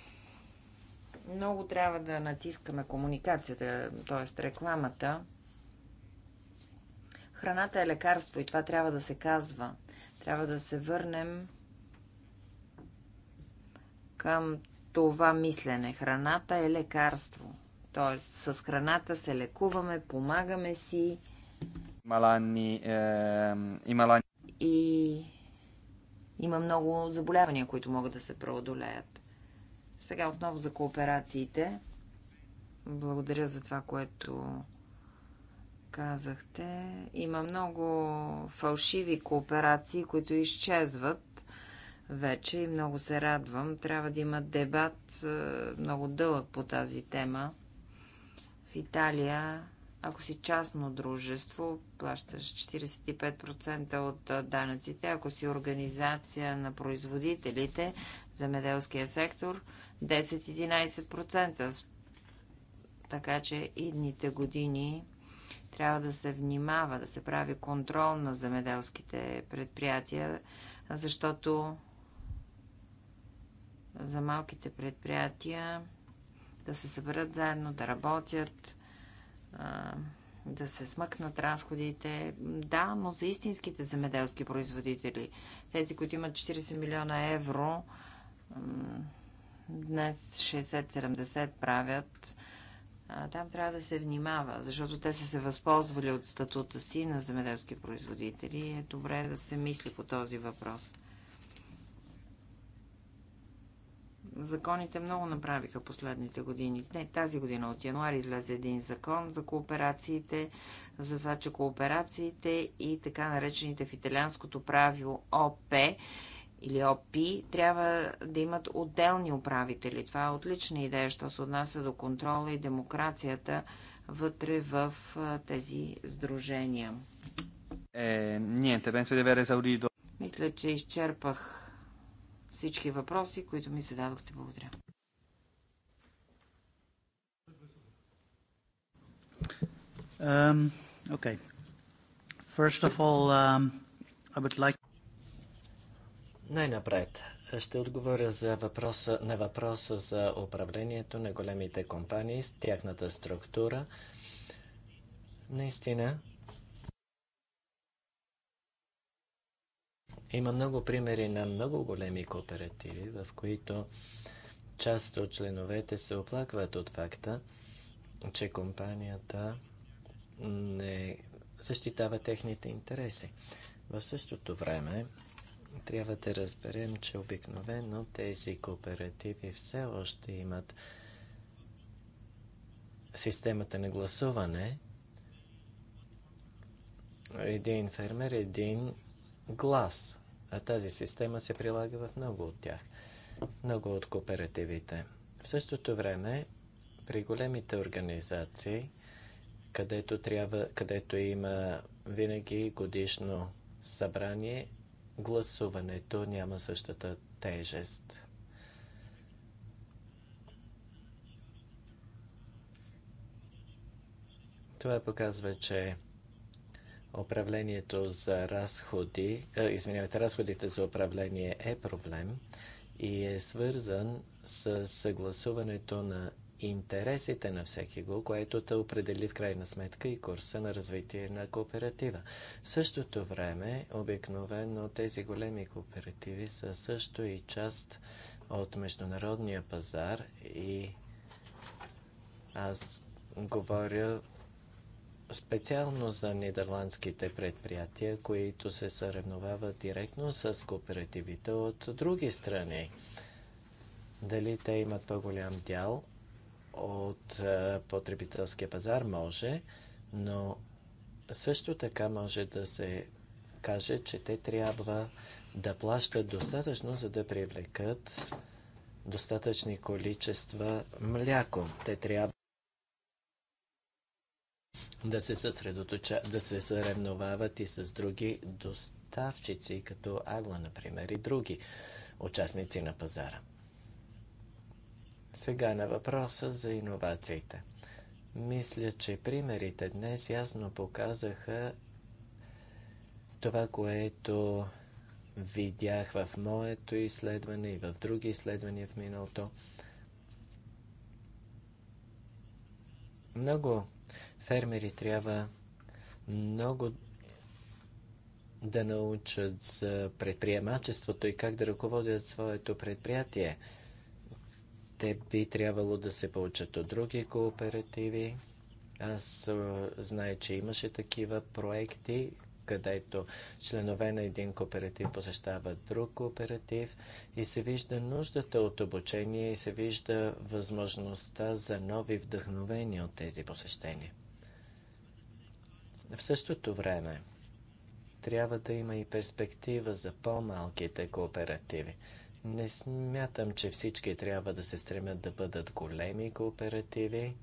Много трябва да натискаме комуникацията, т.е. рекламата. Храната е лекарство и това трябва да се казва. Трябва да се върнем към това мислене. Храната е лекарство. Тоест, с храната се лекуваме, помагаме си. Малани, е, и, малани. и има много заболявания, които могат да се преодолеят. Сега отново за кооперациите. Благодаря за това, което казахте. Има много фалшиви кооперации, които изчезват вече и много се радвам. Трябва да има дебат е, много дълъг по тази тема. В Италия, ако си частно дружество, плащаш 45% от е, данъците. Ако си организация на производителите, меделския сектор, 10-11%. Така че идните години трябва да се внимава, да се прави контрол на земеделските предприятия, защото за малките предприятия да се съберат заедно, да работят, да се смъкнат разходите. Да, но за истинските земеделски производители, тези, които имат 40 милиона евро, днес 60-70 правят, там трябва да се внимава, защото те са се възползвали от статута си на земеделски производители. Е добре да се мисли по този въпрос. Законите много направиха последните години. Не, тази година от януари излезе един закон за кооперациите, за това, че кооперациите и така наречените в италианското правило ОП или ОП трябва да имат отделни управители. Това е отлична идея, що се отнася до контрола и демокрацията вътре в тези сдружения. Е, ние, пенсо да Мисля, че изчерпах всички въпроси, които ми зададохте. Благодаря. Um, okay. First of all, um, I would like... Най-напред ще отговоря за въпроса, на въпроса за управлението на големите компании, с тяхната структура. Наистина, Има много примери на много големи кооперативи, в които част от членовете се оплакват от факта, че компанията не защитава техните интереси. В същото време трябва да разберем, че обикновено тези кооперативи все още имат системата на гласуване. Един фермер, един глас – а тази система се прилага в много от тях, много от кооперативите. В същото време, при големите организации, където, трябва, където има винаги годишно събрание, гласуването няма същата тежест. Това показва, че управлението за разходи, э, извинявайте, разходите за управление е проблем и е свързан с съгласуването на интересите на всеки го, което те определи в крайна сметка и курса на развитие на кооператива. В същото време, обикновено тези големи кооперативи са също и част от международния пазар и аз говоря специално за нидерландските предприятия, които се съревновават директно с кооперативите от други страни. Дали те имат по-голям дял от е, потребителския пазар? Може, но също така може да се каже, че те трябва да плащат достатъчно, за да привлекат достатъчни количества мляко. Те трябва да се съсредоточат, да се съревновават и с други доставчици, като Агла, например, и други участници на пазара. Сега на въпроса за иновациите. Мисля, че примерите днес ясно показаха това, което видях в моето изследване и в други изследвания в миналото. Много фермери трябва много да научат за предприемачеството и как да ръководят своето предприятие. Те би трябвало да се получат от други кооперативи. Аз знае, че имаше такива проекти, където членове на един кооператив посещават друг кооператив и се вижда нуждата от обучение и се вижда възможността за нови вдъхновения от тези посещения. В същото време трябва да има и перспектива за по-малките кооперативи. Не смятам, че всички трябва да се стремят да бъдат големи кооперативи.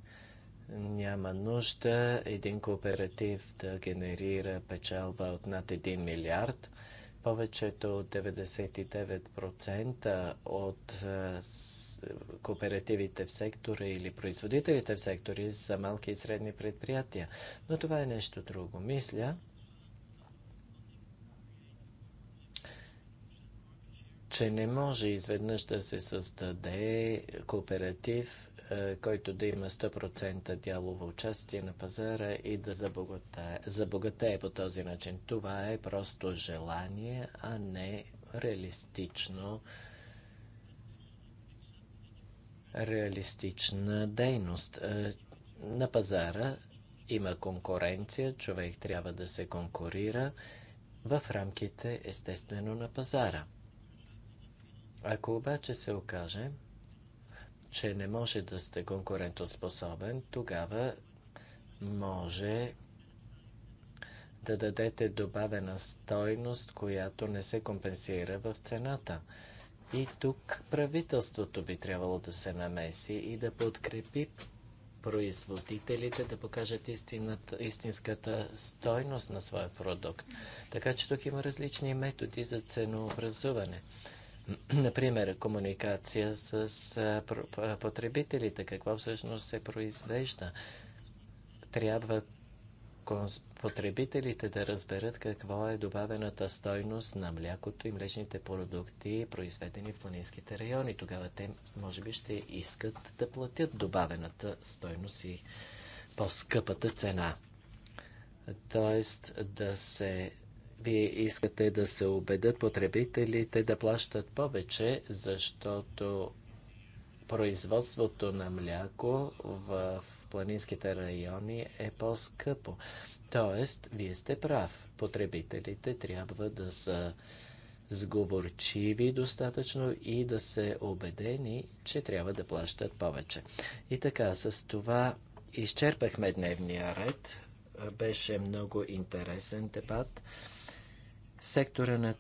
Няма нужда един кооператив да генерира печалба от над 1 милиард. Повечето от 99% от кооперативите в сектора или производителите в сектори за малки и средни предприятия. Но това е нещо друго. Мисля, че не може изведнъж да се създаде кооператив, е, който да има 100% дялово участие на пазара и да забогатее, забогатее по този начин. Това е просто желание, а не реалистично реалистична дейност. Е, на пазара има конкуренция, човек трябва да се конкурира в рамките, естествено, на пазара. Ако обаче се окаже, че не може да сте конкурентоспособен, тогава може да дадете добавена стойност, която не се компенсира в цената. И тук правителството би трябвало да се намеси и да подкрепи производителите да покажат истината, истинската стойност на своя продукт. Така че тук има различни методи за ценообразуване. Например, комуникация с потребителите, какво всъщност се произвежда. Трябва потребителите да разберат какво е добавената стойност на млякото и млечните продукти, произведени в планинските райони. Тогава те, може би, ще искат да платят добавената стойност и по-скъпата цена. Тоест да се. Вие искате да се убедят потребителите да плащат повече, защото производството на мляко в планинските райони е по-скъпо. Тоест, вие сте прав. Потребителите трябва да са сговорчиви достатъчно и да се убедени, че трябва да плащат повече. И така, с това изчерпахме дневния ред. Беше много интересен дебат. Сектора на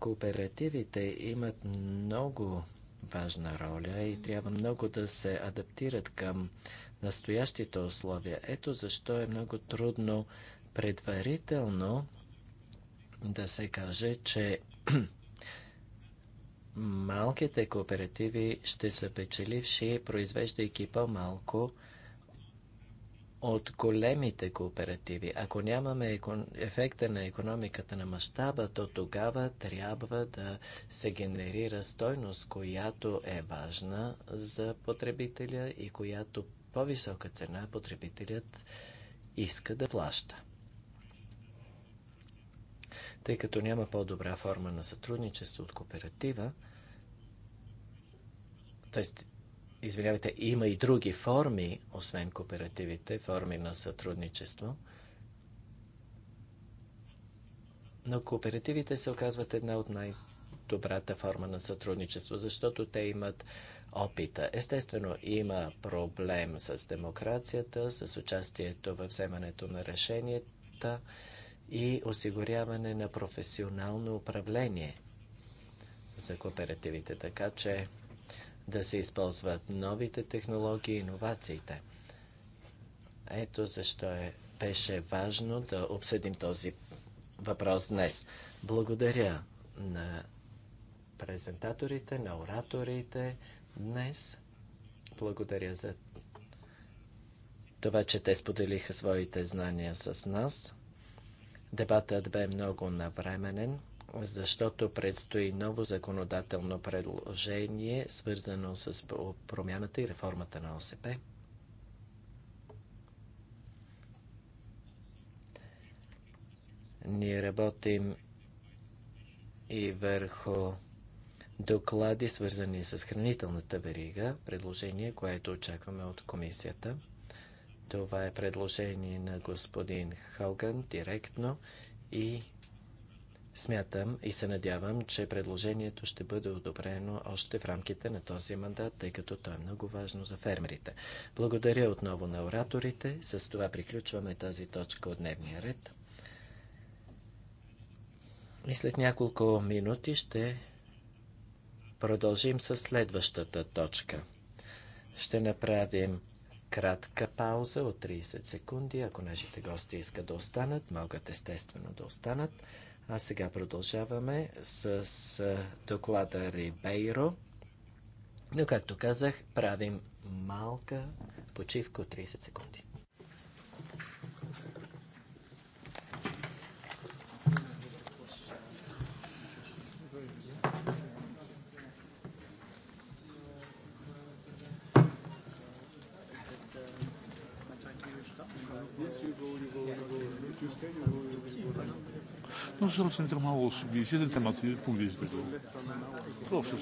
кооперативите имат много важна роля и трябва много да се адаптират към настоящите условия. Ето защо е много трудно предварително да се каже, че малките кооперативи ще са печеливши, произвеждайки по-малко от големите кооперативи. Ако нямаме ефекта на економиката на мащаба, то тогава трябва да се генерира стойност, която е важна за потребителя и която по-висока цена потребителят иска да плаща. Тъй като няма по-добра форма на сътрудничество от кооператива, т.е. Извинявайте, има и други форми, освен кооперативите, форми на сътрудничество. Но кооперативите се оказват една от най-добрата форма на сътрудничество, защото те имат опита. Естествено, има проблем с демокрацията, с участието във вземането на решенията и осигуряване на професионално управление за кооперативите. Така че да се използват новите технологии и иновациите. Ето защо е, беше важно да обсъдим този въпрос днес. Благодаря на презентаторите, на ораторите днес. Благодаря за това, че те споделиха своите знания с нас. Дебатът бе много навременен защото предстои ново законодателно предложение, свързано с промяната и реформата на ОСП. Ние работим и върху доклади, свързани с хранителната верига, предложение, което очакваме от комисията. Това е предложение на господин Халган директно и Смятам и се надявам, че предложението ще бъде одобрено още в рамките на този мандат, тъй като то е много важно за фермерите. Благодаря отново на ораторите. С това приключваме тази точка от дневния ред. И след няколко минути ще продължим с следващата точка. Ще направим кратка пауза от 30 секунди. Ако нашите гости искат да останат, могат естествено да останат. А сега продължаваме с доклада Рибейро. Но, както казах, правим малка почивка от 30 секунди. Thank you No znacznie to mało osób jest. Jeden temat punkt jest tego. Proszę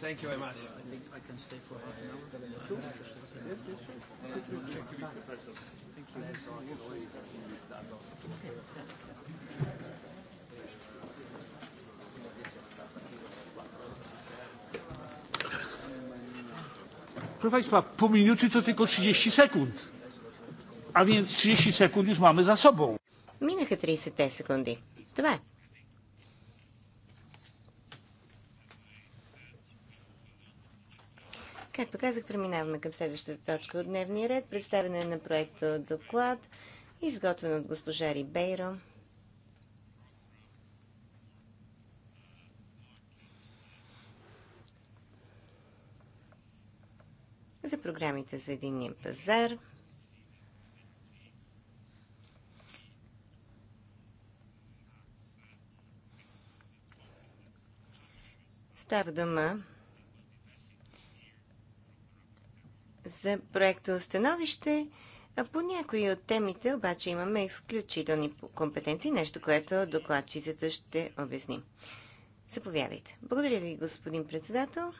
Thank you very much. I think I can stay for half an hour. Yes, Thank you. Proszę Państwa, pół minuty to tylko 30 sekund. A więc 30 sekund już mamy za sobą. Минаха 30 секунди. Това е. Както казах, преминаваме към следващата точка от дневния ред. представена на проекта доклад, изготвен от госпожа Рибейро. за програмите за единния пазар. Става дума за проекта установище. По някои от темите обаче имаме изключителни компетенции, нещо, което докладчицата ще обясни. Заповядайте. Благодаря ви, господин председател.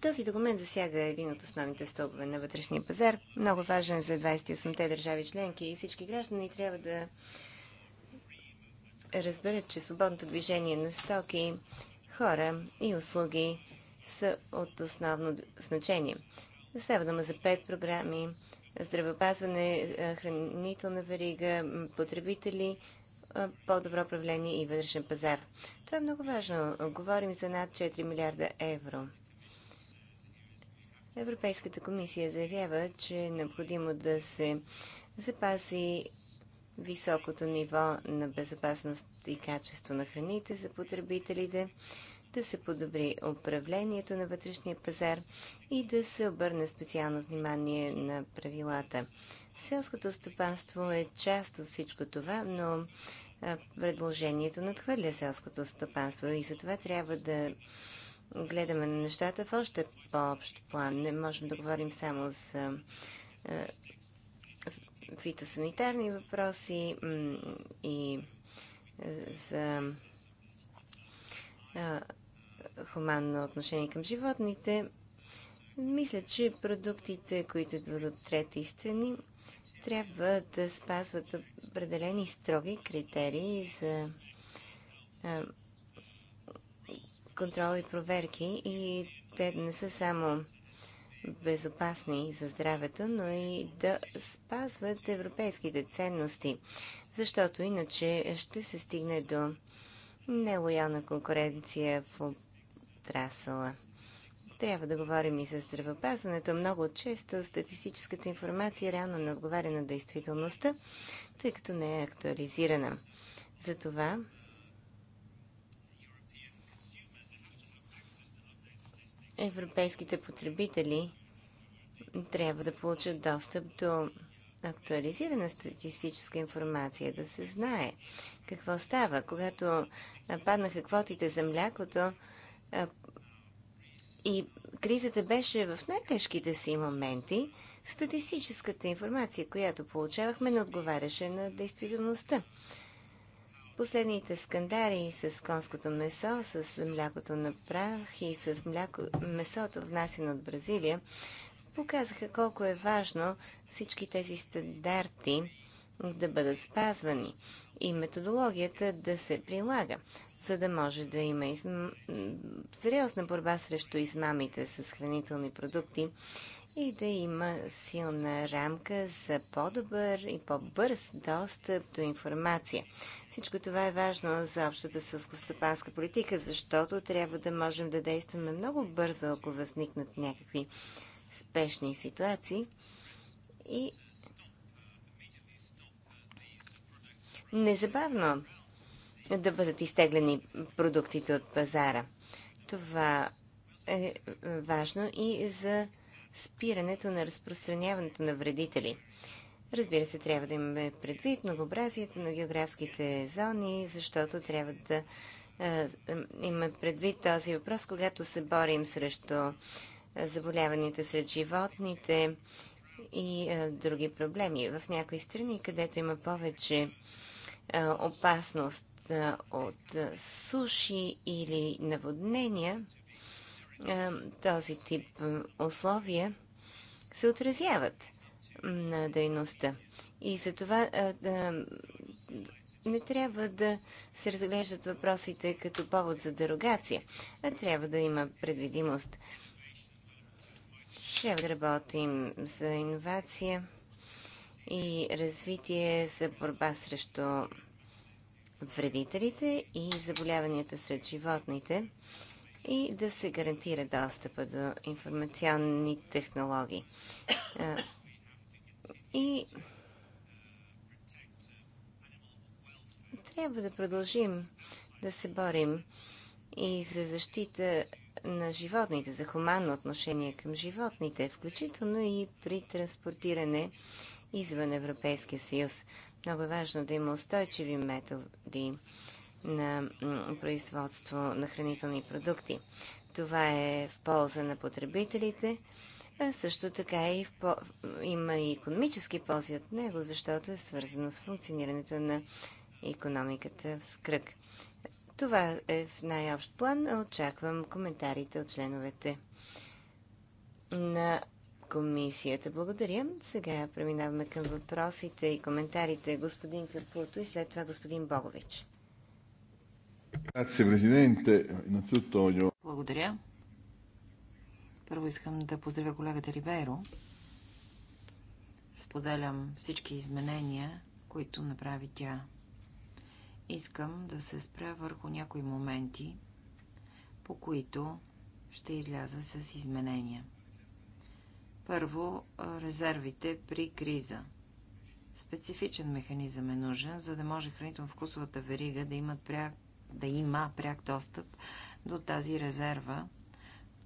Този документ засяга един от основните стълбове на вътрешния пазар, много важен за 28-те държави членки и всички граждани трябва да разберат, че свободното движение на стоки, хора и услуги са от основно значение. Става дума за пет програми здравеопазване, хранителна верига, потребители, по-добро управление и вътрешен пазар. Това е много важно. Говорим за над 4 милиарда евро. Европейската комисия заявява, че е необходимо да се запази високото ниво на безопасност и качество на храните за потребителите, да се подобри управлението на вътрешния пазар и да се обърне специално внимание на правилата. Селското стопанство е част от всичко това, но предложението надхвърля селското стопанство и затова трябва да гледаме на нещата в още по-общ план. Не можем да говорим само за е, фитосанитарни въпроси и е, за е, хуманно отношение към животните. Мисля, че продуктите, които идват от трети страни, трябва да спазват определени строги критерии за контрол и проверки и те не са само безопасни за здравето, но и да спазват европейските ценности, защото иначе ще се стигне до нелоялна конкуренция в отрасъла. Трябва да говорим и за здравеопазването. Много често статистическата информация реално не отговаря на действителността, тъй като не е актуализирана. Затова европейските потребители трябва да получат достъп до актуализирана статистическа информация, да се знае какво става. Когато паднаха квотите за млякото и кризата беше в най-тежките си моменти, статистическата информация, която получавахме, не отговаряше на действителността. Последните скандали с конското месо, с млякото на прах и с мляко, месото внасено от Бразилия показаха колко е важно всички тези стандарти да бъдат спазвани и методологията да се прилага за да може да има изм... сериозна борба срещу измамите с хранителни продукти и да има силна рамка за по-добър и по-бърз достъп до информация. Всичко това е важно за общата сълскостопанска политика, защото трябва да можем да действаме много бързо, ако възникнат някакви спешни ситуации и незабавно да бъдат изтеглени продуктите от пазара. Това е, е важно и за спирането на разпространяването на вредители. Разбира се, трябва да имаме предвид многообразието на географските зони, защото трябва да е, предвид този въпрос, когато се борим срещу е, заболяванията сред животните и е, други проблеми. В някои страни, където има повече е, опасност от суши или наводнения, този тип условия се отразяват на дейността. И за това не трябва да се разглеждат въпросите като повод за дерогация, а трябва да има предвидимост. Трябва да работим за иновация и развитие за борба срещу вредителите и заболяванията сред животните и да се гарантира достъпа до информационни технологии. И трябва да продължим да се борим и за защита на животните, за хуманно отношение към животните, включително и при транспортиране извън Европейския съюз. Много е важно да има устойчиви методи на производство на хранителни продукти. Това е в полза на потребителите, а също така и в по... има и економически ползи от него, защото е свързано с функционирането на економиката в кръг. Това е в най-общ план. Очаквам коментарите от членовете на комисията. Благодаря. Сега преминаваме към въпросите и коментарите. Господин Капуто и след това господин Богович. Благодаря. Първо искам да поздравя колегата Риверо. Споделям всички изменения, които направи тя. Искам да се спра върху някои моменти, по които ще изляза с изменения. Първо, резервите при криза. Специфичен механизъм е нужен, за да може хранително-вкусовата верига да, имат пряк, да има пряк достъп до тази резерва,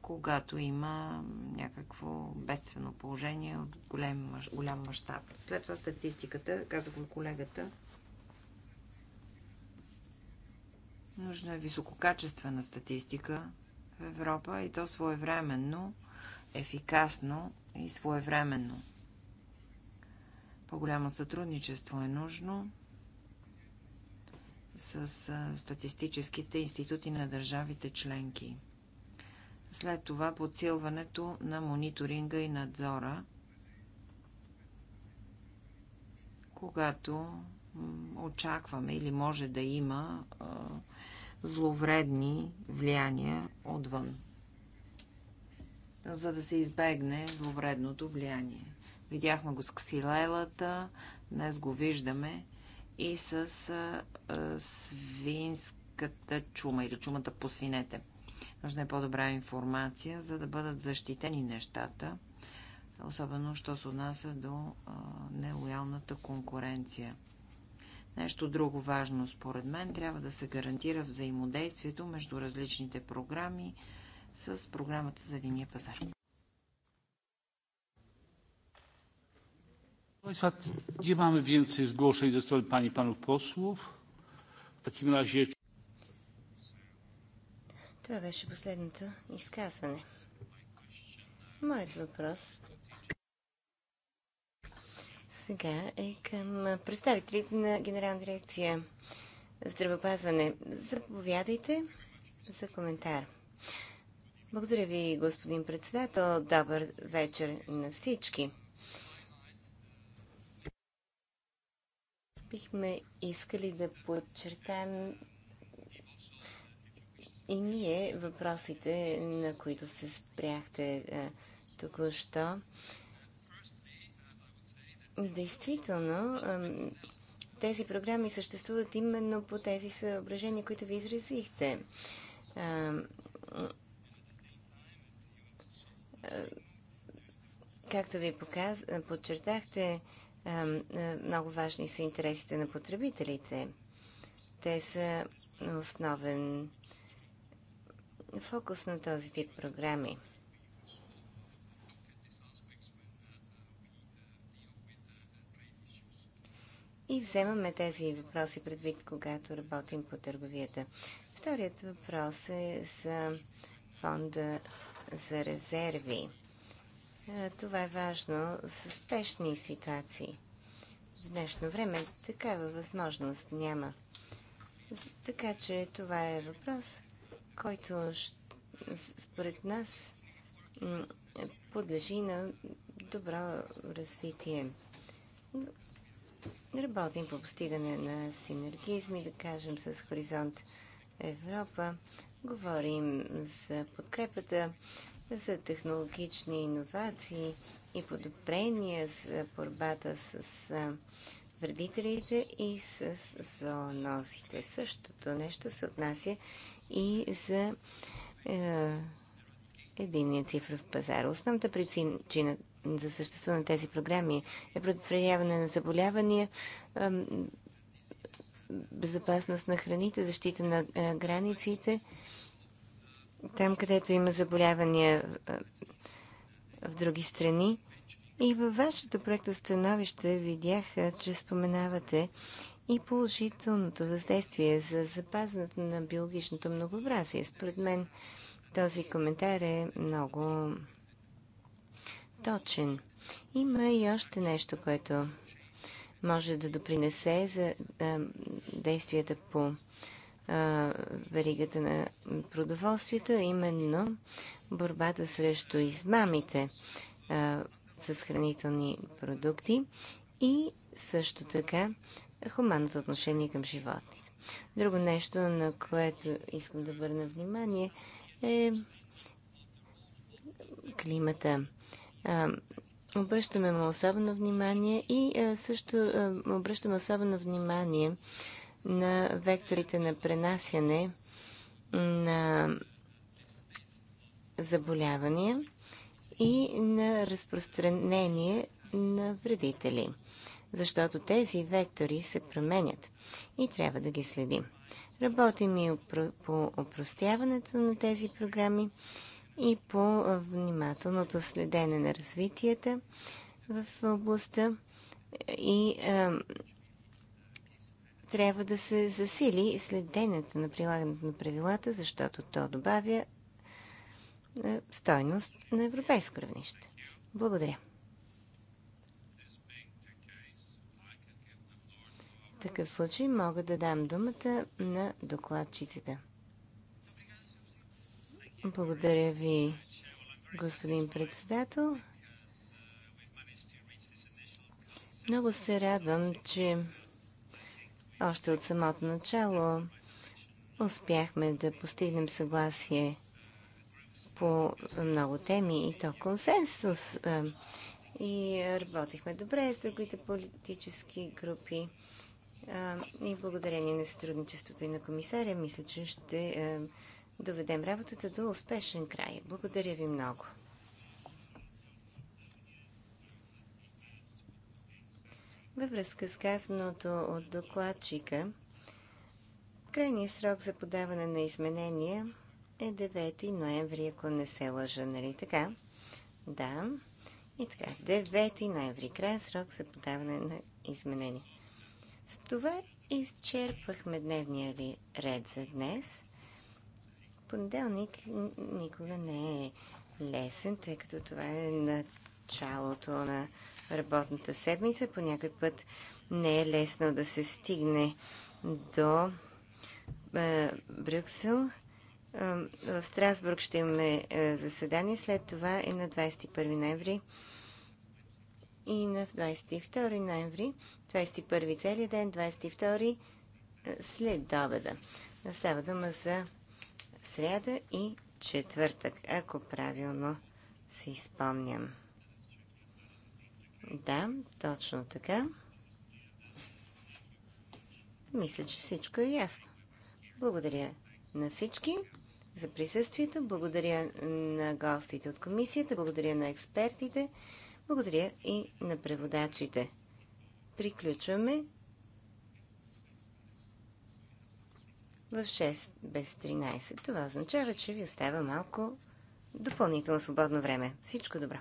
когато има някакво бедствено положение от голем, голям мащаб. След това статистиката, каза го колегата, нужна е висококачествена статистика в Европа и то своевременно, ефикасно и своевременно. По-голямо сътрудничество е нужно с статистическите институти на държавите членки. След това подсилването на мониторинга и надзора, когато очакваме или може да има зловредни влияния отвън за да се избегне зловредното влияние. Видяхме го с ксилелата, днес го виждаме и с а, а, свинската чума или чумата по свинете. Нужна е по-добра информация, за да бъдат защитени нещата, особено, що се отнася до а, нелоялната конкуренция. Нещо друго важно, според мен, трябва да се гарантира взаимодействието между различните програми, с програмата за единия пазар. Państwa, nie mamy więcej zgłoszeń ze strony pani i panów posłów. W takim razie. Това беше последното изказване. Моят въпрос сега е към представителите на Генерална дирекция здравеопазване. Заповядайте за коментар. Благодаря ви, господин председател. Добър вечер на всички. Бихме искали да подчертаем и ние въпросите, на които се спряхте е, току-що. Действително, тези програми съществуват именно по тези съображения, които ви изразихте както ви показ... подчертахте, много важни са интересите на потребителите. Те са основен фокус на този тип програми. И вземаме тези въпроси предвид, когато работим по търговията. Вторият въпрос е за фонда за резерви. Е, това е важно за спешни ситуации. В днешно време такава възможност няма. Така че това е въпрос, който според нас подлежи на добро развитие. Работим по постигане на синергизми, да кажем, с Хоризонт Европа. Говорим за подкрепата за технологични иновации и подобрения за борбата с вредителите и с зооносите. Същото нещо се отнася и за е, единния цифров пазар. Основната причина за съществуване на тези програми е предотвратяване на заболявания, безопасност на храните, защита на е, границите. Там, където има заболявания е, в други страни. И във вашето проекто становище видях, е, че споменавате и положителното въздействие за запазването на биологичното многообразие. Според мен този коментар е много точен. Има и още нещо, което може да допринесе за действията по веригата на продоволствието, а именно борбата срещу измамите с хранителни продукти и също така хуманното отношение към животните. Друго нещо, на което искам да върна внимание е климата. Обръщаме му особено внимание и е, също е, обръщаме особено внимание на векторите на пренасяне на заболявания и на разпространение на вредители, защото тези вектори се променят и трябва да ги следим. Работим и по опростяването на тези програми и по внимателното следене на развитията в областта и а, трябва да се засили следенето на прилагането на правилата, защото то добавя стойност на европейско равнище. Благодаря. В такъв случай мога да дам думата на докладчиците. Благодаря ви, господин председател. Много се радвам, че още от самото начало успяхме да постигнем съгласие по много теми и то консенсус. Е, и работихме добре с другите политически групи. Е, и благодарение на сътрудничеството и на комисаря, мисля, че ще е, доведем работата до успешен край. Благодаря ви много. Във връзка с казаното от докладчика, крайният срок за подаване на изменения е 9 ноември, ако не се лъжа, нали така? Да. И така, 9 ноември, край срок за подаване на изменения. С това изчерпахме дневния ред за днес понеделник никога не е лесен, тъй като това е началото на работната седмица. По някой път не е лесно да се стигне до е, Брюксел. Е, в Страсбург ще имаме е, заседание, след това е на 21 ноември и на 22 ноември, 21 целият ден, 22 след обеда. Става дума за сряда и четвъртък, ако правилно си спомням. Да, точно така. Мисля, че всичко е ясно. Благодаря на всички за присъствието, благодаря на гостите от комисията, благодаря на експертите, благодаря и на преводачите. Приключваме. в 6 без 13. Това означава, че ви остава малко допълнително свободно време. Всичко добро!